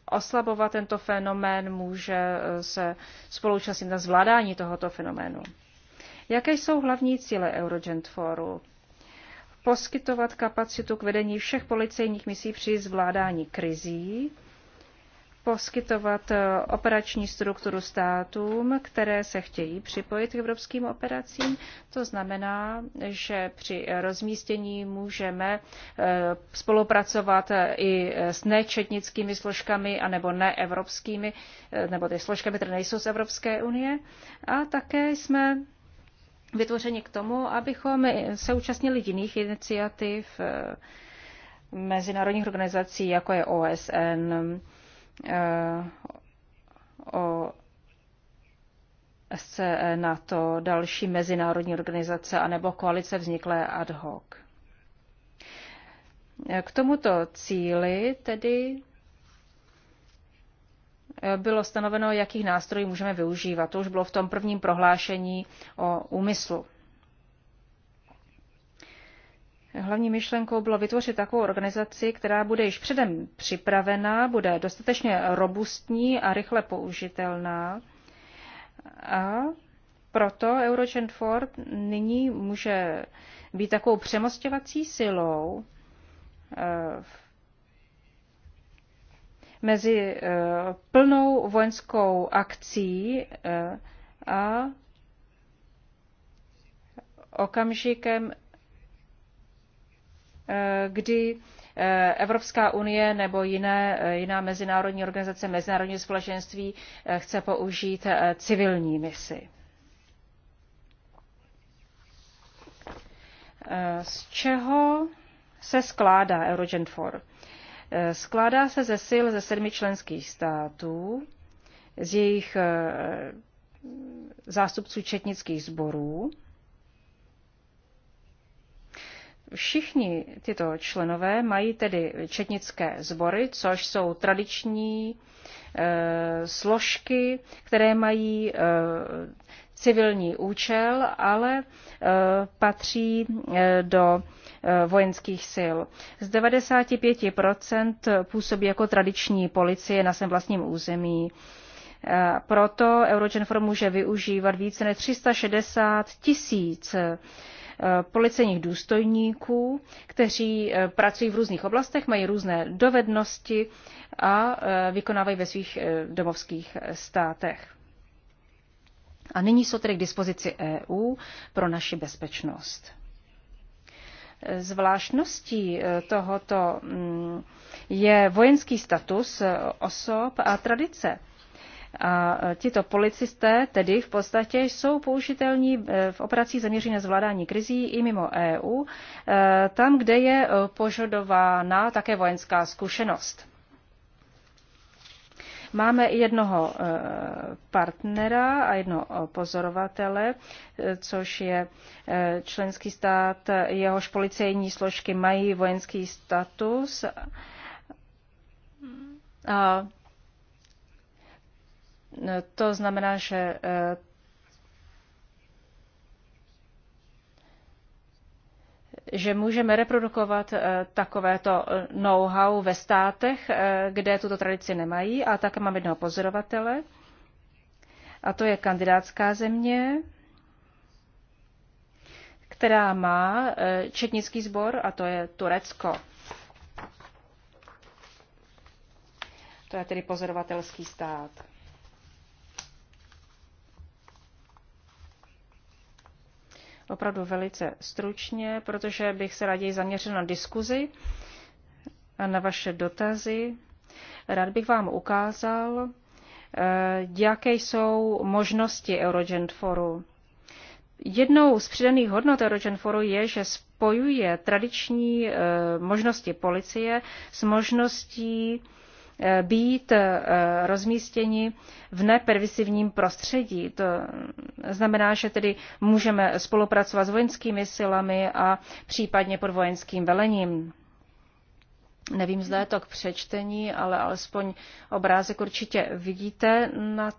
A: oslabovat tento fenomén, může se spoluúčastnit na zvládání tohoto fenoménu. Jaké jsou hlavní cíle Eurogent Foru? Poskytovat kapacitu k vedení všech policejních misí při zvládání krizí, poskytovat eh, operační strukturu státům, které se chtějí připojit k evropským operacím. To znamená, že při rozmístění můžeme eh, spolupracovat eh, i s nečetnickými složkami anebo neevropskými, nebo ty složkami, které nejsou z Evropské unie. A také jsme vytvořeni k tomu, abychom se účastnili jiných iniciativ eh, mezinárodních organizací, jako je OSN, o SCE, eh, NATO, další mezinárodní organizace anebo koalice vzniklé ad hoc. K tomuto cíli tedy bylo stanoveno, jakých nástrojů můžeme využívat. To už bylo v tom prvním prohlášení o úmyslu. Hlavní myšlenkou bylo vytvořit takovou organizaci, která bude již předem připravená, bude dostatečně robustní a rychle použitelná. A proto Eurogent Ford nyní může být takovou přemostěvací silou eh, v mezi eh, plnou vojenskou akcí eh, a okamžikem, eh, kdy Evropská unie nebo jiné, jiná mezinárodní organizace, mezinárodní společenství chce použít civilní misi. Z čeho se skládá Eurogent Eh, skládá se ze sil ze sedmi členských států, z jejich eh, zástupců četnických sborů. Všichni tyto členové mají tedy četnické sbory, což jsou tradiční eh, složky, které mají civilní účel, ale eh, patří eh, do eh, vojenských sil. Z 95% působí jako tradiční policie na svém vlastním území. Proto Eurogenfor může využívat více než 360 tisíc policejních důstojníků, kteří pracují v různých oblastech, mají různé dovednosti a vykonávají ve svých domovských státech a nyní jsou tedy k dispozici EU pro naši bezpečnost. Zvláštností e, tohoto mm, je vojenský status e, osob a tradice. A e, tito policisté tedy v podstatě jsou použitelní v operacích zaměřených na zvládání krizí i mimo EU, tam, kde je požadována také vojenská zkušenost. Máme jednoho eh, partnera a jednoho pozorovatele, eh, což je eh, členský stát, jehož policejní složky mají vojenský status. A to znamená, že že můžeme reprodukovat eh, takovéto eh, know-how ve státech, eh, kde tuto tradici nemají. A také mám jednoho pozorovatele, a to je kandidátská země, která má četnický sbor, a to je Turecko. To je tedy pozorovatelský stát. opravdu velice stručně, protože bych se raději zaměřil na diskuzi a na vaše dotazy. Rád bych vám ukázal, eh, jaké jsou možnosti Eurogent Foru. Jednou z přidaných hodnot Eurogen Foru je, že spojuje tradiční eh, možnosti policie s možností být eh, rozmístěni v nepervisivním prostředí. To znamená, že tedy můžeme spolupracovat s vojenskými silami a případně pod vojenským velením. Nevím, zda je to k přečtení, ale alespoň obrázek určitě vidíte na,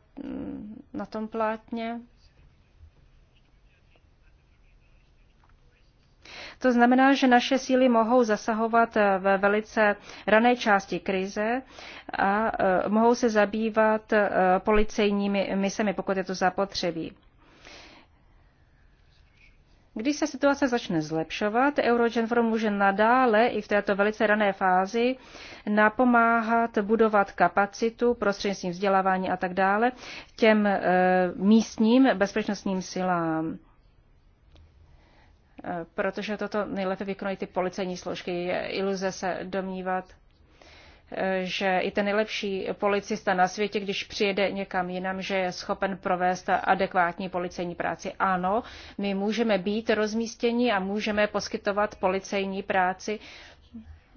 A: na tom plátně. To znamená, že naše síly mohou zasahovat eh, ve velice rané části krize a eh, mohou se zabývat eh, policejními misemi, pokud je to zapotřebí. Když se situace začne zlepšovat, Eurogenfor může nadále i v této velice rané fázi napomáhat budovat kapacitu prostřednictvím vzdělávání a tak dále těm e, místním bezpečnostním silám protože toto nejlépe vykonají ty policejní složky. Je iluze se domnívat, že i ten nejlepší policista na světě, když přijede někam jinam, že je schopen provést adekvátní policejní práci. Ano, my můžeme být rozmístěni a můžeme poskytovat policejní práci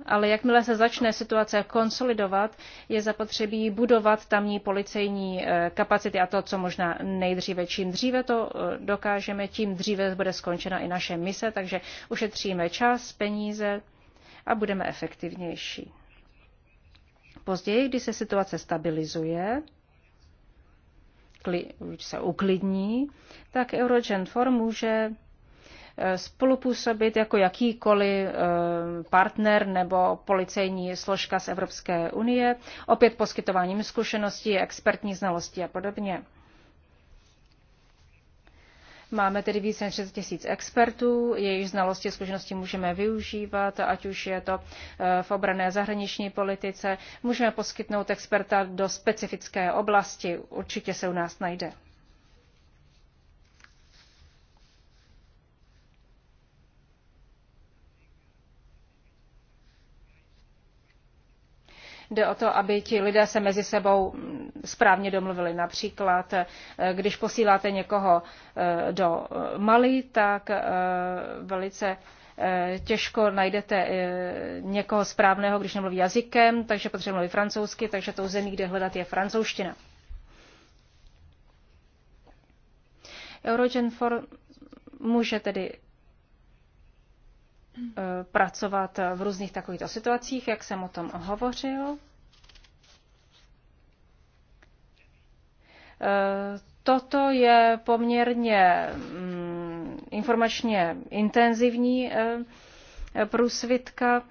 A: ale jakmile se začne situace konsolidovat, je zapotřebí budovat tamní policejní eh, kapacity a to, co možná nejdříve. Čím dříve to eh, dokážeme, tím dříve bude skončena i naše mise, takže ušetříme čas, peníze a budeme efektivnější. Později, když se situace stabilizuje, se uklidní, tak eurogen Four může spolupůsobit jako jakýkoliv eh, partner nebo policejní složka z Evropské unie, opět poskytováním zkušeností, expertní znalosti a podobně. Máme tedy více než 30 tisíc expertů, jejich znalosti a zkušenosti můžeme využívat, ať už je to eh, v obrané zahraniční politice. Můžeme poskytnout experta do specifické oblasti, určitě se u nás najde. Jde o to, aby ti lidé se mezi sebou mm, správně domluvili. Například, eh, když posíláte někoho eh, do eh, Mali, tak velice těžko najdete někoho správného, když nemluví jazykem, takže potřebuje mluvit francouzsky, takže tou zemí, kde hledat, je francouzština. Eurogen může tedy Eh, pracovat v různých takovýchto situacích, jak jsem o tom hovořil. Eh, toto je poměrně mm, informačně intenzivní eh, průsvitka,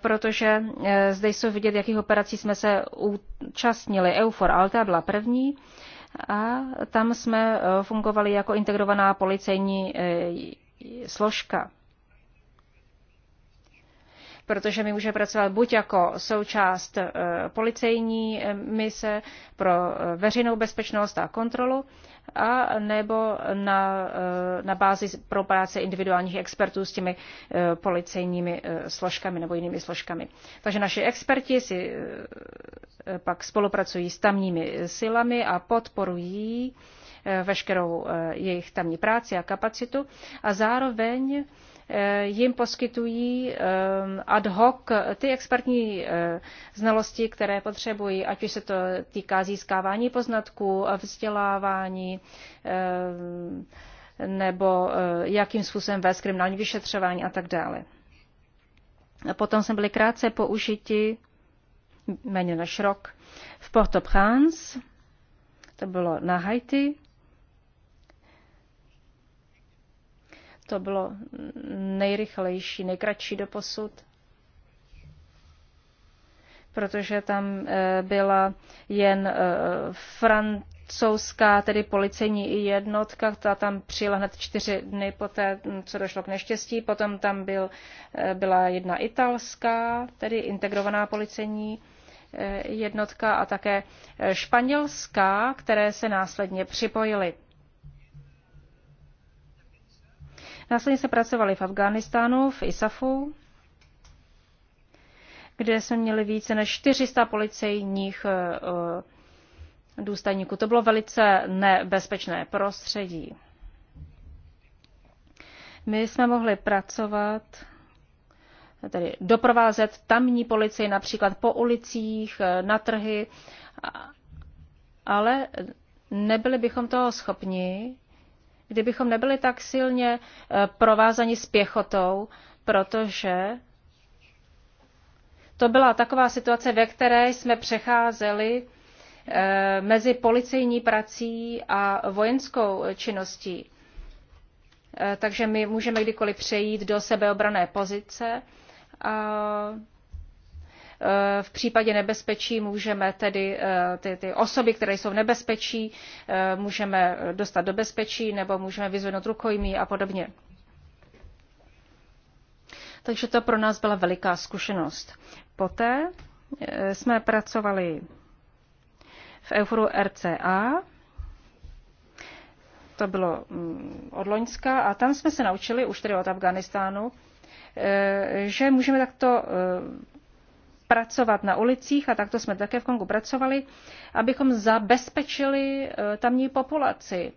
A: protože zde jsou vidět, jakých operací jsme se účastnili. Eufor Alta byla první a tam jsme fungovali jako integrovaná policejní složka protože my můžeme pracovat buď jako součást eh, policejní eh, mise pro eh, veřejnou bezpečnost a kontrolu, a nebo na, na bázi pro práce individuálních expertů s těmi policejními složkami nebo jinými složkami. Takže naši experti si pak spolupracují s tamními silami a podporují veškerou jejich tamní práci a kapacitu a zároveň Eh, jim poskytují eh, ad hoc ty expertní eh, znalosti, které potřebují, ať už se to týká získávání poznatků, vzdělávání nebo jakým způsobem vést kriminální vyšetřování a tak dále. Potom jsme byli krátce použiti, méně než rok, v Port-au-Prince, to bylo na Haiti, To bylo nejrychlejší, nejkratší do posud, protože tam eh, byla jen eh, francouzská, tedy policejní jednotka, ta tam přijela hned čtyři dny poté, hm, co došlo k neštěstí. Potom tam byl, eh, byla jedna italská, tedy integrovaná policejní jednotka a také španělská, které se následně připojily. Následně se pracovali v Afghánistánu, v ISAFu, kde jsme měli více než 400 policejních eh, eh, důstajníků. To bylo velice nebezpečné prostředí. My jsme mohli pracovat, tedy doprovázet tamní policii například po ulicích, eh, na trhy, ale nebyli bychom toho schopni, kdybychom nebyli tak silně eh, provázani s pěchotou, protože to byla taková situace, ve které jsme přecházeli eh, mezi policejní prací a vojenskou činností. Eh, takže my můžeme kdykoliv přejít do sebeobrané pozice. A v případě nebezpečí můžeme tedy eh, ty, ty osoby, které jsou v nebezpečí, eh, můžeme dostat do bezpečí nebo můžeme vyzvednout rukojmí a podobně. Takže to pro nás byla veliká zkušenost. Poté eh, jsme pracovali v Euforu RCA, to bylo mm, od Loňska, a tam jsme se naučili, už tedy od Afganistánu, že můžeme takto pracovat na ulicích, a takto jsme také v Kongu pracovali, abychom zabezpečili eh, tamní populaci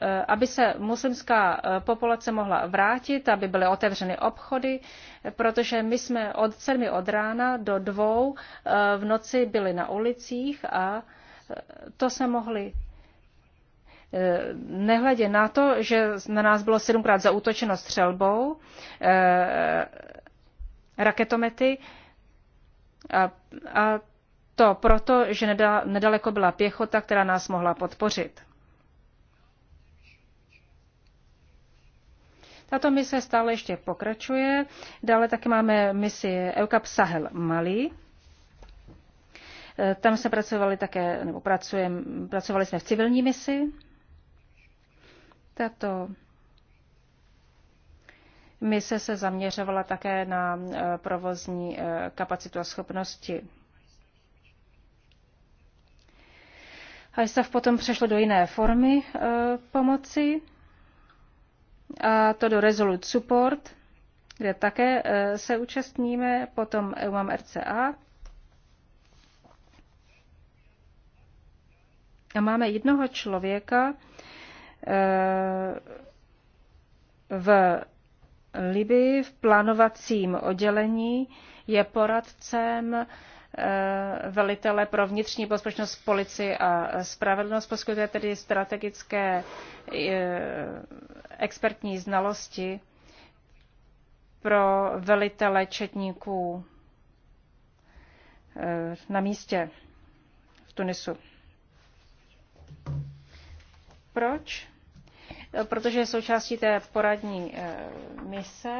A: eh, aby se muslimská eh, populace mohla vrátit, aby byly otevřeny obchody, protože my jsme od sedmi od rána do dvou v noci byli na ulicích a to se mohli nehledě na to, že na nás bylo sedmkrát zautočeno střelbou, raketomety, a, a to proto, že nedaleko byla pěchota, která nás mohla podpořit. Tato mise stále ještě pokračuje. Dále taky máme misi EUCAP Sahel Mali. E, tam se pracovali také, nebo pracujem, pracovali jsme v civilní misi. Tato Mise se zaměřovala také na eh, provozní eh, kapacitu a schopnosti. ISAF potom přešlo do jiné formy eh, pomoci, a to do Resolute Support, kde také se účastníme, potom EUAM RCA. A máme jednoho člověka v Liby v plánovacím oddělení, je poradcem eh, velitele pro vnitřní bezpečnost, policii a spravedlnost, poskytuje tedy strategické eh, expertní znalosti pro velitele četníků eh, na místě v Tunisu. Proč protože je součástí té poradní eh, mise.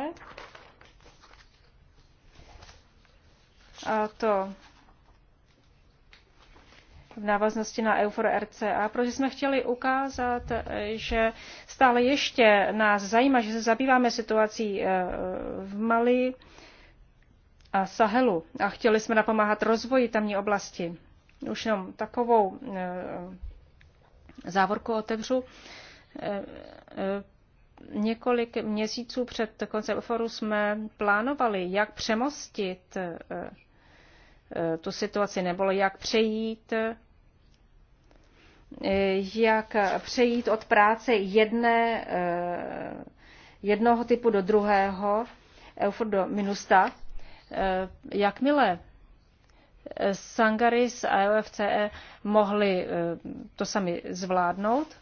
A: A to v návaznosti na Eufor RCA, protože jsme chtěli ukázat, eh, že stále ještě nás zajímá, že se zabýváme situací eh, v Mali a Sahelu a chtěli jsme napomáhat rozvoji tamní oblasti. Už jenom takovou závorku otevřu. Eh, eh, několik měsíců před koncem foru jsme plánovali, jak přemostit eh, tu situaci, nebo jak přejít jak přejít od práce jedné, jednoho typu do druhého, eufor do minusta. Jakmile Sangaris a EFCE e mohli to sami zvládnout,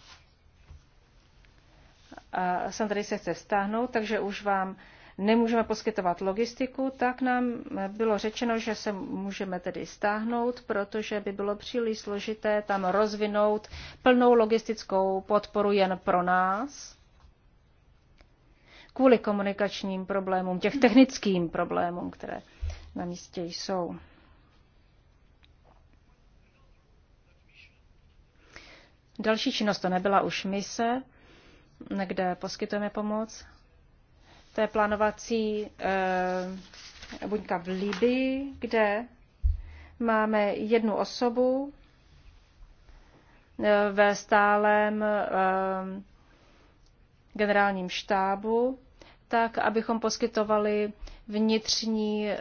A: a sem tady se chce stáhnout, takže už vám nemůžeme poskytovat logistiku, tak nám bylo řečeno, že se můžeme tedy stáhnout, protože by bylo příliš složité tam rozvinout plnou logistickou podporu jen pro nás kvůli komunikačním problémům, těch technickým problémům, které na místě jsou. Další činnost to nebyla už mise, kde poskytujeme pomoc. To je plánovací eh, buňka v Libii, kde máme jednu osobu eh, ve stálem eh, generálním štábu, tak abychom poskytovali vnitřní eh,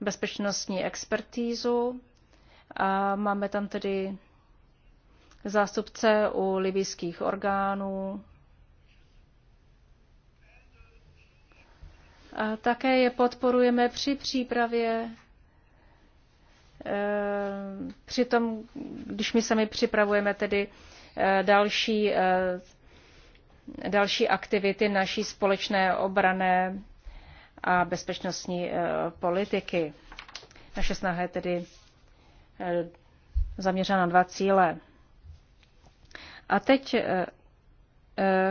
A: bezpečnostní expertízu. A máme tam tedy zástupce u libijských orgánů, A také je podporujeme při přípravě eh, při tom, když my sami připravujeme tedy eh, další, eh, další aktivity naší společné obrané a bezpečnostní politiky. Naše snaha je tedy zaměřena na dva cíle. A teď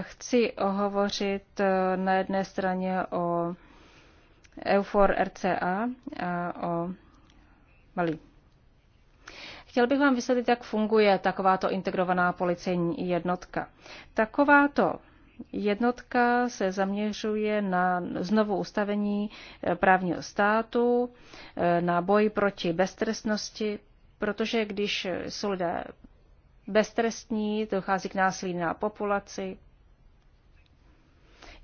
A: chci ohovořit na jedné straně o EUFOR RCA o Mali. Chtěl bych vám vysvětlit, jak funguje takováto integrovaná policejní jednotka. Takováto jednotka se zaměřuje na znovu ustavení eh, právního státu, eh, na boj proti beztrestnosti, protože když jsou lidé beztrestní, dochází k násilí na populaci,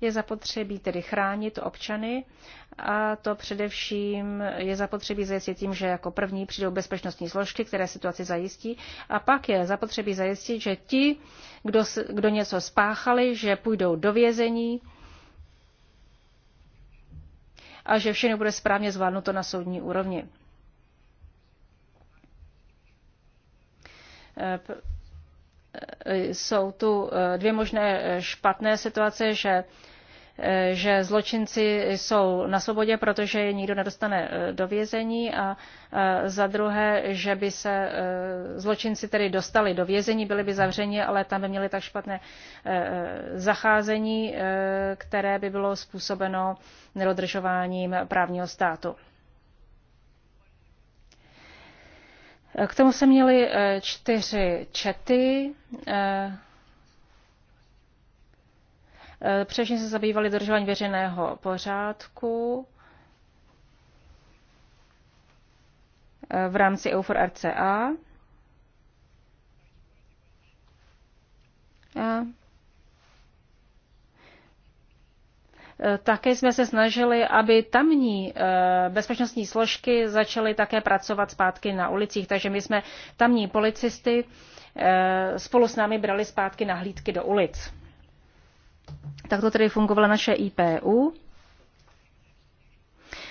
A: je zapotřebí tedy chránit občany a to především je zapotřebí zajistit tím, že jako první přijdou bezpečnostní složky, které situaci zajistí a pak je zapotřebí zajistit, že ti, kdo, kdo něco spáchali, že půjdou do vězení a že všechno bude správně zvládnuto na soudní úrovni. E, e, jsou tu e, dvě možné špatné situace, že že zločinci jsou na svobodě, protože je nikdo nedostane eh, do vězení a eh, za druhé, že by se eh, zločinci tedy dostali do vězení, byli by zavřeni, ale tam by měli tak špatné zacházení, které by bylo způsobeno nedodržováním právního státu. K tomu se měli čtyři čety, Eh, Především se zabývali dodržování veřejného pořádku eh, v rámci EUFOR RCA. A eh, Také jsme se snažili, aby tamní bezpečnostní složky začaly také pracovat zpátky na ulicích, takže my jsme tamní policisty spolu s námi brali zpátky na hlídky do ulic. Takto tedy fungovala naše IPU.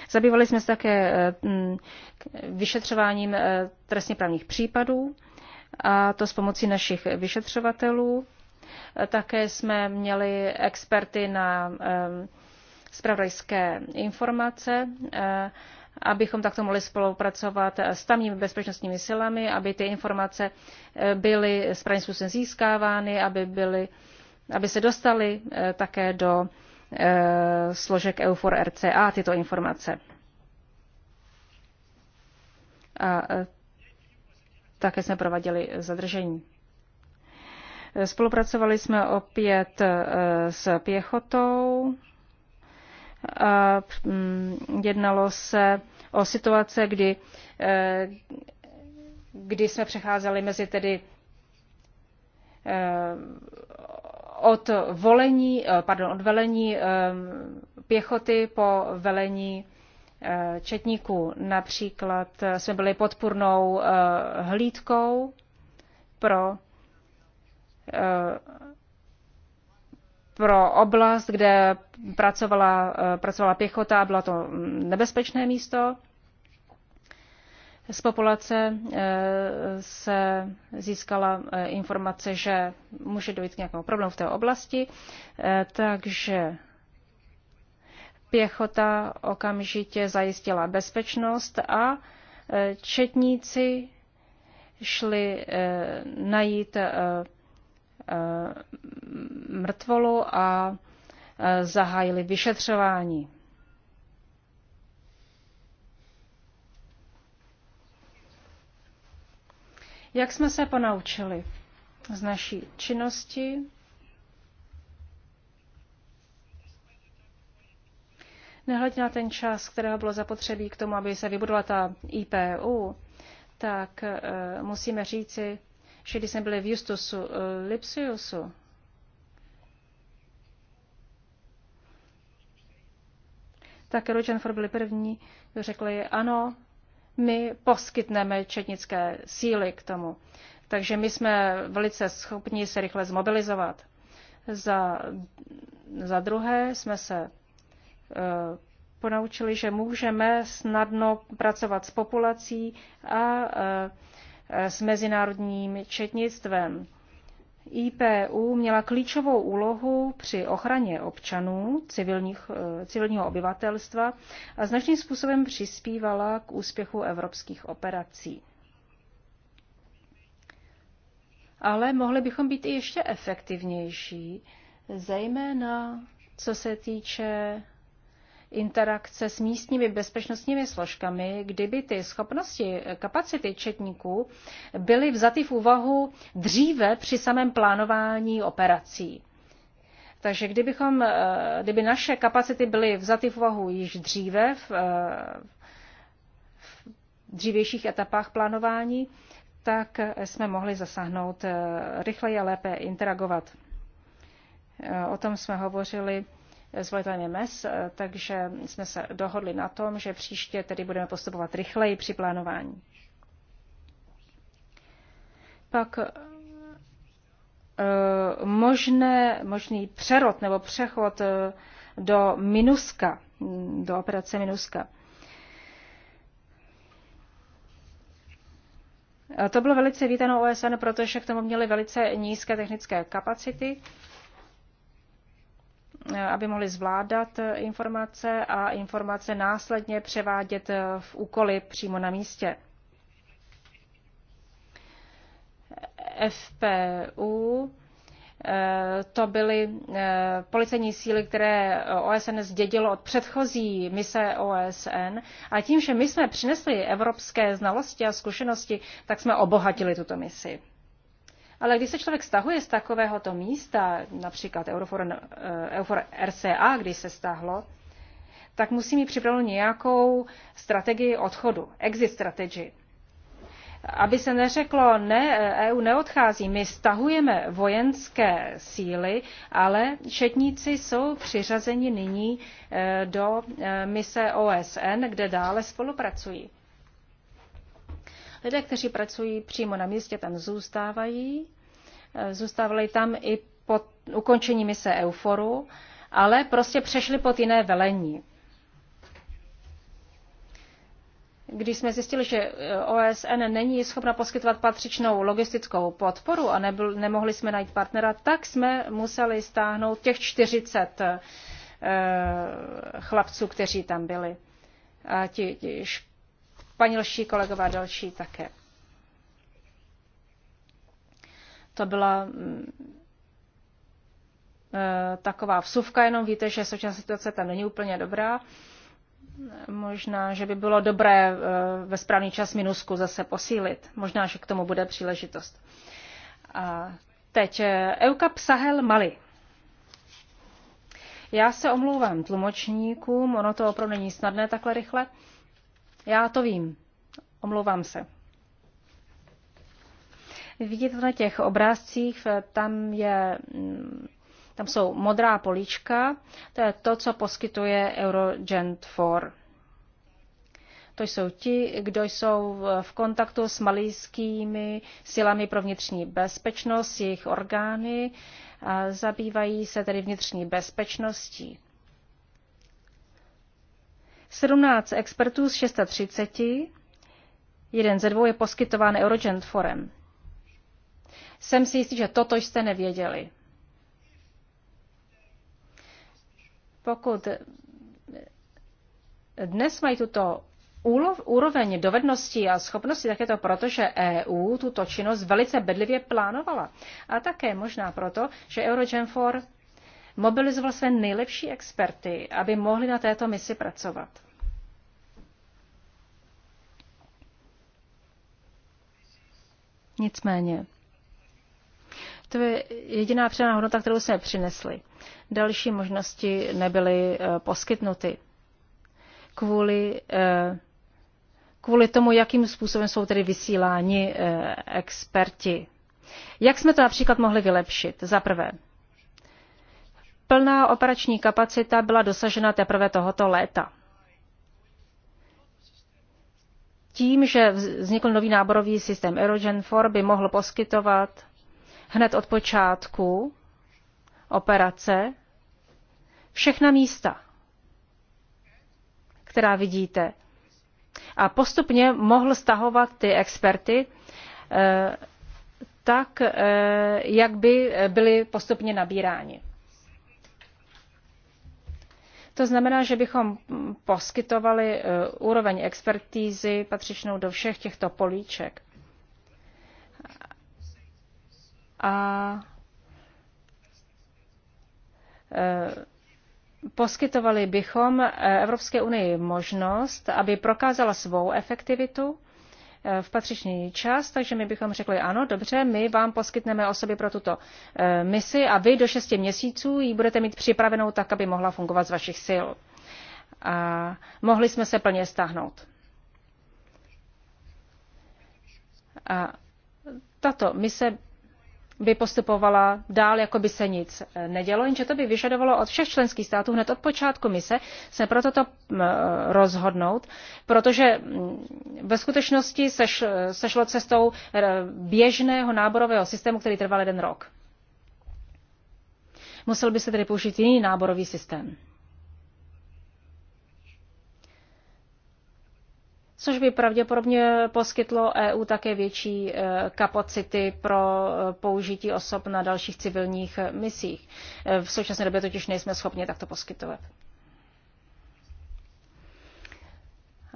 A: Zabývali jsme se také eh, vyšetřováním eh, trestně právních případů, a to s pomocí našich vyšetřovatelů. Eh, také jsme měli experty na spravodajské informace, abychom takto mohli spolupracovat s tamními bezpečnostními silami, aby ty informace byly správným způsobem získávány, aby byly aby se dostaly eh, také do eh, složek EUFOR RCA tyto informace. A eh, také jsme prováděli zadržení. Spolupracovali jsme opět s pěchotou. A mm, jednalo se o situace, kdy, kdy jsme přecházeli mezi tedy od, volení, eh, pardon, od velení eh, pěchoty po velení eh, četníků. Například jsme byli podpůrnou hlídkou pro, pro oblast, kde pracovala, pracovala pěchota, bylo to mm, nebezpečné místo. Z populace eh, se získala eh, informace, že může dojít k nějakému problému v té oblasti, eh, takže pěchota okamžitě zajistila bezpečnost a četníci šli najít mrtvolu a zahájili vyšetřování. Jak jsme se ponaučili z naší činnosti? Nehledě na ten čas, kterého bylo zapotřebí k tomu, aby se vybudovala ta IPU, tak e, musíme říci, že když jsme byli v Justusu e, Lipsiusu, tak Roger byli první, kdo řekli, ano, my poskytneme četnické síly k tomu. Takže my jsme velice schopni se rychle zmobilizovat. Za, za druhé jsme se e, ponaučili, že můžeme snadno pracovat s populací a e, s mezinárodním četnictvem. IPU měla klíčovou úlohu při ochraně občanů, civilních, eh, civilního obyvatelstva a značným způsobem přispívala k úspěchu evropských operací. Ale mohli bychom být i ještě efektivnější, zejména co se týče interakce s místními bezpečnostními složkami, kdyby ty schopnosti, kapacity četníků byly vzaty v úvahu dříve při samém plánování operací. Takže kdybychom, eh, kdyby naše kapacity byly vzaty v úvahu již dříve, v, eh, v dřívějších etapách plánování, tak jsme mohli zasáhnout eh, rychleji a lépe interagovat. O tom jsme hovořili zvolitelně MES, eh, takže jsme se dohodli na tom, že příště tedy budeme postupovat rychleji při plánování. Pak eh, možné, možný přerod nebo přechod eh, do Minuska, mm, do operace Minuska. To bylo velice vítáno OSN, protože k tomu měli velice nízké technické kapacity aby mohli zvládat eh, informace a informace následně převádět eh, v úkoly přímo na místě. FPU eh, to byly policejní síly, které OSN zdědilo od předchozí mise OSN. A tím, že my jsme přinesli evropské znalosti a zkušenosti, tak jsme obohatili tuto misi. Ale když se člověk stahuje z takovéhoto místa, například Euroforum, eh, Eufor RCA, když se stahlo, tak musí mít připravenou nějakou strategii odchodu, exit strategy. Aby se neřeklo, ne, EU eh, e neodchází, my stahujeme vojenské síly, ale četníci jsou přiřazeni nyní eh, do mise OSN, kde dále spolupracují. Lidé, kteří pracují přímo na místě, tam zůstávají. Eh, zůstávali tam i po ukončení mise Euforu, ale prostě přešli pod jiné velení. když jsme zjistili, že eh, OSN není schopna poskytovat patřičnou logistickou podporu a nebyl, nemohli jsme najít partnera, tak jsme museli stáhnout těch 40 eh, chlapců, kteří tam byli. A ti, ti španělští kolegové další také. To byla mm, e, taková vsuvka, jenom víte, že současná situace tam není úplně dobrá. Možná, že by bylo dobré e, ve správný čas minusku zase posílit. Možná, že k tomu bude příležitost. A teď e, Euka Sahel Mali. Já se omlouvám tlumočníkům, ono to opravdu není snadné takhle rychle. Já to vím. Omlouvám se. Vidíte to na těch obrázcích, tam, je, mm, tam jsou modrá políčka, to je to, co poskytuje Eurogent 4. To jsou ti, kdo jsou v kontaktu s malijskými silami pro vnitřní bezpečnost, jejich orgány, a zabývají se tedy vnitřní bezpečností. 17 expertů z 630, jeden ze dvou je poskytován Eurogent Forem. Jsem si jistý, že toto jste nevěděli. Pokud dnes mají tuto úlov, úroveň dovedností a schopností, tak je to proto, že EU tuto činnost velice bedlivě plánovala. A také možná proto, že Eurogenfor mobilizoval své nejlepší experty, aby mohli na této misi pracovat. Nicméně, to je jediná přidaná hodnota, kterou jsme přinesli. Další možnosti nebyly eh, poskytnuty. Kvůli, eh, kvůli tomu, jakým způsobem jsou tedy vysíláni eh, experti. Jak jsme to například mohli vylepšit? Za prvé, plná operační kapacita byla dosažena teprve tohoto léta. Tím, že vznikl nový náborový systém Erogen 4, by mohl poskytovat hned od počátku operace všechna místa, která vidíte. A postupně mohl stahovat ty experty eh, tak, eh, jak by byli postupně nabíráni. To znamená, že bychom poskytovali eh, úroveň expertízy patřičnou do všech těchto políček. A eh, poskytovali bychom eh, Evropské unii možnost, aby prokázala svou efektivitu v patřičný čas, takže my bychom řekli ano, dobře, my vám poskytneme osoby pro tuto e, misi a vy do šesti měsíců ji budete mít připravenou tak, aby mohla fungovat z vašich sil. A mohli jsme se plně stáhnout. A tato mise by postupovala dál, jako by se nic eh, nedělo, jenže to by vyžadovalo od všech členských států hned od počátku mise se pro toto eh, rozhodnout, protože mm, ve skutečnosti se, eh, se šlo cestou běžného náborového systému, který trval jeden rok. Musel by se tedy použít jiný náborový systém. což by pravděpodobně poskytlo EU také větší e, kapacity pro e, použití osob na dalších civilních e, misích. V současné době totiž nejsme schopni takto poskytovat.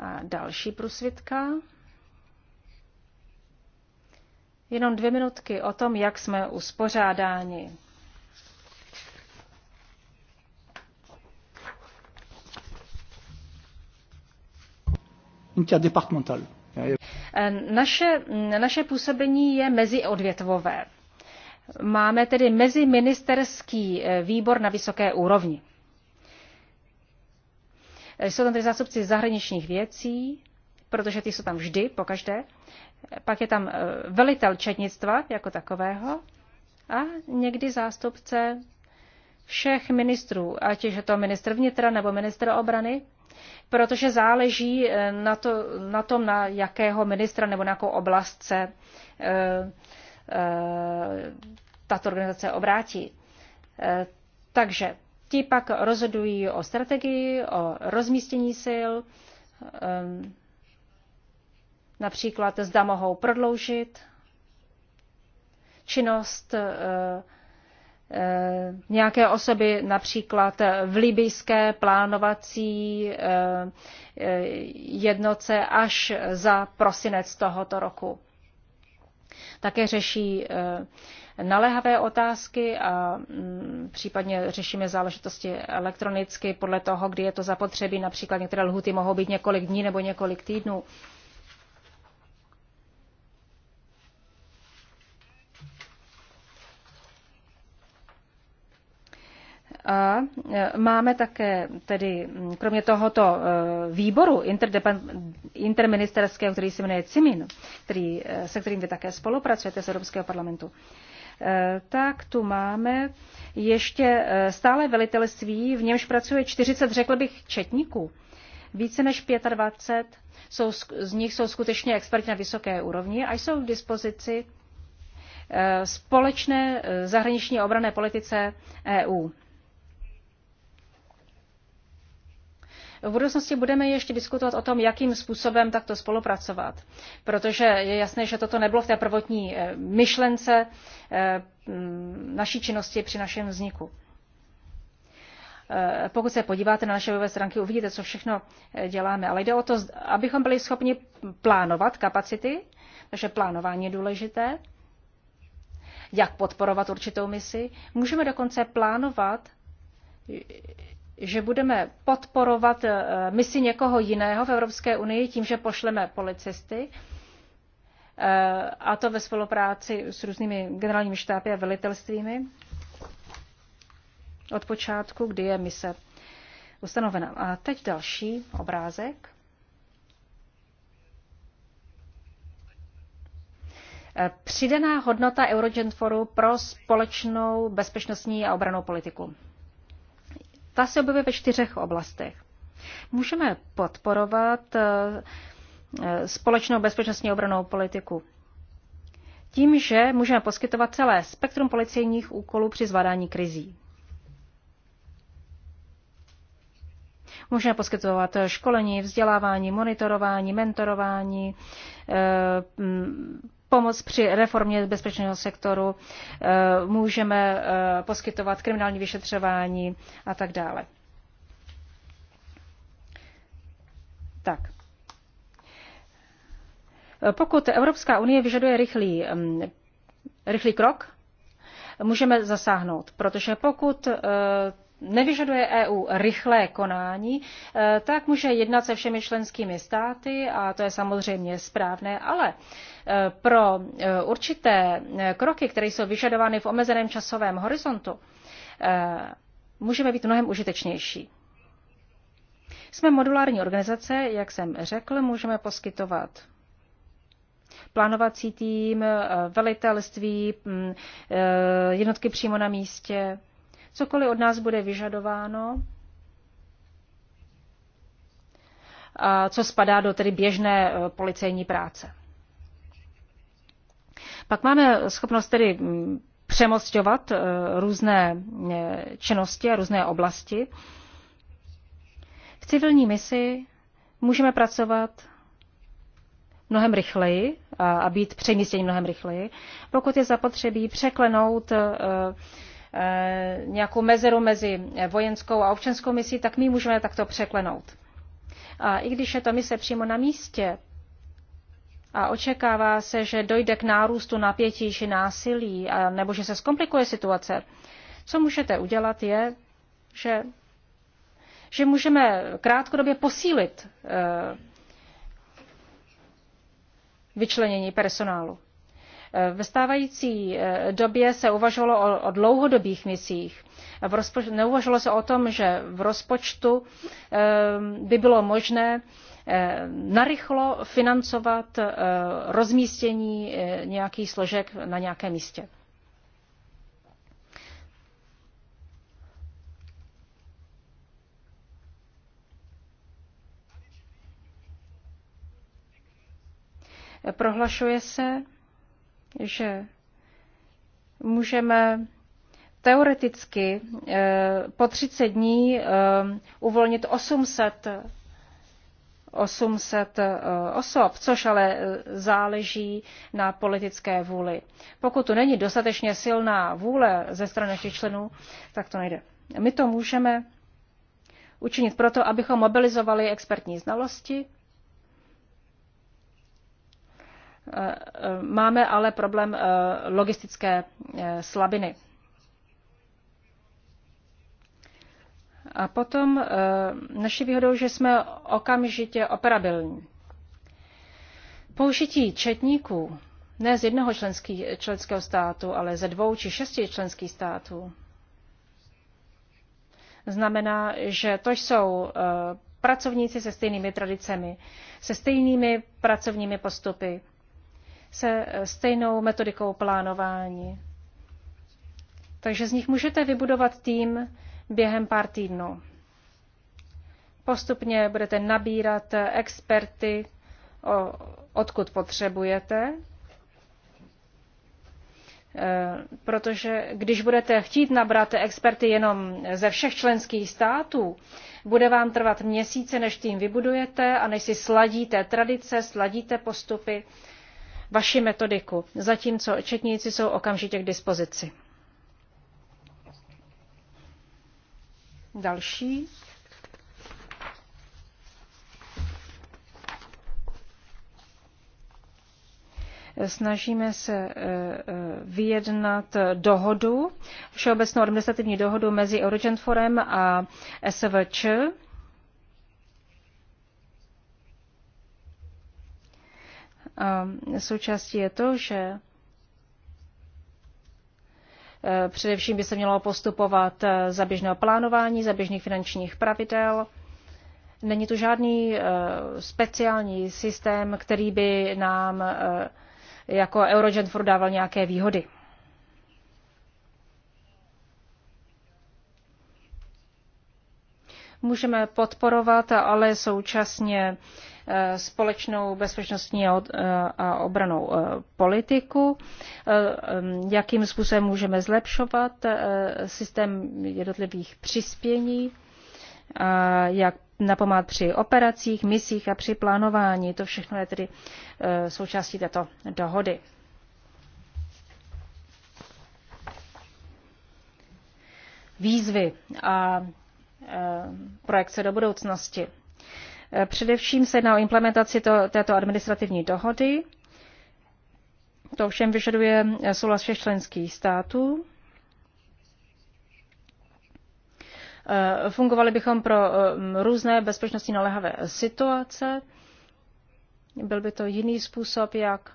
A: A další prusvitka. Jenom dvě minutky o tom, jak jsme uspořádáni. interdépartementale. Naše, naše působení je meziodvětvové. Máme tedy meziministerský eh, výbor na vysoké úrovni. Jsou tam tedy zástupci zahraničních věcí, protože ty jsou tam vždy, pokaždé. Pak je tam eh, velitel četnictva jako takového a někdy zástupce všech ministrů, ať je to ministr vnitra nebo ministr obrany, protože záleží eh, na, to, na tom, na jakého ministra nebo na jakou oblast se eh, eh, tato organizace obrátí. Takže ti pak rozhodují o strategii, o rozmístění sil, například zda mohou prodloužit činnost Eh, nějaké osoby například v libijské plánovací eh, eh, jednoce až za prosinec tohoto roku. Také řeší naléhavé otázky a mm, případně řešíme záležitosti elektronicky podle toho, kdy je to zapotřebí. Například některé lhuty mohou být několik dní nebo několik týdnů. A e, máme také tedy, kromě tohoto e, výboru interministerského, který se jmenuje CIMIN, který, e, se kterým vy také spolupracujete z Evropského parlamentu, tak tu máme ještě stále velitelství, v němž pracuje 40, řekl bych, četníků. Více než 25 jsou, z nich jsou skutečně experti na vysoké úrovni a jsou k dispozici společné zahraniční obrané politice EU. V budoucnosti budeme ještě diskutovat o tom, jakým způsobem takto spolupracovat, protože je jasné, že toto nebylo v té prvotní eh, myšlence eh, mm, naší činnosti při našem vzniku. Eh, pokud se podíváte na naše webové stránky, uvidíte, co všechno děláme. Ale jde o to, abychom byli schopni plánovat kapacity, takže plánování je důležité, jak podporovat určitou misi. Můžeme dokonce plánovat, že budeme podporovat eh, misi někoho jiného v Evropské unii tím, že pošleme policisty, eh, a to ve spolupráci s různými generálními štáby a velitelstvími od počátku, kdy je mise ustanovena. A teď další obrázek. Eh, přidaná hodnota Eurogentforu pro společnou bezpečnostní a obranou politiku. Ta se objevuje ve čtyřech oblastech. Můžeme podporovat eh, eh, společnou bezpečnostní obranou politiku tím, že můžeme poskytovat celé spektrum policejních úkolů při zvládání krizí. Můžeme poskytovat školení, vzdělávání, monitorování, mentorování, eh, Pomoc při reformě bezpečného sektoru eh, můžeme eh, poskytovat kriminální vyšetřování a tak dále. Tak. Eh, pokud Evropská unie vyžaduje rychlý, mm, rychlý krok, můžeme zasáhnout, protože pokud nevyžaduje EU rychlé konání, eh, tak může jednat se všemi členskými státy a to je samozřejmě správné, ale eh, pro eh, určité kroky, které jsou vyžadovány v omezeném časovém horizontu, můžeme být mnohem užitečnější. Jsme modulární organizace, jak jsem řekl, můžeme poskytovat plánovací tým, velitelství, mm, jednotky přímo na místě, Cokoliv od nás bude vyžadováno, a co spadá do tedy běžné eh, policejní práce. Pak máme schopnost tedy mm, přemostňovat eh, různé eh, činnosti a různé oblasti. V civilní misi můžeme pracovat mnohem rychleji a být přemístěni mnohem rychleji, pokud je zapotřebí překlenout Eh, nějakou mezeru mezi vojenskou a občanskou misí, tak my můžeme takto překlenout. A i když je to mise přímo na místě a očekává se, že dojde k nárůstu napětí či násilí, a, nebo že se zkomplikuje situace, co můžete udělat je, že, že můžeme krátkodobě posílit e, vyčlenění personálu. Ve stávající eh, době se uvažovalo o, o dlouhodobých misích. V rozpoč- neuvažovalo se o tom, že v rozpočtu eh, by bylo možné eh, narychlo financovat rozmístění nějakých složek na nějakém místě. Prohlašuje se, že můžeme teoreticky eh, po 30 dní eh, uvolnit 800, 800 eh, osob, což ale záleží na politické vůli. Pokud tu není dostatečně silná vůle ze strany našich členů, tak to nejde. My to můžeme učinit proto, abychom mobilizovali expertní znalosti, Máme ale problém eh, logistické eh, slabiny. A potom eh, naší výhodou, že jsme okamžitě operabilní. Použití četníků ne z jednoho členský, členského státu, ale ze dvou či šesti členských států znamená, že to jsou pracovníci se stejnými tradicemi, se stejnými pracovními postupy, se eh, stejnou metodikou plánování. Takže z nich můžete vybudovat tým během pár týdnů. Postupně budete nabírat eh, experty, odkud potřebujete, eh, protože když budete chtít nabrat experty jenom ze všech členských států, bude vám trvat měsíce, než tým vybudujete a než si sladíte tradice, sladíte postupy vaši metodiku, zatímco četníci jsou okamžitě k dispozici. Další. snažíme se eh, eh, vyjednat dohodu, všeobecnou administrativní dohodu mezi Eurogenforem a SVČ A součástí je to, že e, především by se mělo postupovat e, za běžného plánování, za běžných finančních pravidel. Není tu žádný e, speciální systém, který by nám jako Eurogen dával nějaké výhody. můžeme podporovat, ale současně Eh, společnou bezpečnostní a eh, obranou eh, politiku, jakým způsobem můžeme zlepšovat systém jednotlivých přispění, jak napomáhat při operacích, misích a při plánování. To všechno je tedy součástí této dohody. Výzvy a projekce do budoucnosti. Především se jedná o implementaci to, této administrativní dohody. To všem vyžaduje souhlas všech členských států. Eh, fungovali bychom pro eh, různé bezpečnostní naléhavé situace. Byl by to jiný způsob, jak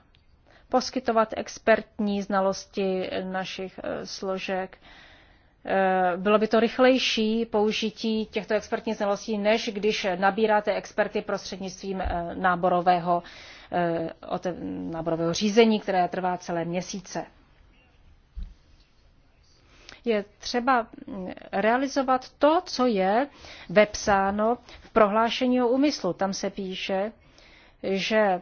A: poskytovat expertní znalosti našich eh, složek Eh, bylo by to rychlejší použití těchto expertních znalostí, než když nabíráte experty prostřednictvím eh, náborového, eh, náborového řízení, které trvá celé měsíce. Je třeba mm, realizovat to, co je vepsáno v prohlášení o úmyslu. Tam se píše, že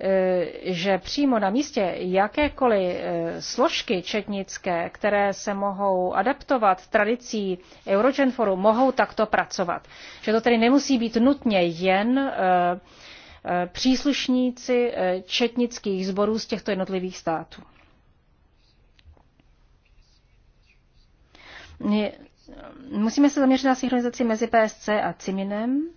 A: Eh, že přímo na místě jakékoliv eh, složky četnické, které se mohou adaptovat tradicí Eurogenforu, mohou takto pracovat. Že to tedy nemusí být nutně jen eh, příslušníci četnických sborů z těchto jednotlivých států. Musíme se zaměřit na synchronizaci mezi PSC a CIMINem.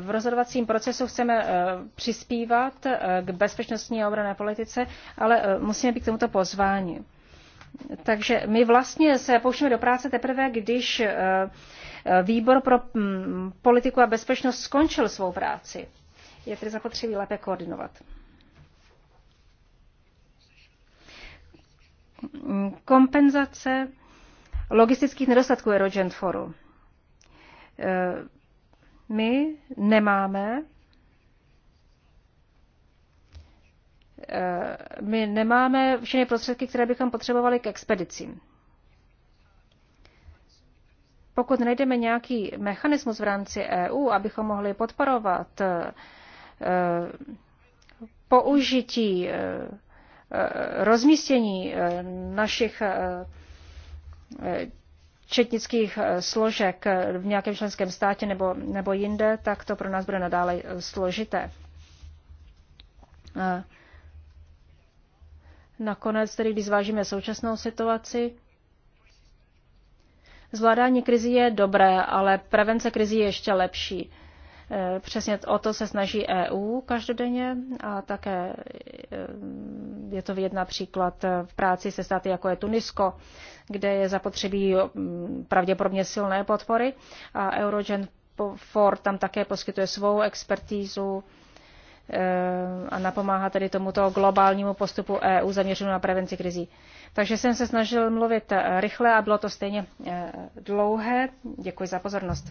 A: V rozhodovacím procesu chceme eh, přispívat eh, k bezpečnostní a obrané politice, ale eh, musíme být k tomuto pozváni. Takže my vlastně se pouštíme do práce teprve, když výbor pro mm, politiku a bezpečnost skončil svou práci. Je tedy zapotřebí lépe koordinovat. Kompenzace logistických nedostatků Eurogent Forum. My nemáme eh, my nemáme všechny prostředky, které bychom potřebovali k expedicím. Pokud najdeme nějaký mechanismus v rámci EU, abychom mohli podporovat eh, použití eh, rozmístění našich četnických eh, složek eh, v nějakém členském státě nebo, nebo jinde, tak to pro nás bude nadále eh, složité. Nakonec tedy, když zvážíme současnou situaci, zvládání krizi je dobré, ale prevence krizi je ještě lepší. Eh, přesně o to se snaží EU každodenně a také eh, je to vidět například eh, v práci se státy, jako je Tunisko, kde je zapotřebí mm, pravděpodobně silné podpory a Eurogen Ford tam také poskytuje svou expertízu a napomáhá tedy tomuto globálnímu postupu EU zaměřenému na prevenci krizí. Takže jsem se snažil mluvit eh, rychle a bylo to stejně eh, dlouhé. Děkuji za pozornost.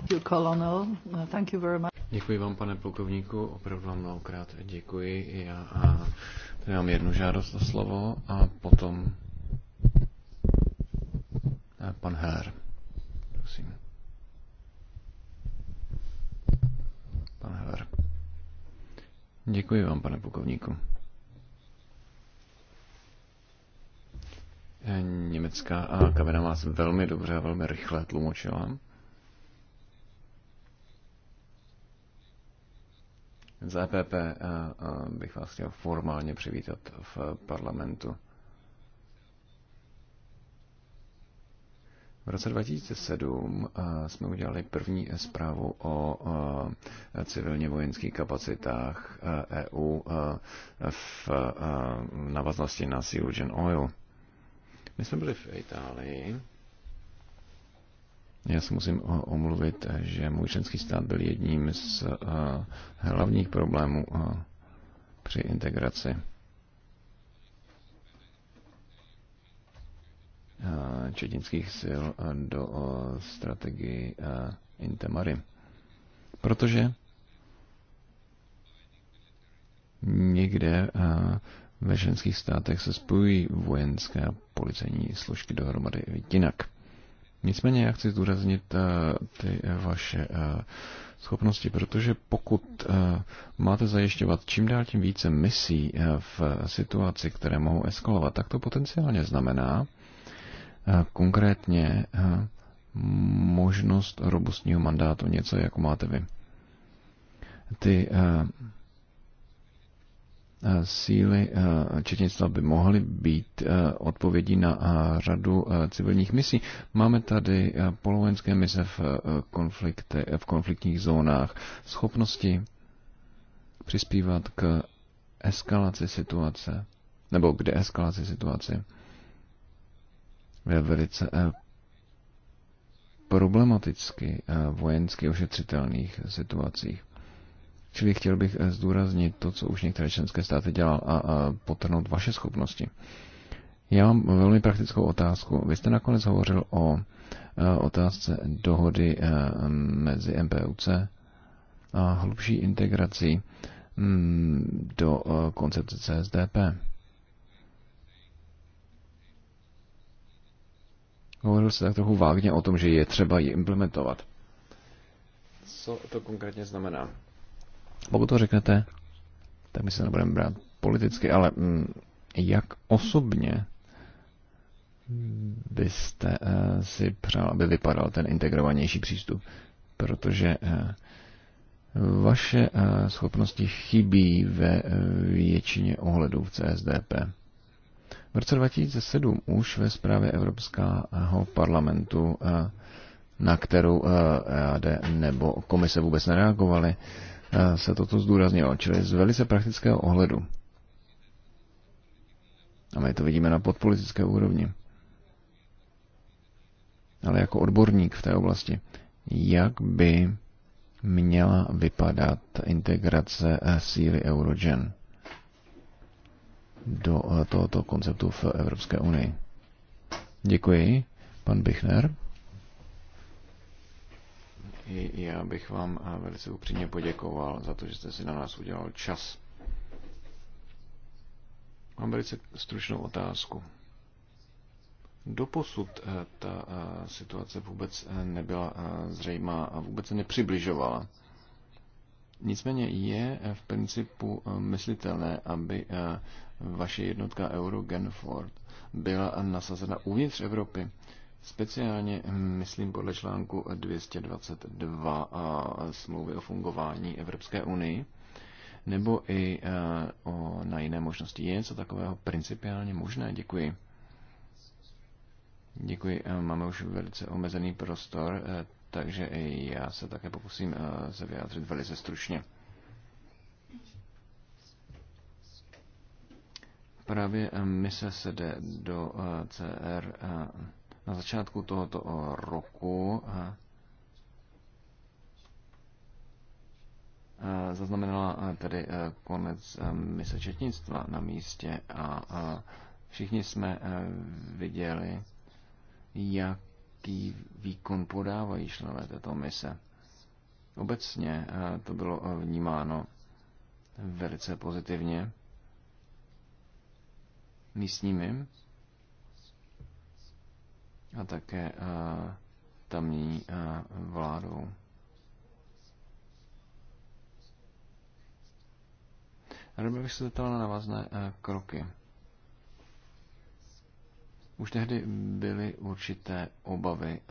B: Děkuji vám, pane plukovníku, opravdu vám mnohokrát děkuji. Já a tady mám jednu žádost o slovo a potom a eh, pan Heller. Prosím. Pan Heller. Děkuji vám, pane plukovníku. Německá a kamera vás velmi dobře a velmi rychle tlumočila. Z EPP eh, eh, bych vás chtěl formálně přivítat v parlamentu. V roce 2007 eh, jsme udělali první zprávu o civilně vojenských kapacitách EU e v navaznosti na Sea Oil. My jsme byli v Itálii. Já se musím omluvit, že můj členský stát byl jedním z eh, hlavních problémů eh, při integraci. Eh, četinských sil do strategii Intemary. Protože někde ve ženských státech se spojují vojenské a policejní složky dohromady jinak. Nicméně já chci zdůraznit eh, ty eh, vaše eh, schopnosti, protože pokud máte zajišťovat čím dál tím více misí v situaci, které mohou eskalovat, tak to potenciálně znamená konkrétně možnost robustního mandátu, něco jako máte vy. Ty Eh, síly eh, četnictva by mohly být eh, odpovědí na řadu civilních misí. Máme tady polovenské mise v, konflikte, v konfliktních zónách, schopnosti přispívat k eskalaci situace, nebo k deeskalaci situace ve velice problematicky vojensky ošetřitelných situacích. Čili chtěl bych eh, zdůraznit to, co už některé členské státy dělal a, a potrhnout vaše schopnosti. Já mám velmi praktickou otázku. Vy jste nakonec hovořil o eh, otázce dohody eh, mezi MPUC a hlubší integrací mm, do koncepce CSDP. Hovořil jste tak trochu vágně o tom, že je třeba ji implementovat. Co to konkrétně znamená? Pokud to řeknete, tak my se nebudeme brát politicky, ale mm, jak osobně byste eh, si přál, aby vypadal ten integrovanější přístup? Protože eh, vaše eh, schopnosti chybí ve většině ohledů v CSDP. V roce 2007 už ve zprávě Evropského parlamentu, na kterou AD nebo komise vůbec nereagovaly, se toto zdůraznilo, čili z velice praktického ohledu. A my to vidíme na podpolitické úrovni. Ale jako odborník v té oblasti, jak by měla vypadat integrace eh, síly Eurogen do eh, tohoto konceptu v Evropské unii? Děkuji, pan Bichner i já bych vám eh, velice upřímně poděkoval za to, že jste si na nás udělal čas. Mám velice stručnou otázku. Doposud eh, ta eh, situace vůbec nebyla zřejmá a vůbec se nepřibližovala. Nicméně je v principu myslitelné, aby vaše jednotka Euro Genford byla nasazena uvnitř Evropy. Speciálně, hm, myslím, podle článku 222 a smlouvy o fungování Evropské unii, nebo i eh, o, na jiné možnosti. Je něco takového principiálně možné? Děkuji. Děkuji. Eh, máme už velice omezený prostor, eh, takže i já se také pokusím se vyjádřit velice stručně. Právě mise se jde do CR na začátku tohoto eh, roku eh, eh, zaznamenala tedy konec mise četnictva na místě a všichni jsme viděli, jaký výkon podávají členové této mise. Obecně to bylo vnímáno velice pozitivně místními a také eh, tamní eh, vládou. Rád bych se zeptal na navazné eh, kroky. Už tehdy byly určité obavy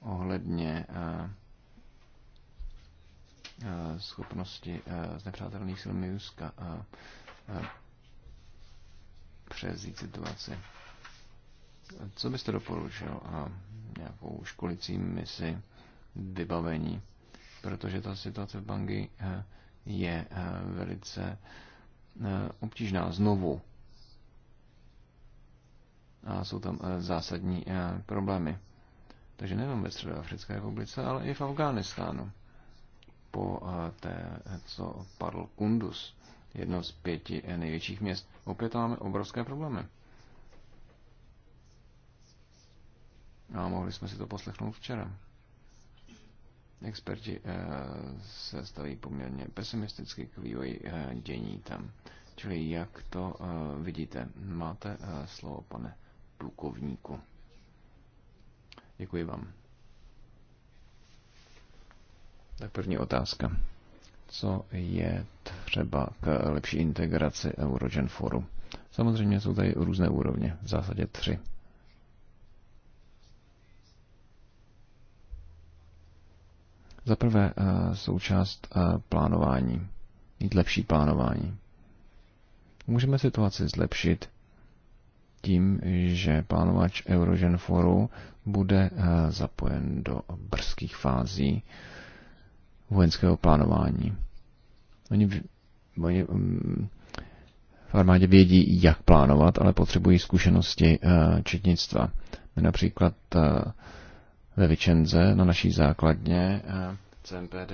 B: ohledně schopnosti z nepřátelných sil Miuska přezít situaci. Co byste doporučil? A nějakou školicí misi, vybavení, protože ta situace v Bangi eh, je eh, velice eh, obtížná znovu. A jsou tam zásadní problémy. Takže nejenom ve Středoafrické republice, ale i v Afghánistánu. Po té, co padl Kundus, jedno z pěti největších měst, opět máme obrovské problémy. A mohli jsme si to poslechnout včera. Experti eh, se staví poměrně pesimisticky k vývoji eh, dění tam. Čili jak to eh, vidíte? Máte slovo, pane plukovníku. Děkuji vám. Tak první otázka. Co je třeba k lepší integraci Eurogen Foru? Samozřejmě jsou tady různé úrovně, v zásadě tři. Za prvé eh, součást eh, plánování, mít lepší plánování. Můžeme situaci zlepšit tím, že plánovač Foru bude eh, zapojen do brzkých fází vojenského plánování. Oni, oni mm, v armádě vědí, jak plánovat, ale potřebují zkušenosti četnictva. My například ve Vicenze na naší základně eh, CMPD,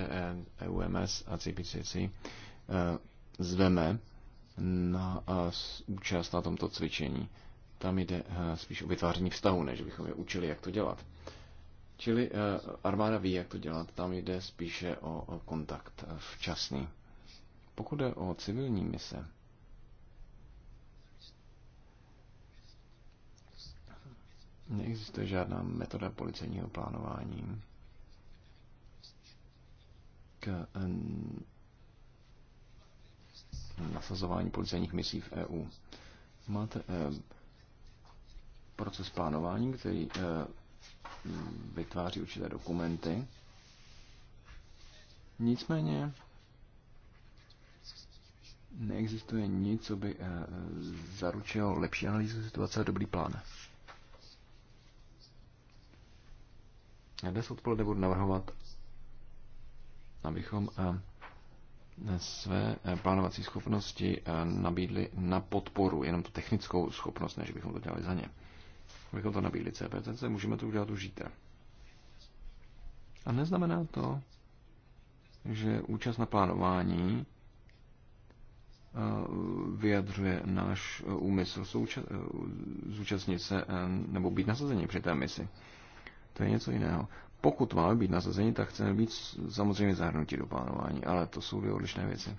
B: EUMS e a CPCC eh, zveme na eh, účast na tomto cvičení. Tam jde spíš o vytváření vztahu, než bychom je učili, jak to dělat. Čili armáda ví, jak to dělat, tam jde spíše o kontakt včasný. Pokud jde o civilní mise, Neexistuje žádná metoda policejního plánování k eh, nasazování policejních misí v EU. Máte eh, proces plánování, který eh, vytváří určité dokumenty. Nicméně neexistuje nic, co by zaručilo lepší analýzu situace a dobrý plán. Vlastně dnes odpoledne budu navrhovat, abychom eh, své eh, plánovací schopnosti eh, nabídli na podporu, jenom tu technickou schopnost, než bychom to dělali za ně. Abychom to nabídli CPCC, můžeme to udělat už zítra. A neznamená to, že účast na plánování vyjadřuje náš úmysl zúčastnit se nebo být nasazení při té misi. To je něco jiného. Pokud máme být nasazeni, tak chceme být samozřejmě zahrnutí do plánování, ale to jsou dvě odlišné věci.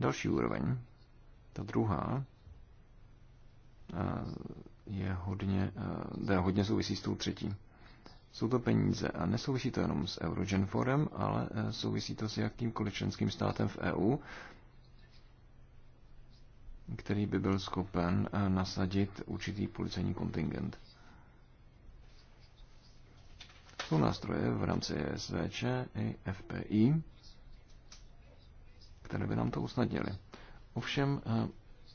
B: Další úroveň, ta druhá, eh, je hodně, je eh, hodně souvisí s tou třetí. Jsou to peníze a nesouvisí to jenom s Eurogenforem, ale eh, souvisí to s jakýmkoliv členským státem v EU, který by byl schopen nasadit určitý policejní kontingent jsou nástroje v rámci SVČ i FPI, které by nám to usnadnily. Ovšem eh,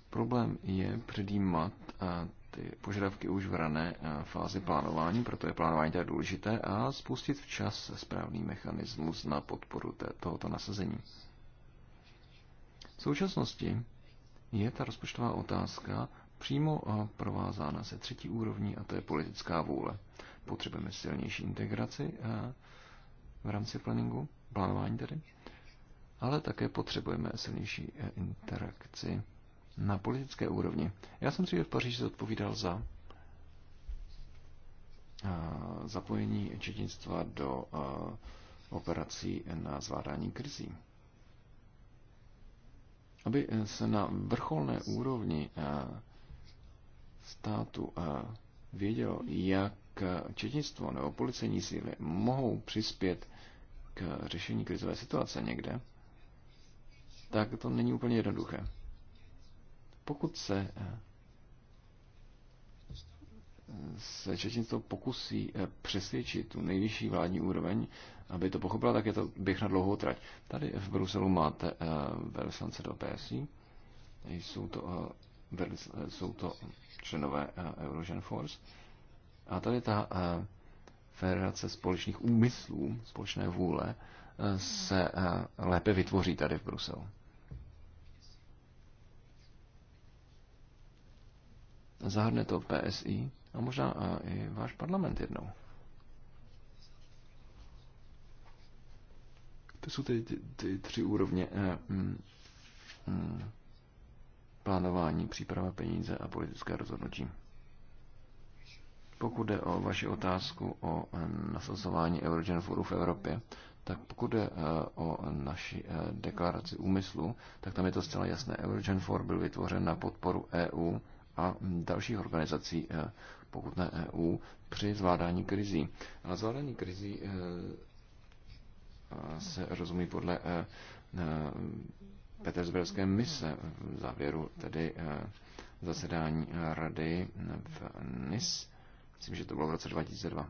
B: problém je předjímat eh, ty požadavky už v rané eh, fázi plánování, proto je plánování tak důležité, a spustit včas správný mechanismus na podporu tohoto nasazení. V současnosti je ta rozpočtová otázka přímo provázána se třetí úrovní, a to je politická vůle. Potřebujeme silnější integraci eh, v rámci planningu, plánování tedy, ale také potřebujeme silnější eh, interakci na politické úrovni. Já jsem si v Paříži odpovídal za eh, zapojení četnictva do operací na zvládání krizí. Aby se na vrcholné úrovni státu vědělo, jak k četnictvo nebo policejní síly mohou přispět k řešení krizové situace někde, tak to není úplně jednoduché. Pokud se eh, se Čečenstvo pokusí eh, přesvědčit tu nejvyšší vládní úroveň, aby to pochopila, tak je to běh na dlouhou trať. Tady v Bruselu máte eh, velvyslance do PSI, jsou to, jsou to členové Eurogen Force, a tady ta eh, federace společných úmyslů, společné vůle, eh, se eh, lépe vytvoří tady v Bruselu. Zahrne to PSI a možná i váš parlament jednou. To jsou ty, ty, ty tři úrovně eh, mm, mm, plánování, příprava peníze a politické rozhodnutí. Pokud jde o vaši otázku o eh, nasazování Eurogen Foru v Evropě, tak pokud jde eh, o naši eh, deklaraci úmyslu, tak tam je to zcela jasné. Eurogen For byl vytvořen na podporu EU a dalších organizací, pokud ne EU, při zvládání krizí. A zvládání krizí se rozumí podle Petersburské mise v závěru tedy zasedání rady v NIS Myslím, že to bylo v roce 2002.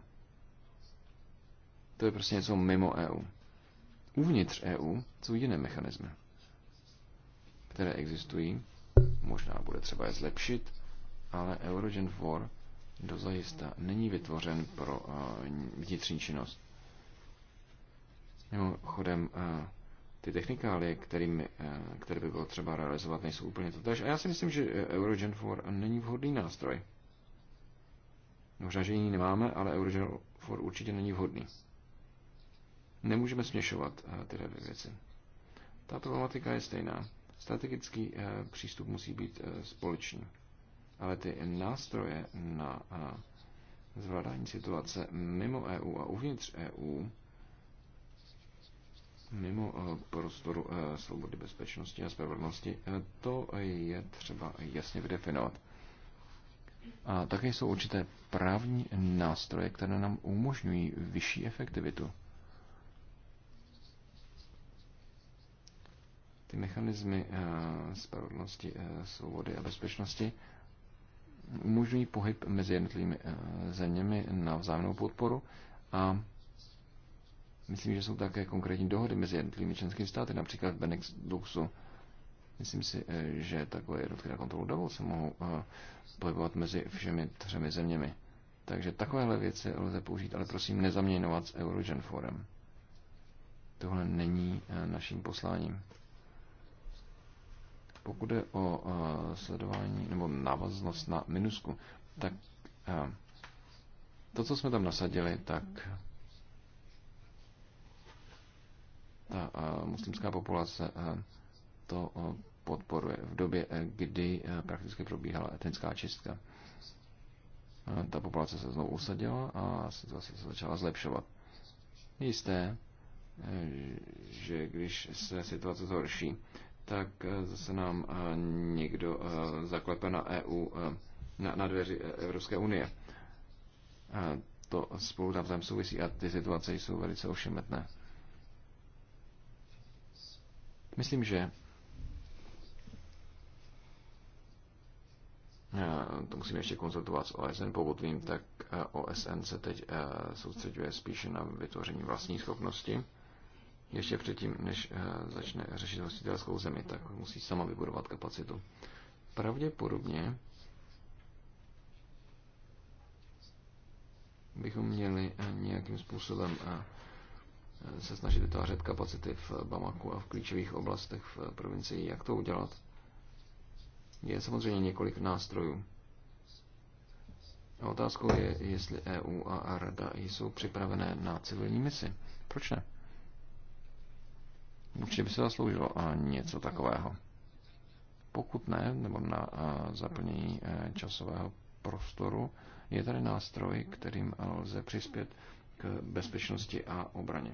B: To je prostě něco mimo EU. Uvnitř EU jsou jiné mechanismy, které existují. Možná bude třeba je zlepšit, ale Eurogen 4 dozajista není vytvořen pro uh, vnitřní činnost. Mimochodem, uh, ty technikálie, kterými, uh, které by bylo třeba realizovat, nejsou úplně totéž. A já si myslím, že Eurogen 4 není vhodný nástroj. Možná, že jiný nemáme, ale Eurožel for určitě není vhodný. Nemůžeme směšovat eh, tyhle dvě věci. Ta problematika je stejná. Strategický eh, přístup musí být eh, společný. Ale ty nástroje na zvládání situace mimo EU a uvnitř EU, mimo prostoru svobody, bezpečnosti a spravedlnosti, to je třeba jasně vydefinovat. A také jsou určité právní nástroje, které nám umožňují vyšší efektivitu. Ty mechanismy eh, spravedlnosti, eh, svobody a bezpečnosti umožňují pohyb mezi jednotlivými eh, zeměmi na vzájemnou podporu a myslím, že jsou také konkrétní dohody mezi jednotlivými členskými státy, například v Uh, Myslím si, eh, že takové jednotky na kontrolu dovol se mohou eh, pohybovat mezi všemi třemi zeměmi. Takže takovéhle věci lze použít, ale prosím nezaměňovat s Eurogen Forem. Tohle není eh, naším posláním. Pokud je o sledování nebo návaznost na minusku, tak to, co jsme tam nasadili, tak ta muslimská populace to podporuje v době, eh, kdy eh, prakticky probíhala etnická čistka. Ta populace se znovu usadila a situace se začala zlepšovat. Jisté, eh, že když se situace zhorší, tak zase nám někdo zaklepe na EU, na, na dveři Evropské unie. To spolu tam, tam souvisí a ty situace jsou velice ošemetné. Myslím, že Eh, to musíme ještě konzultovat s OSN. Pokud vím, tak eh, OSN se teď eh, soustředuje spíše na vytvoření vlastní schopnosti. Ještě předtím, než začne řešit hostitelskou zemi, tak musí sama vybudovat kapacitu. Pravděpodobně bychom měli nějakým způsobem se snažit vytvářet kapacity v Bamaku a v klíčových oblastech v provincii. Jak to udělat? je samozřejmě několik nástrojů. A otázkou je, jestli EU a Rada jsou připravené na civilní misi. Proč ne? Určitě by se zasloužilo a něco takového. Pokud ne, nebo na zaplnění e, časového prostoru, je tady nástroj, kterým lze přispět k bezpečnosti a obraně.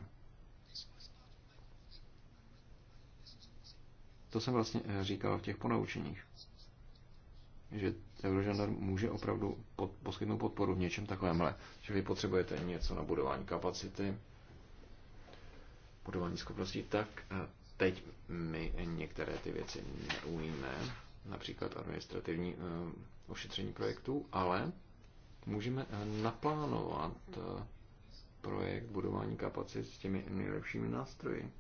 B: To jsem vlastně e, říkal v těch ponaučeních že Eurogender může opravdu pod, poskytnout podporu v něčem takovémhle, že vy potřebujete něco na budování kapacity, budování schopností, tak eh, teď my některé ty věci neumíme, například administrativní eh, ošetření projektů, ale můžeme eh, naplánovat projekt budování kapacit s těmi nejlepšími nástroji.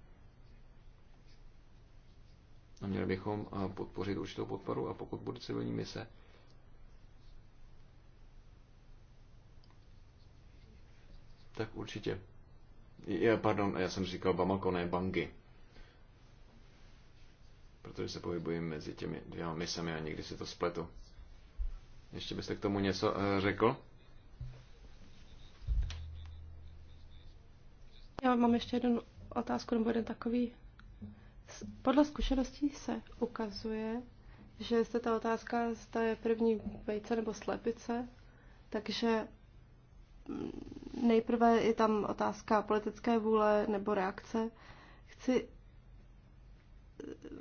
B: A měli bychom eh, podpořit určitou podporu a pokud bude civilní mise, tak určitě. Je, pardon, já jsem říkal Bamako, ne Bangi. Protože se pohybuji mezi těmi dvěma misemi a někdy si to spletu. Ještě byste k tomu něco eh, řekl?
C: Já mám ještě jednu otázku nebo jeden takový podle zkušeností se ukazuje, že jestli ta otázka, zda je první vejce nebo slepice, takže mm, nejprve je tam otázka politické vůle nebo reakce. Chci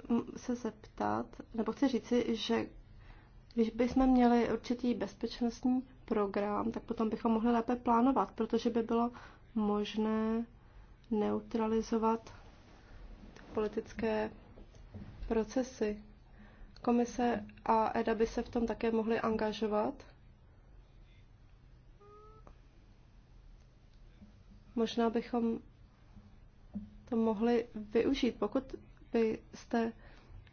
C: mm, se zeptat, nebo chci říci, že když bychom měli určitý bezpečnostní program, tak potom bychom mohli lépe plánovat, protože by bylo možné neutralizovat politické procesy. Komise a EDA by se v tom také mohly angažovat. Možná bychom to mohli využít, pokud byste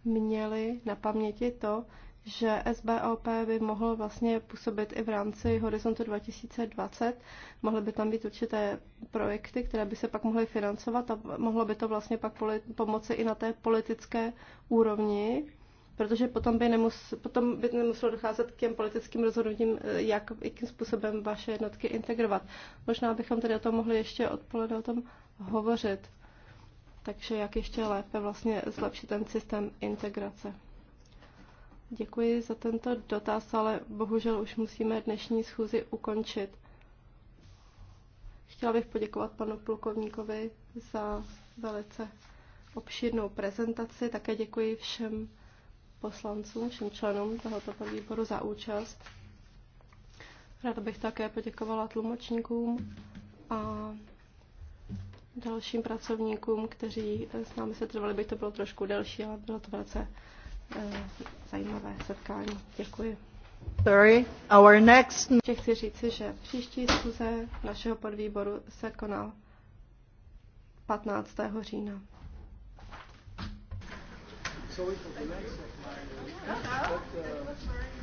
C: měli na paměti to, že SBOP by mohlo vlastně působit i v rámci Horizontu 2020. Mohly by tam být určité projekty, které by se pak mohly financovat a mohlo by to vlastně pak pomoci i na té politické úrovni, protože potom by, nemus, potom by nemuselo docházet k těm politickým rozhodnutím, eh, jak, jakým způsobem vaše jednotky integrovat. Možná bychom tedy o tom mohli ještě odpoledne o tom hovořit. Takže jak ještě lépe vlastně zlepšit ten systém integrace. Děkuji za tento dotaz, ale bohužel už musíme dnešní schůzi ukončit. Chtěla bych poděkovat panu plukovníkovi za velice obšírnou prezentaci. Také děkuji všem poslancům, všem členům tohoto výboru za účast. Ráda bych také poděkovala tlumočníkům a dalším pracovníkům, kteří s námi se trvali, by to bylo trošku delší, ale bylo to velice Eh, zajímavé setkání. Děkuji. Sorry, our next... Chci říci, že příští schůze našeho podvýboru se konal 15. října. So it the
B: next